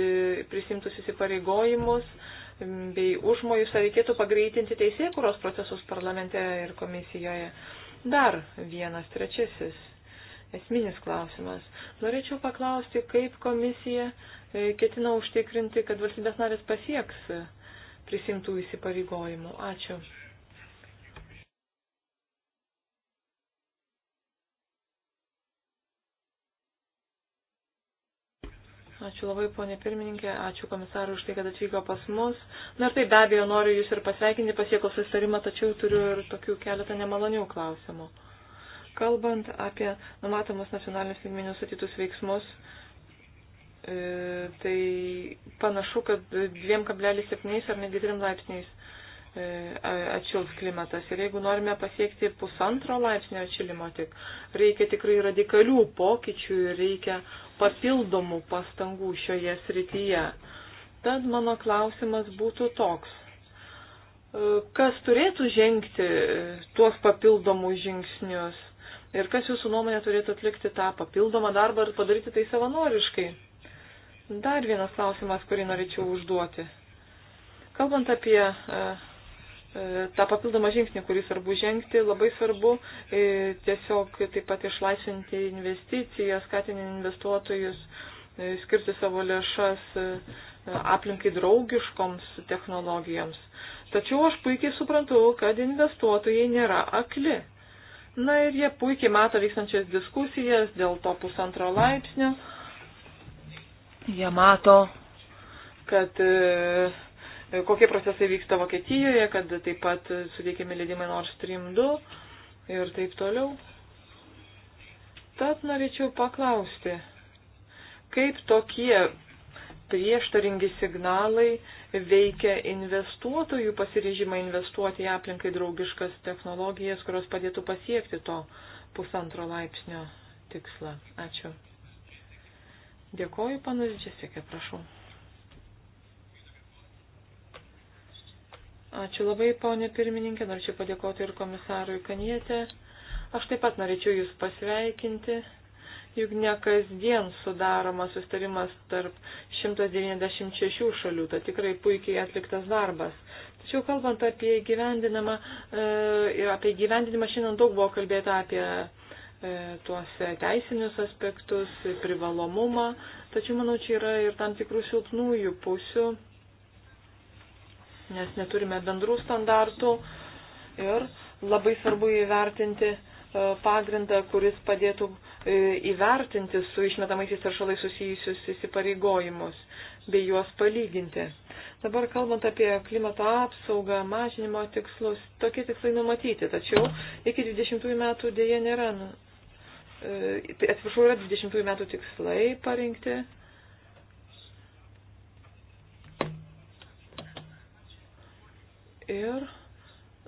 prisimtus įsipareigojimus bei užmojus, ar reikėtų pagreitinti teisėkuros procesus parlamente ir komisijoje? Dar vienas, trečiasis, esminis klausimas. Norėčiau paklausti, kaip komisija e, ketina užtikrinti, kad valstybės narės pasieks prisimtų įsipareigojimų. Ačiū. Ačiū labai, ponė pirmininkė, ačiū komisarui už tai, kad atvyko pas mus. Na ir taip, be abejo, noriu jūs ir pasveikinti pasiekus susitarimą, tačiau turiu ir tokių keletą nemalonių klausimų. Kalbant apie numatomus nacionalinius lygmenius atytus veiksmus, uh, E, tai panašu, kad 2,7 ar netgi 3 laipsniais e, atšils klimatas. Ir jeigu norime pasiekti pusantro laipsnio atšilimo tik, reikia tikrai radikalių pokyčių ir reikia papildomų pastangų šioje srityje. Tad mano klausimas būtų toks. E, kas turėtų žengti tuos papildomus žingsnius ir kas jūsų nuomonė turėtų atlikti tą papildomą darbą ir padaryti tai savanoriškai? Dar vienas klausimas, kurį norėčiau užduoti. Kalbant apie e, e, tą papildomą žingsnį, kurį svarbu žengti, labai svarbu e, tiesiog taip pat išlaisvinti investicijas, skatinti investuotojus, skirti savo lėšas aplinkai draugiškoms technologijoms. Tačiau aš puikiai suprantu, kad investuotojai nėra akli. Na ir jie puikiai mato vykstančias diskusijas dėl to pusantro laipsnio, Jie mato, kad e, kokie procesai vyksta Vokietijoje, kad taip pat suteikiami leidimai Nord Stream 2 ir taip toliau. Tad norėčiau paklausti, kaip tokie prieštaringi signalai veikia investuotojų pasirežimą investuoti į aplinkai draugiškas technologijas, kurios padėtų pasiekti to pusantro laipsnio tikslą. Ačiū. Dėkoju, panas Džesikė, prašau. Ačiū labai, ponė pirmininkė, norėčiau padėkoti ir komisarui Kanietė. Aš taip pat norėčiau Jūs pasveikinti, juk ne kasdien sudaromas sustarimas tarp 196 šalių, tai tikrai puikiai atliktas darbas. Tačiau kalbant apie gyvendinimą e, ir apie gyvendinimą, šiandien daug buvo kalbėta apie E, tuos teisinius aspektus, privalomumą, tačiau manau, čia yra ir tam tikrų silpnųjų pusių, nes neturime bendrų standartų ir labai svarbu įvertinti e, pagrindą, kuris padėtų e, įvertinti su išmetamaisiais taršalais susijusius įsipareigojimus bei juos palyginti. Dabar kalbant apie klimato apsaugą, mažinimo tikslus, tokie tikslai numatyti, tačiau iki 20 metų dėje nėra E, atsiprašau, yra 20 metų tikslai parinkti. Ir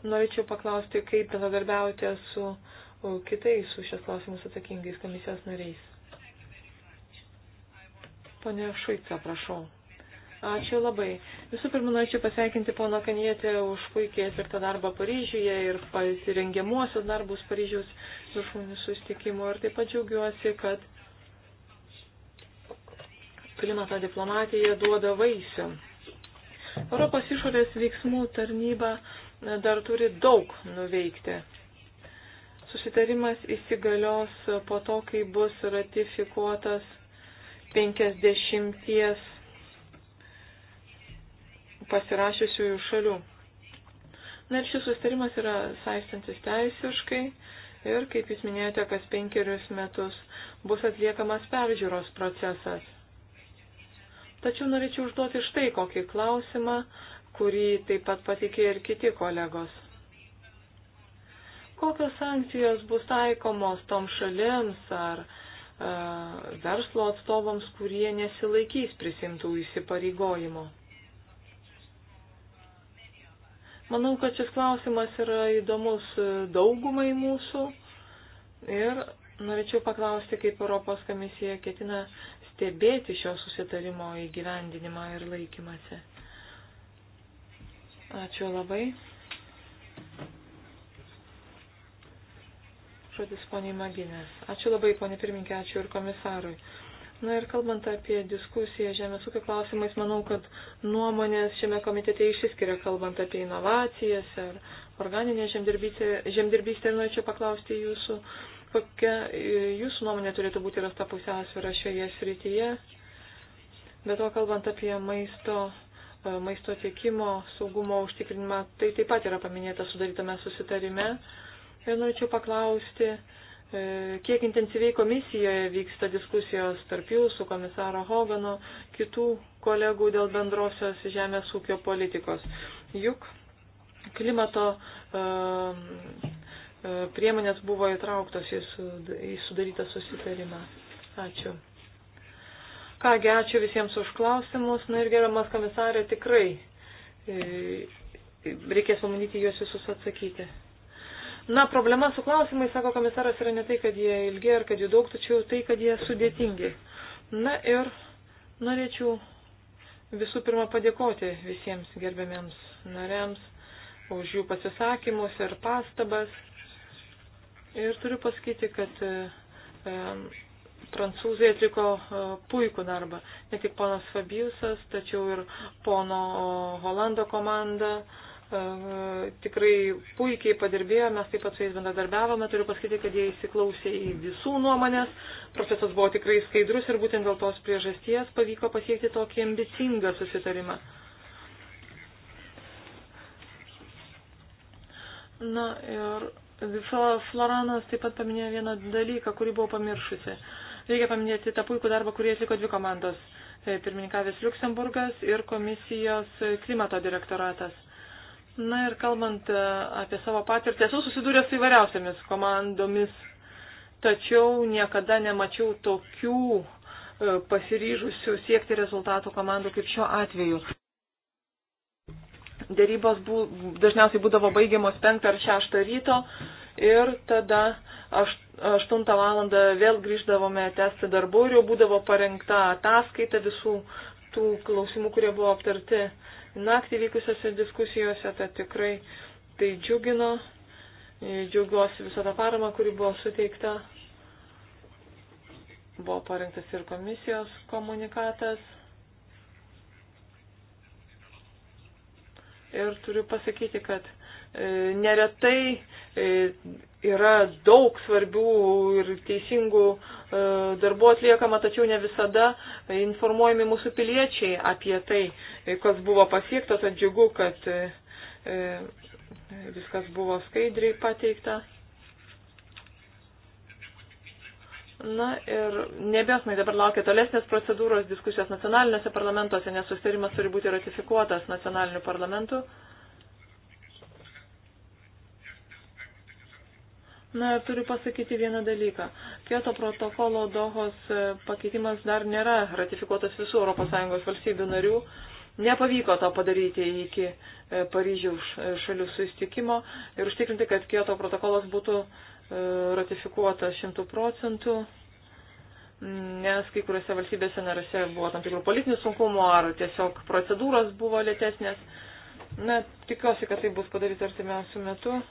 norėčiau paklausti, kaip bendradarbiaujate su kitais už šios klausimus atsakingais komisijos nariais. Pone Šuica, prašau. Ačiū labai. Visų pirma, norėčiau pasveikinti pono Kanietę už puikiai atliktą darbą Paryžiuje ir pasirengiamuosius darbus Paryžiaus viršūnių sustikimo. Ir taip pat džiaugiuosi, kad klimato diplomatija duoda vaisių. Europos išorės veiksmų tarnyba dar turi daug nuveikti. Susitarimas įsigalios po to, kai bus ratifikuotas 50 pasirašysiųjų šalių. Na ir šis sustarimas yra saistantis teisiškai ir, kaip jūs minėjote, kas penkerius metus bus atliekamas peržiūros procesas. Tačiau norėčiau užduoti štai kokį klausimą, kurį taip pat patikė ir kiti kolegos. Kokios sankcijos bus taikomos tom šalims ar e, verslo atstovams, kurie nesilaikys prisimtų įsipareigojimo. Manau, kad šis klausimas yra įdomus daugumai mūsų ir norėčiau paklausti, kaip Europos komisija ketina stebėti šio susitarimo įgyvendinimą ir laikymasi. Ačiū labai. Žodis poniai Maginės. Ačiū labai, ponė pirminkė, ačiū ir komisarui. Na ir kalbant apie diskusiją žemės ūkio klausimais, manau, kad nuomonės šiame komitete išsiskiria, kalbant apie inovacijas ar organinę žemdirbystę. Ir norėčiau paklausti jūsų, kokia jūsų nuomonė turėtų būti rasta pusiausvėra šioje srityje. Be to, kalbant apie maisto maisto tiekimo saugumo užtikrinimą, tai taip pat yra paminėta sudarytame susitarime. Ir norėčiau paklausti, E, kiek intensyviai komisijoje vyksta diskusijos tarp jų su komisaro Hogano, kitų kolegų dėl bendrosios žemės ūkio politikos. Juk klimato e, e, priemonės buvo įtrauktos į sudarytą susitarimą. Ačiū. Kągi, ačiū visiems už klausimus. Na ir gerbiamas komisarė, tikrai reikės pamanyti juos visus atsakyti. Na, problema su klausimais, sako komisaras, yra ne tai, kad jie ilgi ar kad jų daug, tačiau tai, kad jie sudėtingi. Na ir norėčiau visų pirma padėkoti visiems gerbiamiems nariams už jų pasisakymus ir pastabas. Ir turiu pasakyti, kad e, e, prancūzai atliko e, puikų darbą. Ne tik ponas Fabiusas, tačiau ir pono Holando komanda, E, tikrai puikiai padirbėjo, mes taip pat su jais bendradarbiavome, turiu pasakyti, kad jie įsiklausė į visų nuomonės, procesas buvo tikrai skaidrus ir būtent dėl tos priežasties pavyko pasiekti tokį ambicingą susitarimą. Na ir Floranas taip pat paminėjo vieną dalyką, kurį buvo pamiršusi. Reikia paminėti tą puikų darbą, kurį atliko dvi komandos e, - pirmininkavęs Luxemburgas ir komisijos klimato direktoratas. Na ir kalbant e, apie savo patirtį, esu susidūręs su įvairiausiamis komandomis, tačiau niekada nemačiau tokių e, pasiryžusių siekti rezultatų komandų kaip šiuo atveju. Dėrybos bū, dažniausiai būdavo baigiamos 5 ar 6 ryto ir tada 8 valandą vėl grįždavome tęsti darbų ir jau būdavo parengta ataskaita visų tų klausimų, kurie buvo aptarti naktį vykusiose diskusijose, tai tikrai tai džiugino. Džiaugiuosi visą tą paramą, kuri buvo suteikta. Buvo parengtas ir komisijos komunikatas. Ir turiu pasakyti, kad e, neretai e, yra daug svarbių ir teisingų e, darbų atliekama, tačiau ne visada informuojami mūsų piliečiai apie tai, kas buvo pasiekta, tad džiugu, kad e, e, viskas buvo skaidriai pateikta. Na ir nebesmai dabar laukia tolesnės procedūros diskusijos nacionalinėse parlamentuose, nes susitarimas turi būti ratifikuotas nacionaliniu parlamentu. Na, turiu pasakyti vieną dalyką. Kyoto protokolo Dohos e, pakeitimas dar nėra ratifikuotas visų ES valstybių narių. Nepavyko to padaryti iki e, Paryžiaus e, šalių susitikimo ir užtikrinti, kad Kyoto protokolas būtų ratifikuotas šimtų procentų, nes kai kuriuose valstybėse narėse buvo tam tikrų politinių sunkumų ar tiesiog procedūros buvo lėtesnės. Na, tikiuosi, kad tai bus padaryta artimiausių metų.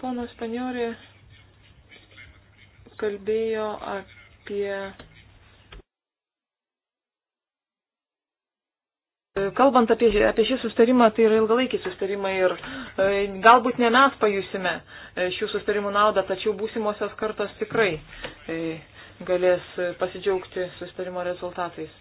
Ponas Paniori kalbėjo apie. Kalbant apie, apie šį sustarimą, tai yra ilgalaikiai sustarimai ir e, galbūt ne mes pajusime e, šių sustarimų naudą, tačiau būsimosios kartos tikrai e, galės pasidžiaugti sustarimo rezultatais.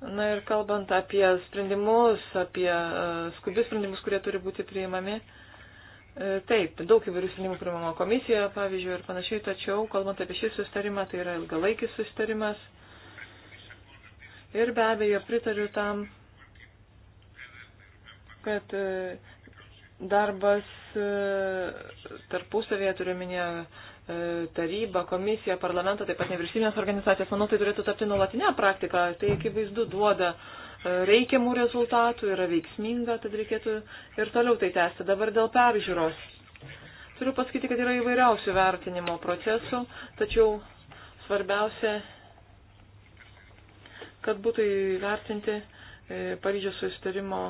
Na ir kalbant apie sprendimus, apie e, skubius sprendimus, kurie turi būti priimami, e, taip, daug įvairių sprendimų priimama komisijoje, pavyzdžiui, ir panašiai, tačiau, kalbant apie šį sustarimą, tai yra ilgalaikis sustarimas. Ir be abejo, pritariu tam, kad e, darbas tarpusavėje turiu minėję E, taryba, komisija, parlamento, taip pat nevyriausybinės organizacijos, manau, tai turėtų tapti nuolatinę praktiką. Tai akivaizdu duoda e, reikiamų rezultatų, yra veiksminga, tad reikėtų ir toliau tai tęsti. Dabar dėl peržiūros. Turiu pasakyti, kad yra įvairiausių vertinimo procesų, tačiau svarbiausia, kad būtų įvertinti e, Paryžiaus susitarimo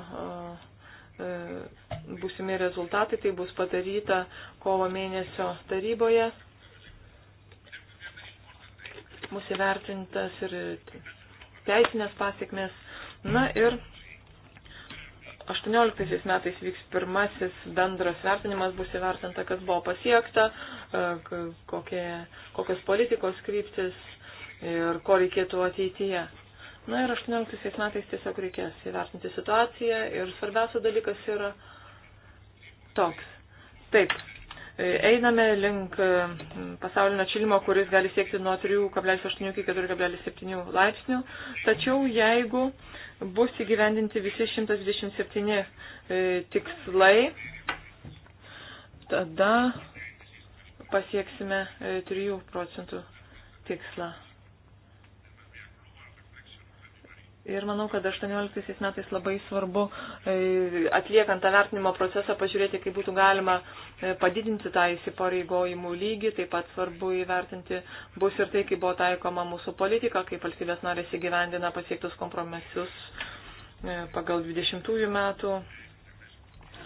būsimi rezultatai, tai bus padaryta kovo mėnesio taryboje bus įvertintas ir teisinės pasiekmes. Na ir 18 metais vyks pirmasis bendras vertinimas, bus įvertinta, kas buvo pasiekta, e, kokie, kokios politikos kryptis ir ko reikėtų ateityje. Na ir 18 metais tiesiog reikės įvertinti situaciją ir svarbiausia dalykas yra toks. Taip, Einame link e, pasaulinio atšilimo, kuris gali siekti nuo 3,8 iki 4,7 laipsnių. Tačiau jeigu bus įgyvendinti visi 127 e, tikslai, tada pasieksime 3 e, procentų tikslą. Ir manau, kad 18 metais labai svarbu e, atliekant tą vertinimo procesą pažiūrėti, kaip būtų galima e, padidinti tą įsipareigojimų lygį. Taip pat svarbu įvertinti bus ir tai, kaip buvo taikoma mūsų politika, kaip valstybės narės įgyvendina pasiektus kompromisus e, pagal 20 metų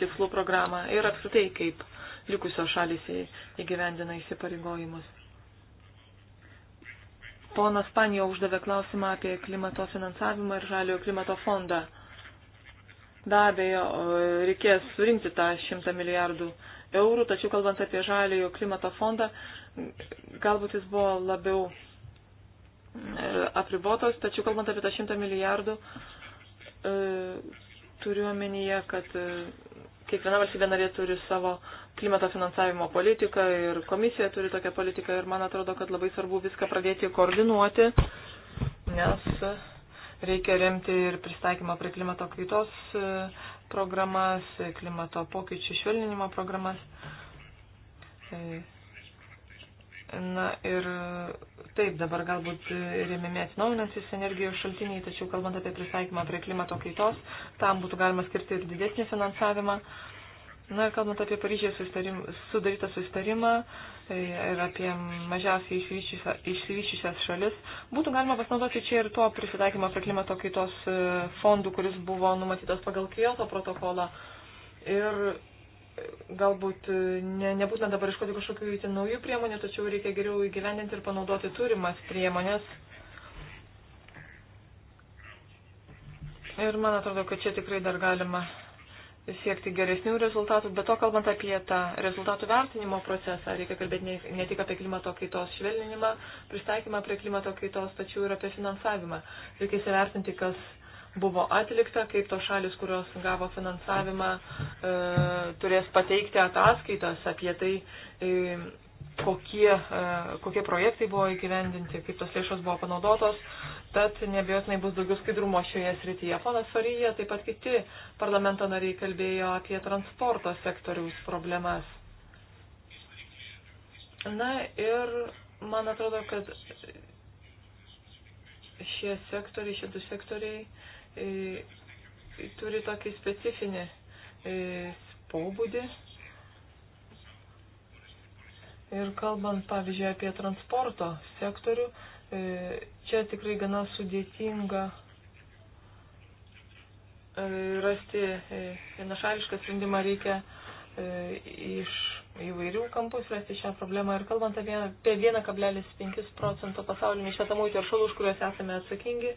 tikslų programą ir apskritai, kaip likusios šalis įgyvendina įsipareigojimus. Ponas Panijo uždavė klausimą apie klimato finansavimą ir žaliojo klimato fondą. Be abejo, reikės surinkti tą 100 milijardų eurų, tačiau kalbant apie žaliojo klimato fondą, galbūt jis buvo labiau e, apribotos, tačiau kalbant apie tą 100 milijardų, e, turiu omenyje, kad e, Kiekviena valstybė narė turi savo klimato finansavimo politiką ir komisija turi tokią politiką ir man atrodo, kad labai svarbu viską pradėti koordinuoti, nes reikia remti ir pristaikymą prie klimato kaitos e, programas, klimato pokyčių švelninimo programas. Tai Na ir taip, dabar galbūt remiami atsinaujinantis energijos šaltiniai, tačiau kalbant apie pristaikymą prie klimato kaitos, tam būtų galima skirti ir didesnį finansavimą. Na ir kalbant apie Paryžiaus sustarim, sudarytą sustarimą tai ir apie mažiausiai išsivyščiusias šalis, būtų galima pasinaudoti čia ir tuo prisitaikymą prie klimato kaitos e, fondų, kuris buvo numatytas pagal Kyoto protokolą. Ir galbūt e, ne, nebūtina dabar iškoti kažkokių įtin naujų priemonių, tačiau reikia geriau įgyvendinti ir panaudoti turimas priemonės. Ir man atrodo, kad čia tikrai dar galima siekti geresnių rezultatų. Be to, kalbant apie tą rezultatų vertinimo procesą, reikia kalbėti ne, ne tik apie klimato kaitos švelninimą, pristaikymą prie klimato kaitos, tačiau ir apie finansavimą. Reikia įsivertinti, kas buvo atlikta, kaip tos šalis, kurios gavo finansavimą, e, turės pateikti ataskaitas apie tai, e, kokie, e, kokie projektai buvo įgyvendinti, kaip tos lėšos buvo panaudotos. Tad nebejotinai bus daugiau skaidrumo šioje srityje. Ponas Farija, taip pat kiti parlamento nariai kalbėjo apie transporto sektoriaus problemas. Na ir man atrodo, kad šie sektoriai, šitų sektoriai E, turi tokį specifinį e, pobūdį. Ir kalbant, pavyzdžiui, apie transporto sektorių, e, čia tikrai gana sudėtinga rasti vienašališką sprendimą reikia iš įvairių kampus rasti šią problemą. Ir kalbant apie 1,5 procento pasaulinių išmetamųjų teršalų, už kuriuos esame atsakingi,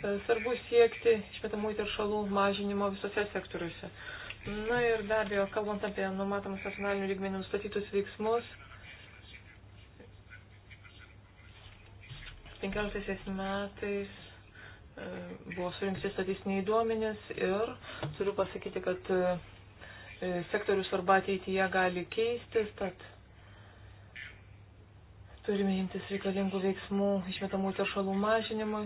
E, svarbu siekti išmetamų teršalų mažinimo visose sektoriuose. Na ir be abejo, kalbant apie numatomus nacionalinių lygmenių nustatytus veiksmus, 15 metais e, buvo surinkti statistiniai duomenys ir turiu pasakyti, kad e, sektorių svarba ateityje gali keistis, tad turime imtis reikalingų veiksmų išmetamų teršalų mažinimui.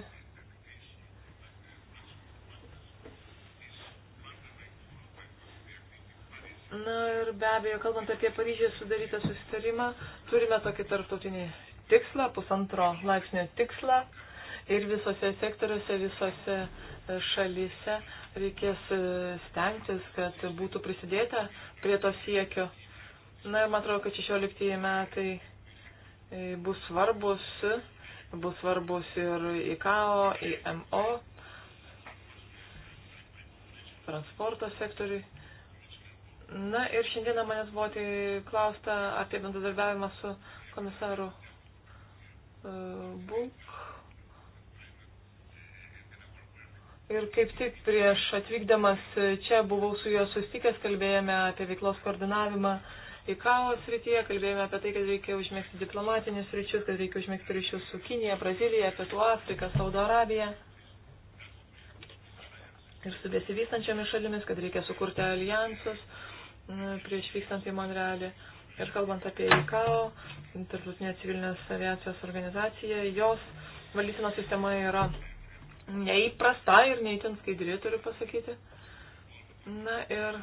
Na ir be abejo, kalbant apie Paryžiai sudarytą susitarimą, turime tokį tarptautinį tikslą, pusantro laipsnio tikslą ir visose sektoriuose, visose e, šalise reikės e, stengtis, kad būtų prisidėta prie to siekio. Na ir man atrodo, kad 16 metai e, bus svarbus, bus svarbus ir IKO, IMO, transporto sektoriui. Na ir šiandieną manęs buvo tai klausta apie bendradarbiavimą su komisaru e, Buk. Ir kaip tik prieš atvykdamas čia buvau su juo sustikęs, kalbėjome apie veiklos koordinavimą į kaos srityje, kalbėjome apie tai, kad reikia užmėgti diplomatinius ryšius, kad reikia užmėgti ryšius su Kinija, Brazilija, Pietų Afrika, Saudo Arabija ir su besivystančiomis šalimis, kad reikia sukurti alijansus prieš vykstant į Monrealį. Ir kalbant apie ICAO, tarptautinė civilinės aviacijos organizacija, jos valdysenos sistema yra neįprasta ir neįtin skaidri, turiu pasakyti. Na ir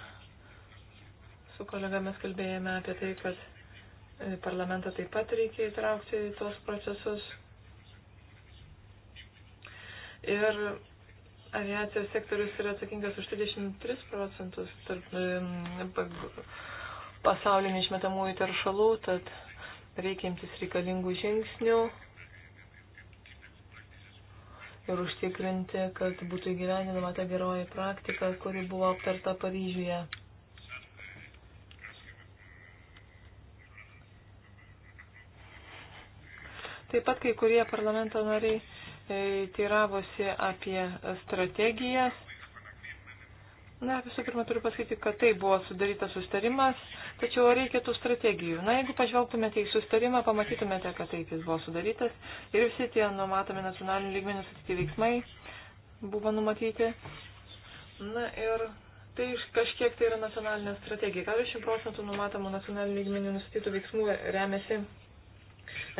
su kolega mes kalbėjome apie tai, kad e, parlamentą taip pat reikia įtraukti į tuos procesus. Ir aviacijos sektorius yra atsakingas už 33 procentus tarp pasaulinių išmetamųjų teršalų, tad reikia imtis reikalingų žingsnių ir užtikrinti, kad būtų įgyvendinama ta geroji praktika, kuri buvo aptarta Paryžiuje. Taip pat kai kurie parlamento nariai teiravosi apie strategijas. Na, visų pirma, turiu pasakyti, kad tai buvo sudarytas sustarimas, tačiau reikia tų strategijų. Na, jeigu pažvelgtumėte į sustarimą, pamatytumėte, kad taip jis buvo sudarytas ir visi tie numatomi nacionalinių lygmenių sakyti veiksmai buvo numatyti. Na ir tai kažkiek tai yra nacionalinė strategija. 40 procentų numatomų nacionalinių lygmenių nustatytų veiksmų remiasi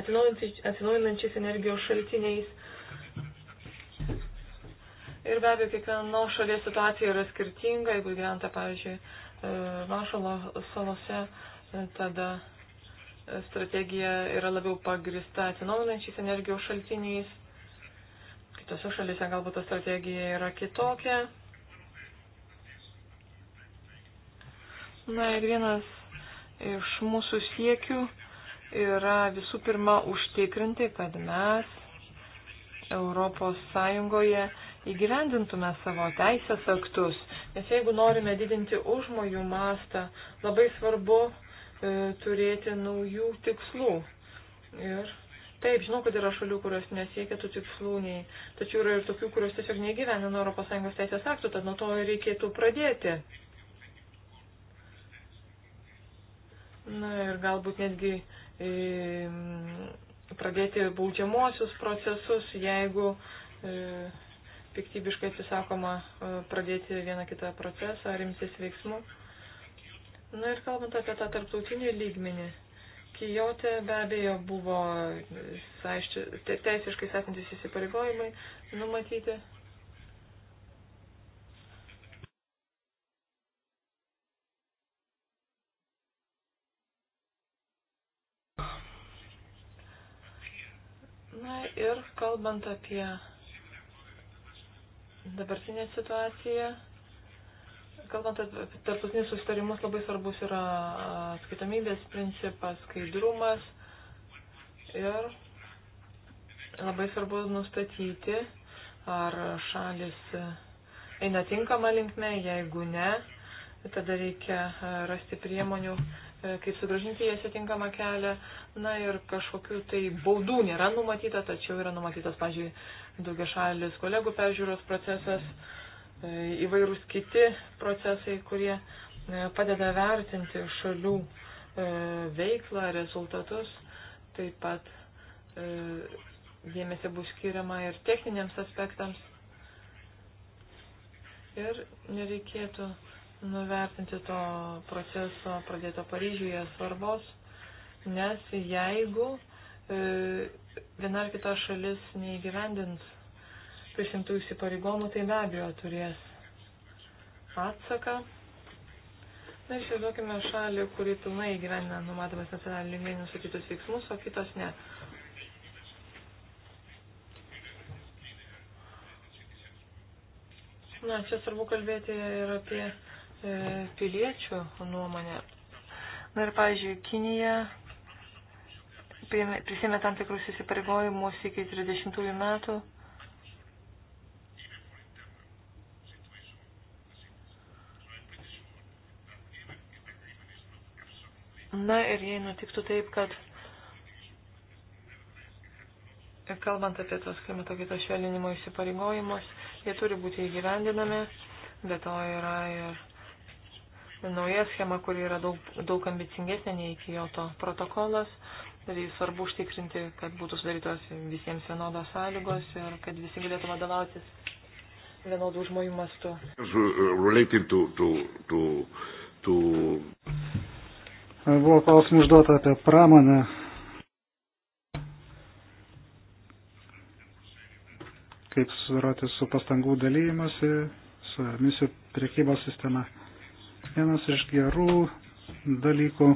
atsinaujinančiais energijos šaltiniais. Ir be abejo, kiekvienos šalies situacija yra skirtinga, jeigu gyventa, pavyzdžiui, Maršalo e, salose, e, tada e, strategija yra labiau pagrista atsinaujinančiais energijos šaltiniais. Kitose šalise galbūt ta strategija yra kitokia. Na ir vienas iš mūsų siekių yra visų pirma užtikrinti, kad mes Europos Sąjungoje įgyvendintume savo teisės aktus. Nes jeigu norime didinti užmojų mastą, labai svarbu e, turėti naujų tikslų. Ir Taip, žinau, kad yra šalių, kurios nesiekia tų tikslų, nei, tačiau yra ir tokių, kurios tiesiog negyvenina ES teisės aktų, tad nuo to reikėtų pradėti. Na ir galbūt netgi e, pradėti baudžiamuosius procesus, jeigu e, piktybiškai atsisakoma e, pradėti vieną kitą procesą ar imtis veiksmų. Na ir kalbant apie tą tarptautinį lygmenį, Kijote be abejo buvo teisiškai sekantis įsipareigojimai numatyti. Na ir kalbant apie dabartinę situaciją. Kalbant apie tarptautinius susitarimus, labai svarbus yra atskaitomybės principas, skaidrumas ir labai svarbu nustatyti, ar šalis eina tinkama linkme, jeigu ne, tada reikia rasti priemonių, kaip sugražinti jas atinkamą kelią. Na ir kažkokių tai baudų nėra numatyta, tačiau yra numatytas, pažiūrėjau, daugia šalis kolegų peržiūros procesas, e, įvairūs kiti procesai, kurie e, padeda vertinti šalių e, veiklą, rezultatus, taip pat dėmesį bus skiriama ir techniniams aspektams. Ir nereikėtų nuvertinti to proceso pradėto Paryžiuje svarbos, nes jeigu viena ar kita šalis neįgyvendins prisimtų įsipareigomų, tai be abejo turės atsaką. Na, įsivaizduokime šalį, kuri pilnai gyvena numatomas nacionalinių lygmenių nusakytus veiksmus, o kitos ne. Na, čia svarbu kalbėti ir apie e, piliečių nuomonę. Na ir, pavyzdžiui, Kinija prisėmė tam tikrus įsipareigojimus iki 30 metų. Na ir jei nutiktų taip, kad kalbant apie tos klimato kaitos švelninimo įsipareigojimus, jie turi būti įgyvendinami, bet to yra ir nauja schema, kuri yra daug, daug ambicingesnė nei iki jo to protokolas. Tai svarbu užtikrinti, kad būtų sudarytos visiems vienodos sąlygos ir kad visi galėtų vadovautis vienodų žmonių mastu. Uh, to, to, to, to... Buvo klausimų užduota apie pramonę. Kaip sudaroti su pastangų dalyjimuose, su emisijų priekybos sistema. Vienas iš gerų dalykų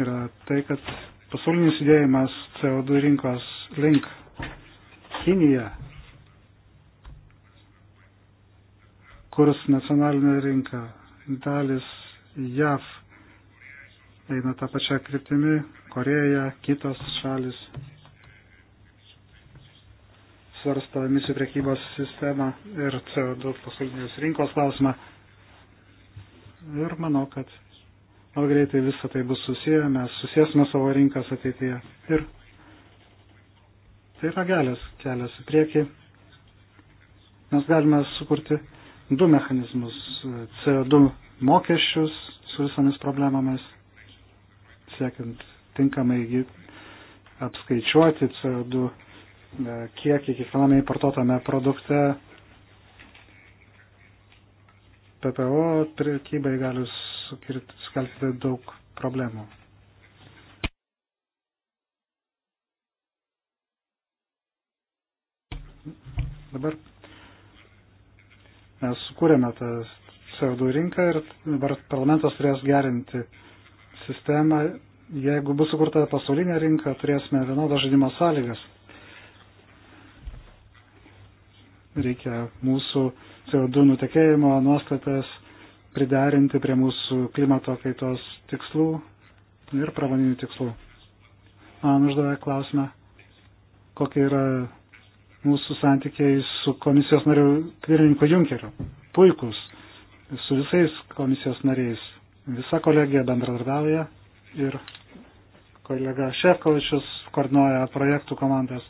yra tai, kad pasaulinis judėjimas CO2 rinkos link Kinija kurs nacionalinę rinką, dalis JAV eina tą pačią kryptimį, Koreja, kitos šalis svarsto emisijų priekybos sistemą ir CO2 pasaulinės rinkos klausimą. Ir manau, kad o greitai visą tai bus susiję, mes susėsime savo rinkas ateityje. Ir tai yra kelias, kelias į priekį. Mes galime sukurti du mechanizmus - CO2 mokesčius su visomis problemomis, siekiant tinkamai apskaičiuoti CO2 e, kiekį kiekviename importuotame produkte PPO prekybai galius sukelti daug problemų. Dabar mes sukūrėme tą CO2 rinką ir dabar parlamentas turės gerinti sistemą. Jeigu bus sukurta pasaulinė rinka, turėsime vienodas žaidimo sąlygas. Reikia mūsų CO2 nutekėjimo nuostatas priderinti prie mūsų klimato kaitos tikslų ir pramoninių tikslų. Man uždavė klausimą, kokie yra mūsų santykiai su komisijos nariu pirmininku Junkeriu. Puikus. Su visais komisijos nariais. Visa kolegija bendradarbiauja ir kolega Šefkovičius koordinuoja projektų komandas.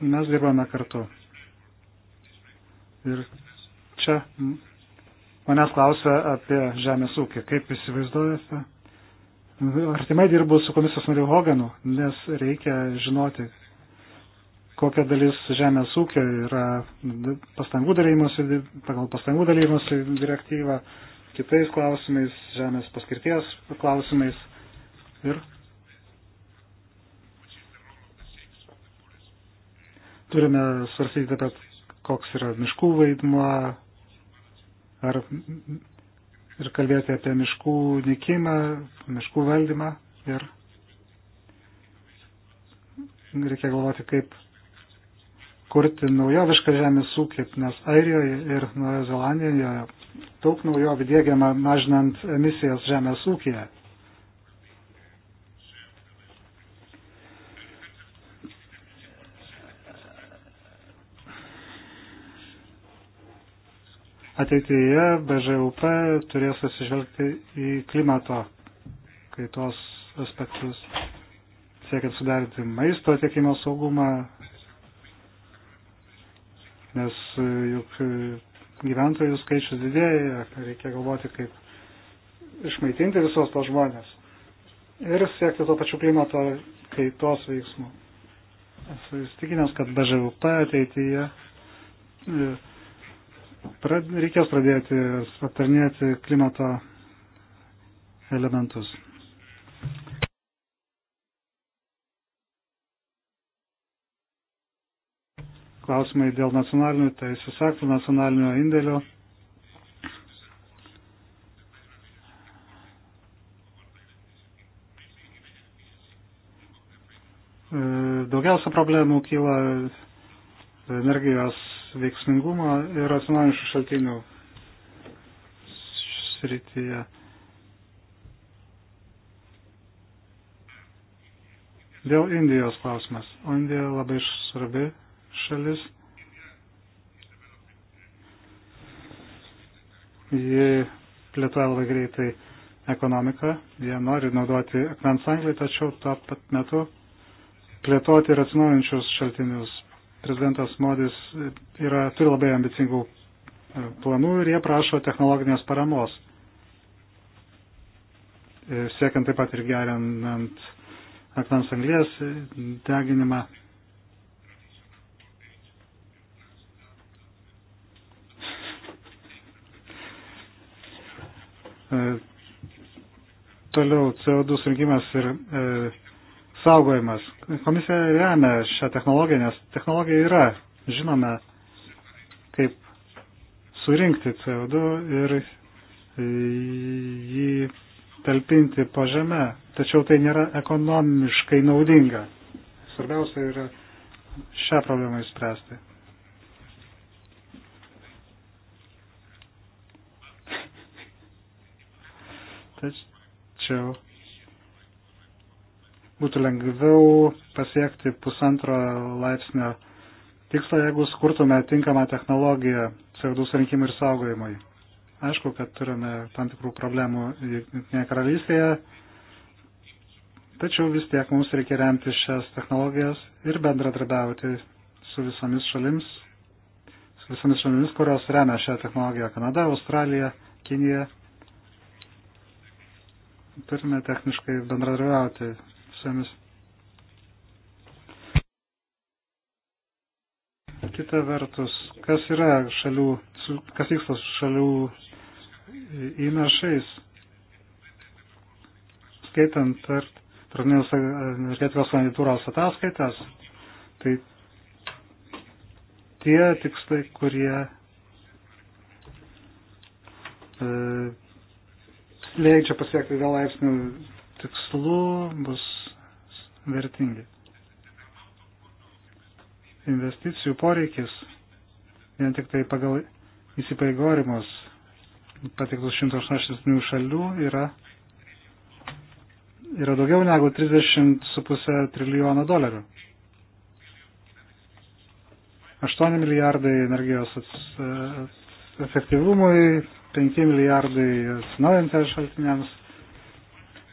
Mes dirbame kartu. Ir čia Manęs klausia apie žemės ūkį. Kaip įsivaizduojate? Artimai dirbu su komisijos nariu Hoganu, nes reikia žinoti, kokia dalis žemės ūkio yra pastangų dalymosi, pagal pastangų dalymosi direktyvą, kitais klausimais, žemės paskirties klausimais ir turime svarstyti apie koks yra miškų vaidmuo, ar ir kalbėti apie miškų nikimą, miškų valdymą ir reikia galvoti, kaip kurti naujovišką žemės ūkį, nes Airijoje ir Nuojo Zelandijoje daug naujovių dėgiama mažinant emisijas žemės ūkijoje. ateityje BŽUP turės atsižvelgti į klimato kaitos aspektus, siekiant sudarinti maisto tiekimo saugumą, nes juk gyventojų skaičius didėja, reikia galvoti, kaip išmaitinti visos tos žmonės ir siekti to pačiu klimato kaitos veiksmų. Esu įstikinęs, kad BŽUP ateityje prad, reikės pradėti aptarnėti klimato elementus. Klausimai dėl nacionalinių teisės aktų, nacionalinio indėlio. E, daugiausia problemų kyla energijos veiksmingumo ir atsinaujinčių šaltinių srityje. Dėl Indijos klausimas. O Indija labai svarbi šalis. Ji plėtoja labai greitai ekonomiką, jie nori naudoti akmens anglį, tačiau tuo pat metu plėtoti ir atsinaujančius šaltinius prezidentas Modis yra, turi labai ambicingų e, planų ir jie prašo technologinės paramos, e, siekiant taip pat ir gerinant akmens anglės deginimą. E, toliau CO2 surinkimas ir e, saugojimas. Komisija remia šią technologiją, nes technologija yra. Žinome, kaip surinkti CO2 ir jį talpinti po žemę. Tačiau tai nėra ekonomiškai naudinga. Svarbiausia yra šią problemą įspręsti. Tačiau būtų lengviau pasiekti pusantro laipsnio tikslą, jeigu skurtume tinkamą technologiją CO2 surinkimui ir saugojimui. Aišku, kad turime tam tikrų problemų Junktinėje karalystėje, tačiau vis tiek mums reikia remti šias technologijas ir bendradarbiauti su visomis šalims, su visomis šalimis, kurios remia šią technologiją - Kanada, Australija, Kinija turime techniškai bendradarbiauti institucijomis. Kita vertus, kas yra šalių, kas vyksta šalių įnašais, skaitant tarptautinės energetikos agentūros ataskaitas, tai tie tikslai, kurie e, leidžia pasiekti vėl laipsnių tikslų, bus vertingi. Investicijų poreikis vien tik tai pagal įsipaigorimus patiktus 180 šalių yra, yra daugiau negu 30,5 trilijono dolerių. 8 milijardai energijos efektyvumui, 5 milijardai atsinaujantiems šaltiniams.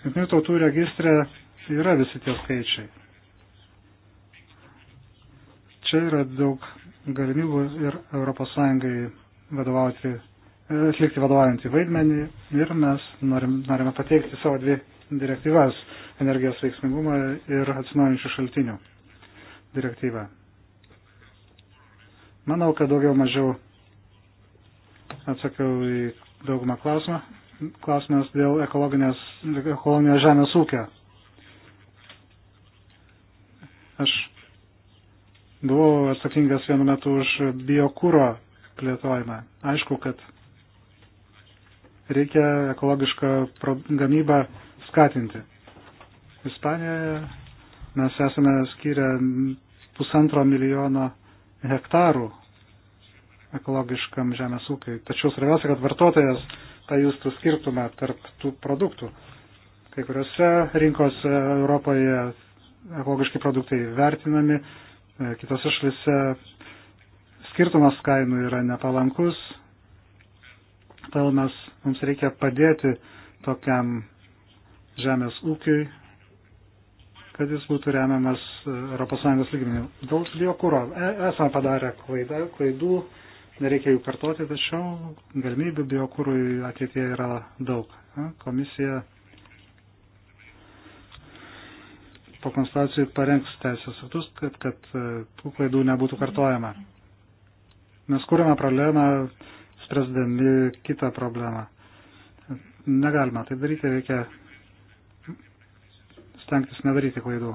Jungtinių tautų registrė yra visi tie skaičiai. Čia yra daug galimybių ir ES vadovauti, atlikti vadovaujantį vaidmenį ir mes norim, norime pateikti savo dvi direktyvas - energijos veiksmingumą ir atsinaujančių šaltinių direktyvą. Manau, kad daugiau mažiau atsakiau į daugumą klausimą. Klausimas dėl ekologinės, ekologinės žemės ūkio. Aš buvau atsakingas vienu metu už biokūro plėtojimą. Aišku, kad reikia ekologišką gamybą skatinti. Ispanijoje mes esame skyrę pusantro milijono hektarų ekologiškam žemės ūkiai. Tačiau svarbiausia, kad vartotojas tą jūsų skirtumą tarp tų produktų. Kai kuriuose rinkose Europoje ekologiški produktai vertinami, e, kitose šalise skirtumas kainų yra nepalankus, todėl mes, mums reikia padėti tokiam žemės ūkiui, kad jis būtų remiamas e, ES lygmeniu. Dėl biokūro e, esame padarę klaidą, klaidų, nereikia jų kartoti, tačiau galimybių biokūrui ateitie yra daug. Komisija po konsultacijų parengs teisės aktus, kad, kad e, tų klaidų nebūtų kartojama. Mes kūrėme problemą, spręsdami kitą problemą. Negalima tai daryti, reikia stengtis nedaryti klaidų.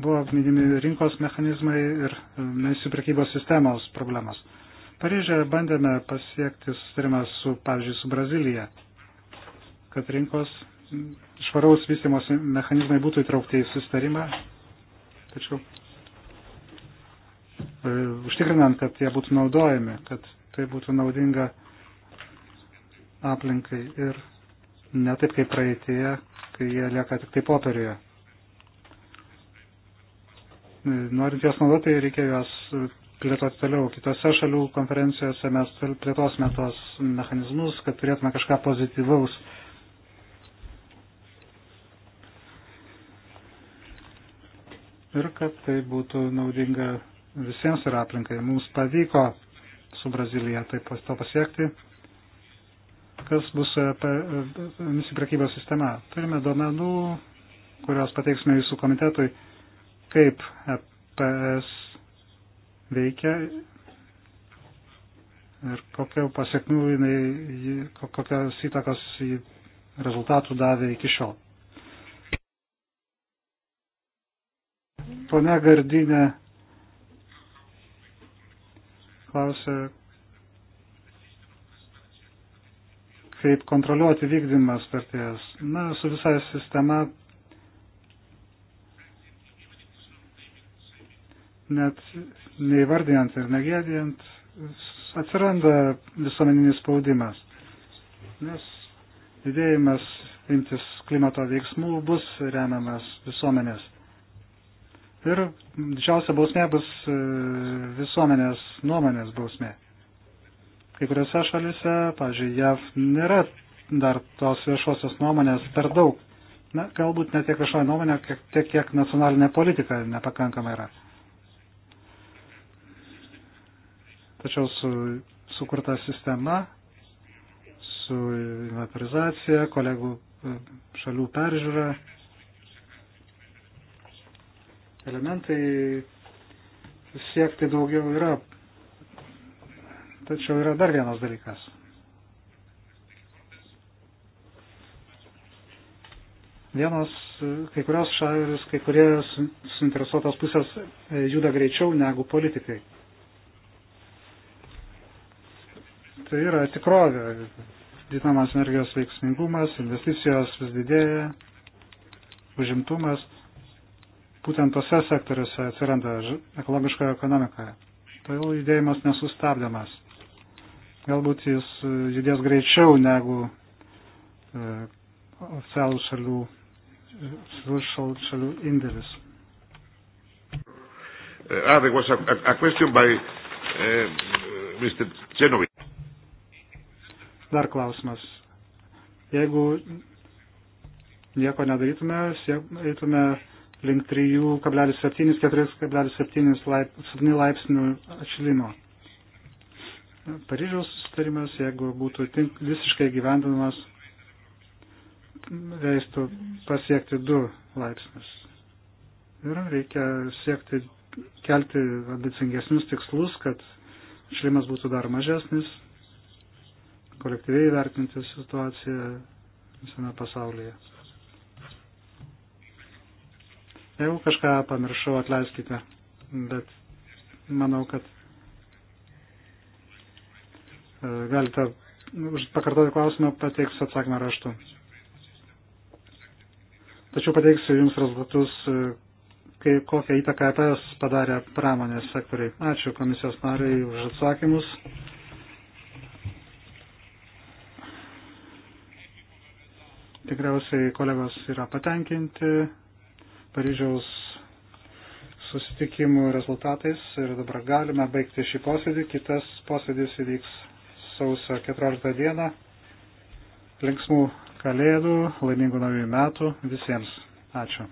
Buvo minimi rinkos mechanizmai ir e, mėnesių prekybos sistemos problemas. Paryžė bandėme pasiekti sustarimą su, pavyzdžiui, su Brazilija, kad rinkos švaraus vystimos mechanizmai būtų įtraukti į sustarimą, tačiau e, užtikrinant, kad jie būtų naudojami, kad tai būtų naudinga aplinkai ir ne taip kaip praeitėje, kai jie lieka tik tai popieriuje. E, norint juos naudoti, reikia juos plėtoti toliau. Kitose šalių konferencijose mes plėtosime tos mechanizmus, kad turėtume kažką pozityvaus ir kad tai būtų naudinga visiems ir aplinkai. Mums pavyko su Brazilija taip pas to pasiekti. Kas bus apie e, emisijų prekybos sistema? Turime duomenų, kurios pateiksime jūsų komitetui, kaip EPS veikia ir kokio pasiekmių jinai, kokios įtakos rezultatų davė iki šiol. Pone Gardinė klausė, kaip kontroliuoti vykdymą starties. Na, su visą sistema net neįvardijant ir negėdijant atsiranda visuomeninis spaudimas. Nes didėjimas imtis klimato veiksmų bus remiamas visuomenės. Ir didžiausia bausmė bus e, visuomenės nuomonės bausmė. Kai kuriuose šalise, pavyzdžiui, JAV nėra dar tos viešosios nuomonės per daug. Na, galbūt ne tiek viešoji nuomonė, kiek, tiek kiek nacionalinė politika nepakankama yra. Tačiau su, sukurta sistema, su inventorizacija, kolegų e, šalių peržiūra, elementai siekti daugiau yra. Tačiau yra dar vienas dalykas. Vienos, kai kurios šalis, kai kurie suinteresuotos pusės e, juda greičiau negu politikai. Tai yra tikrovė. Didinamas energijos veiksmingumas, investicijos vis didėja, užimtumas būtent tose sektoriuose atsiranda ekologiška ekonomika. Todėl judėjimas nesustabdamas. Galbūt jis e, judės greičiau negu e, oficialų šalių, e, šalių indėlis. Uh, ah, there was a, a, a question by uh, Mr. Genovi. Dar klausimas. Jeigu nieko nedarytume, eitume link 3,7-4,7 laipsnių atšilimo. Paryžiaus sustarimas, jeigu būtų tink, visiškai gyvendinamas, leistų pasiekti 2 laipsnius. Ir reikia siekti, kelti ambicingesnius tikslus, kad atšilimas būtų dar mažesnis, kolektyviai vertinti situaciją visame pasaulyje. Jeigu kažką pamiršau, atleiskite, bet manau, kad e, galite pakartoti klausimą, pateiksiu atsakymą raštu. Tačiau pateiksiu Jums rezultatus, e, kai, kokią įtaką EPS padarė pramonės sektoriai. Ačiū komisijos nariai už atsakymus. Tikriausiai kolegos yra patenkinti Paryžiaus susitikimų rezultatais ir dabar galime baigti šį posėdį. Kitas posėdis įvyks sausio 14 dieną. Linksmų kalėdų, laimingų naujų metų visiems. Ačiū.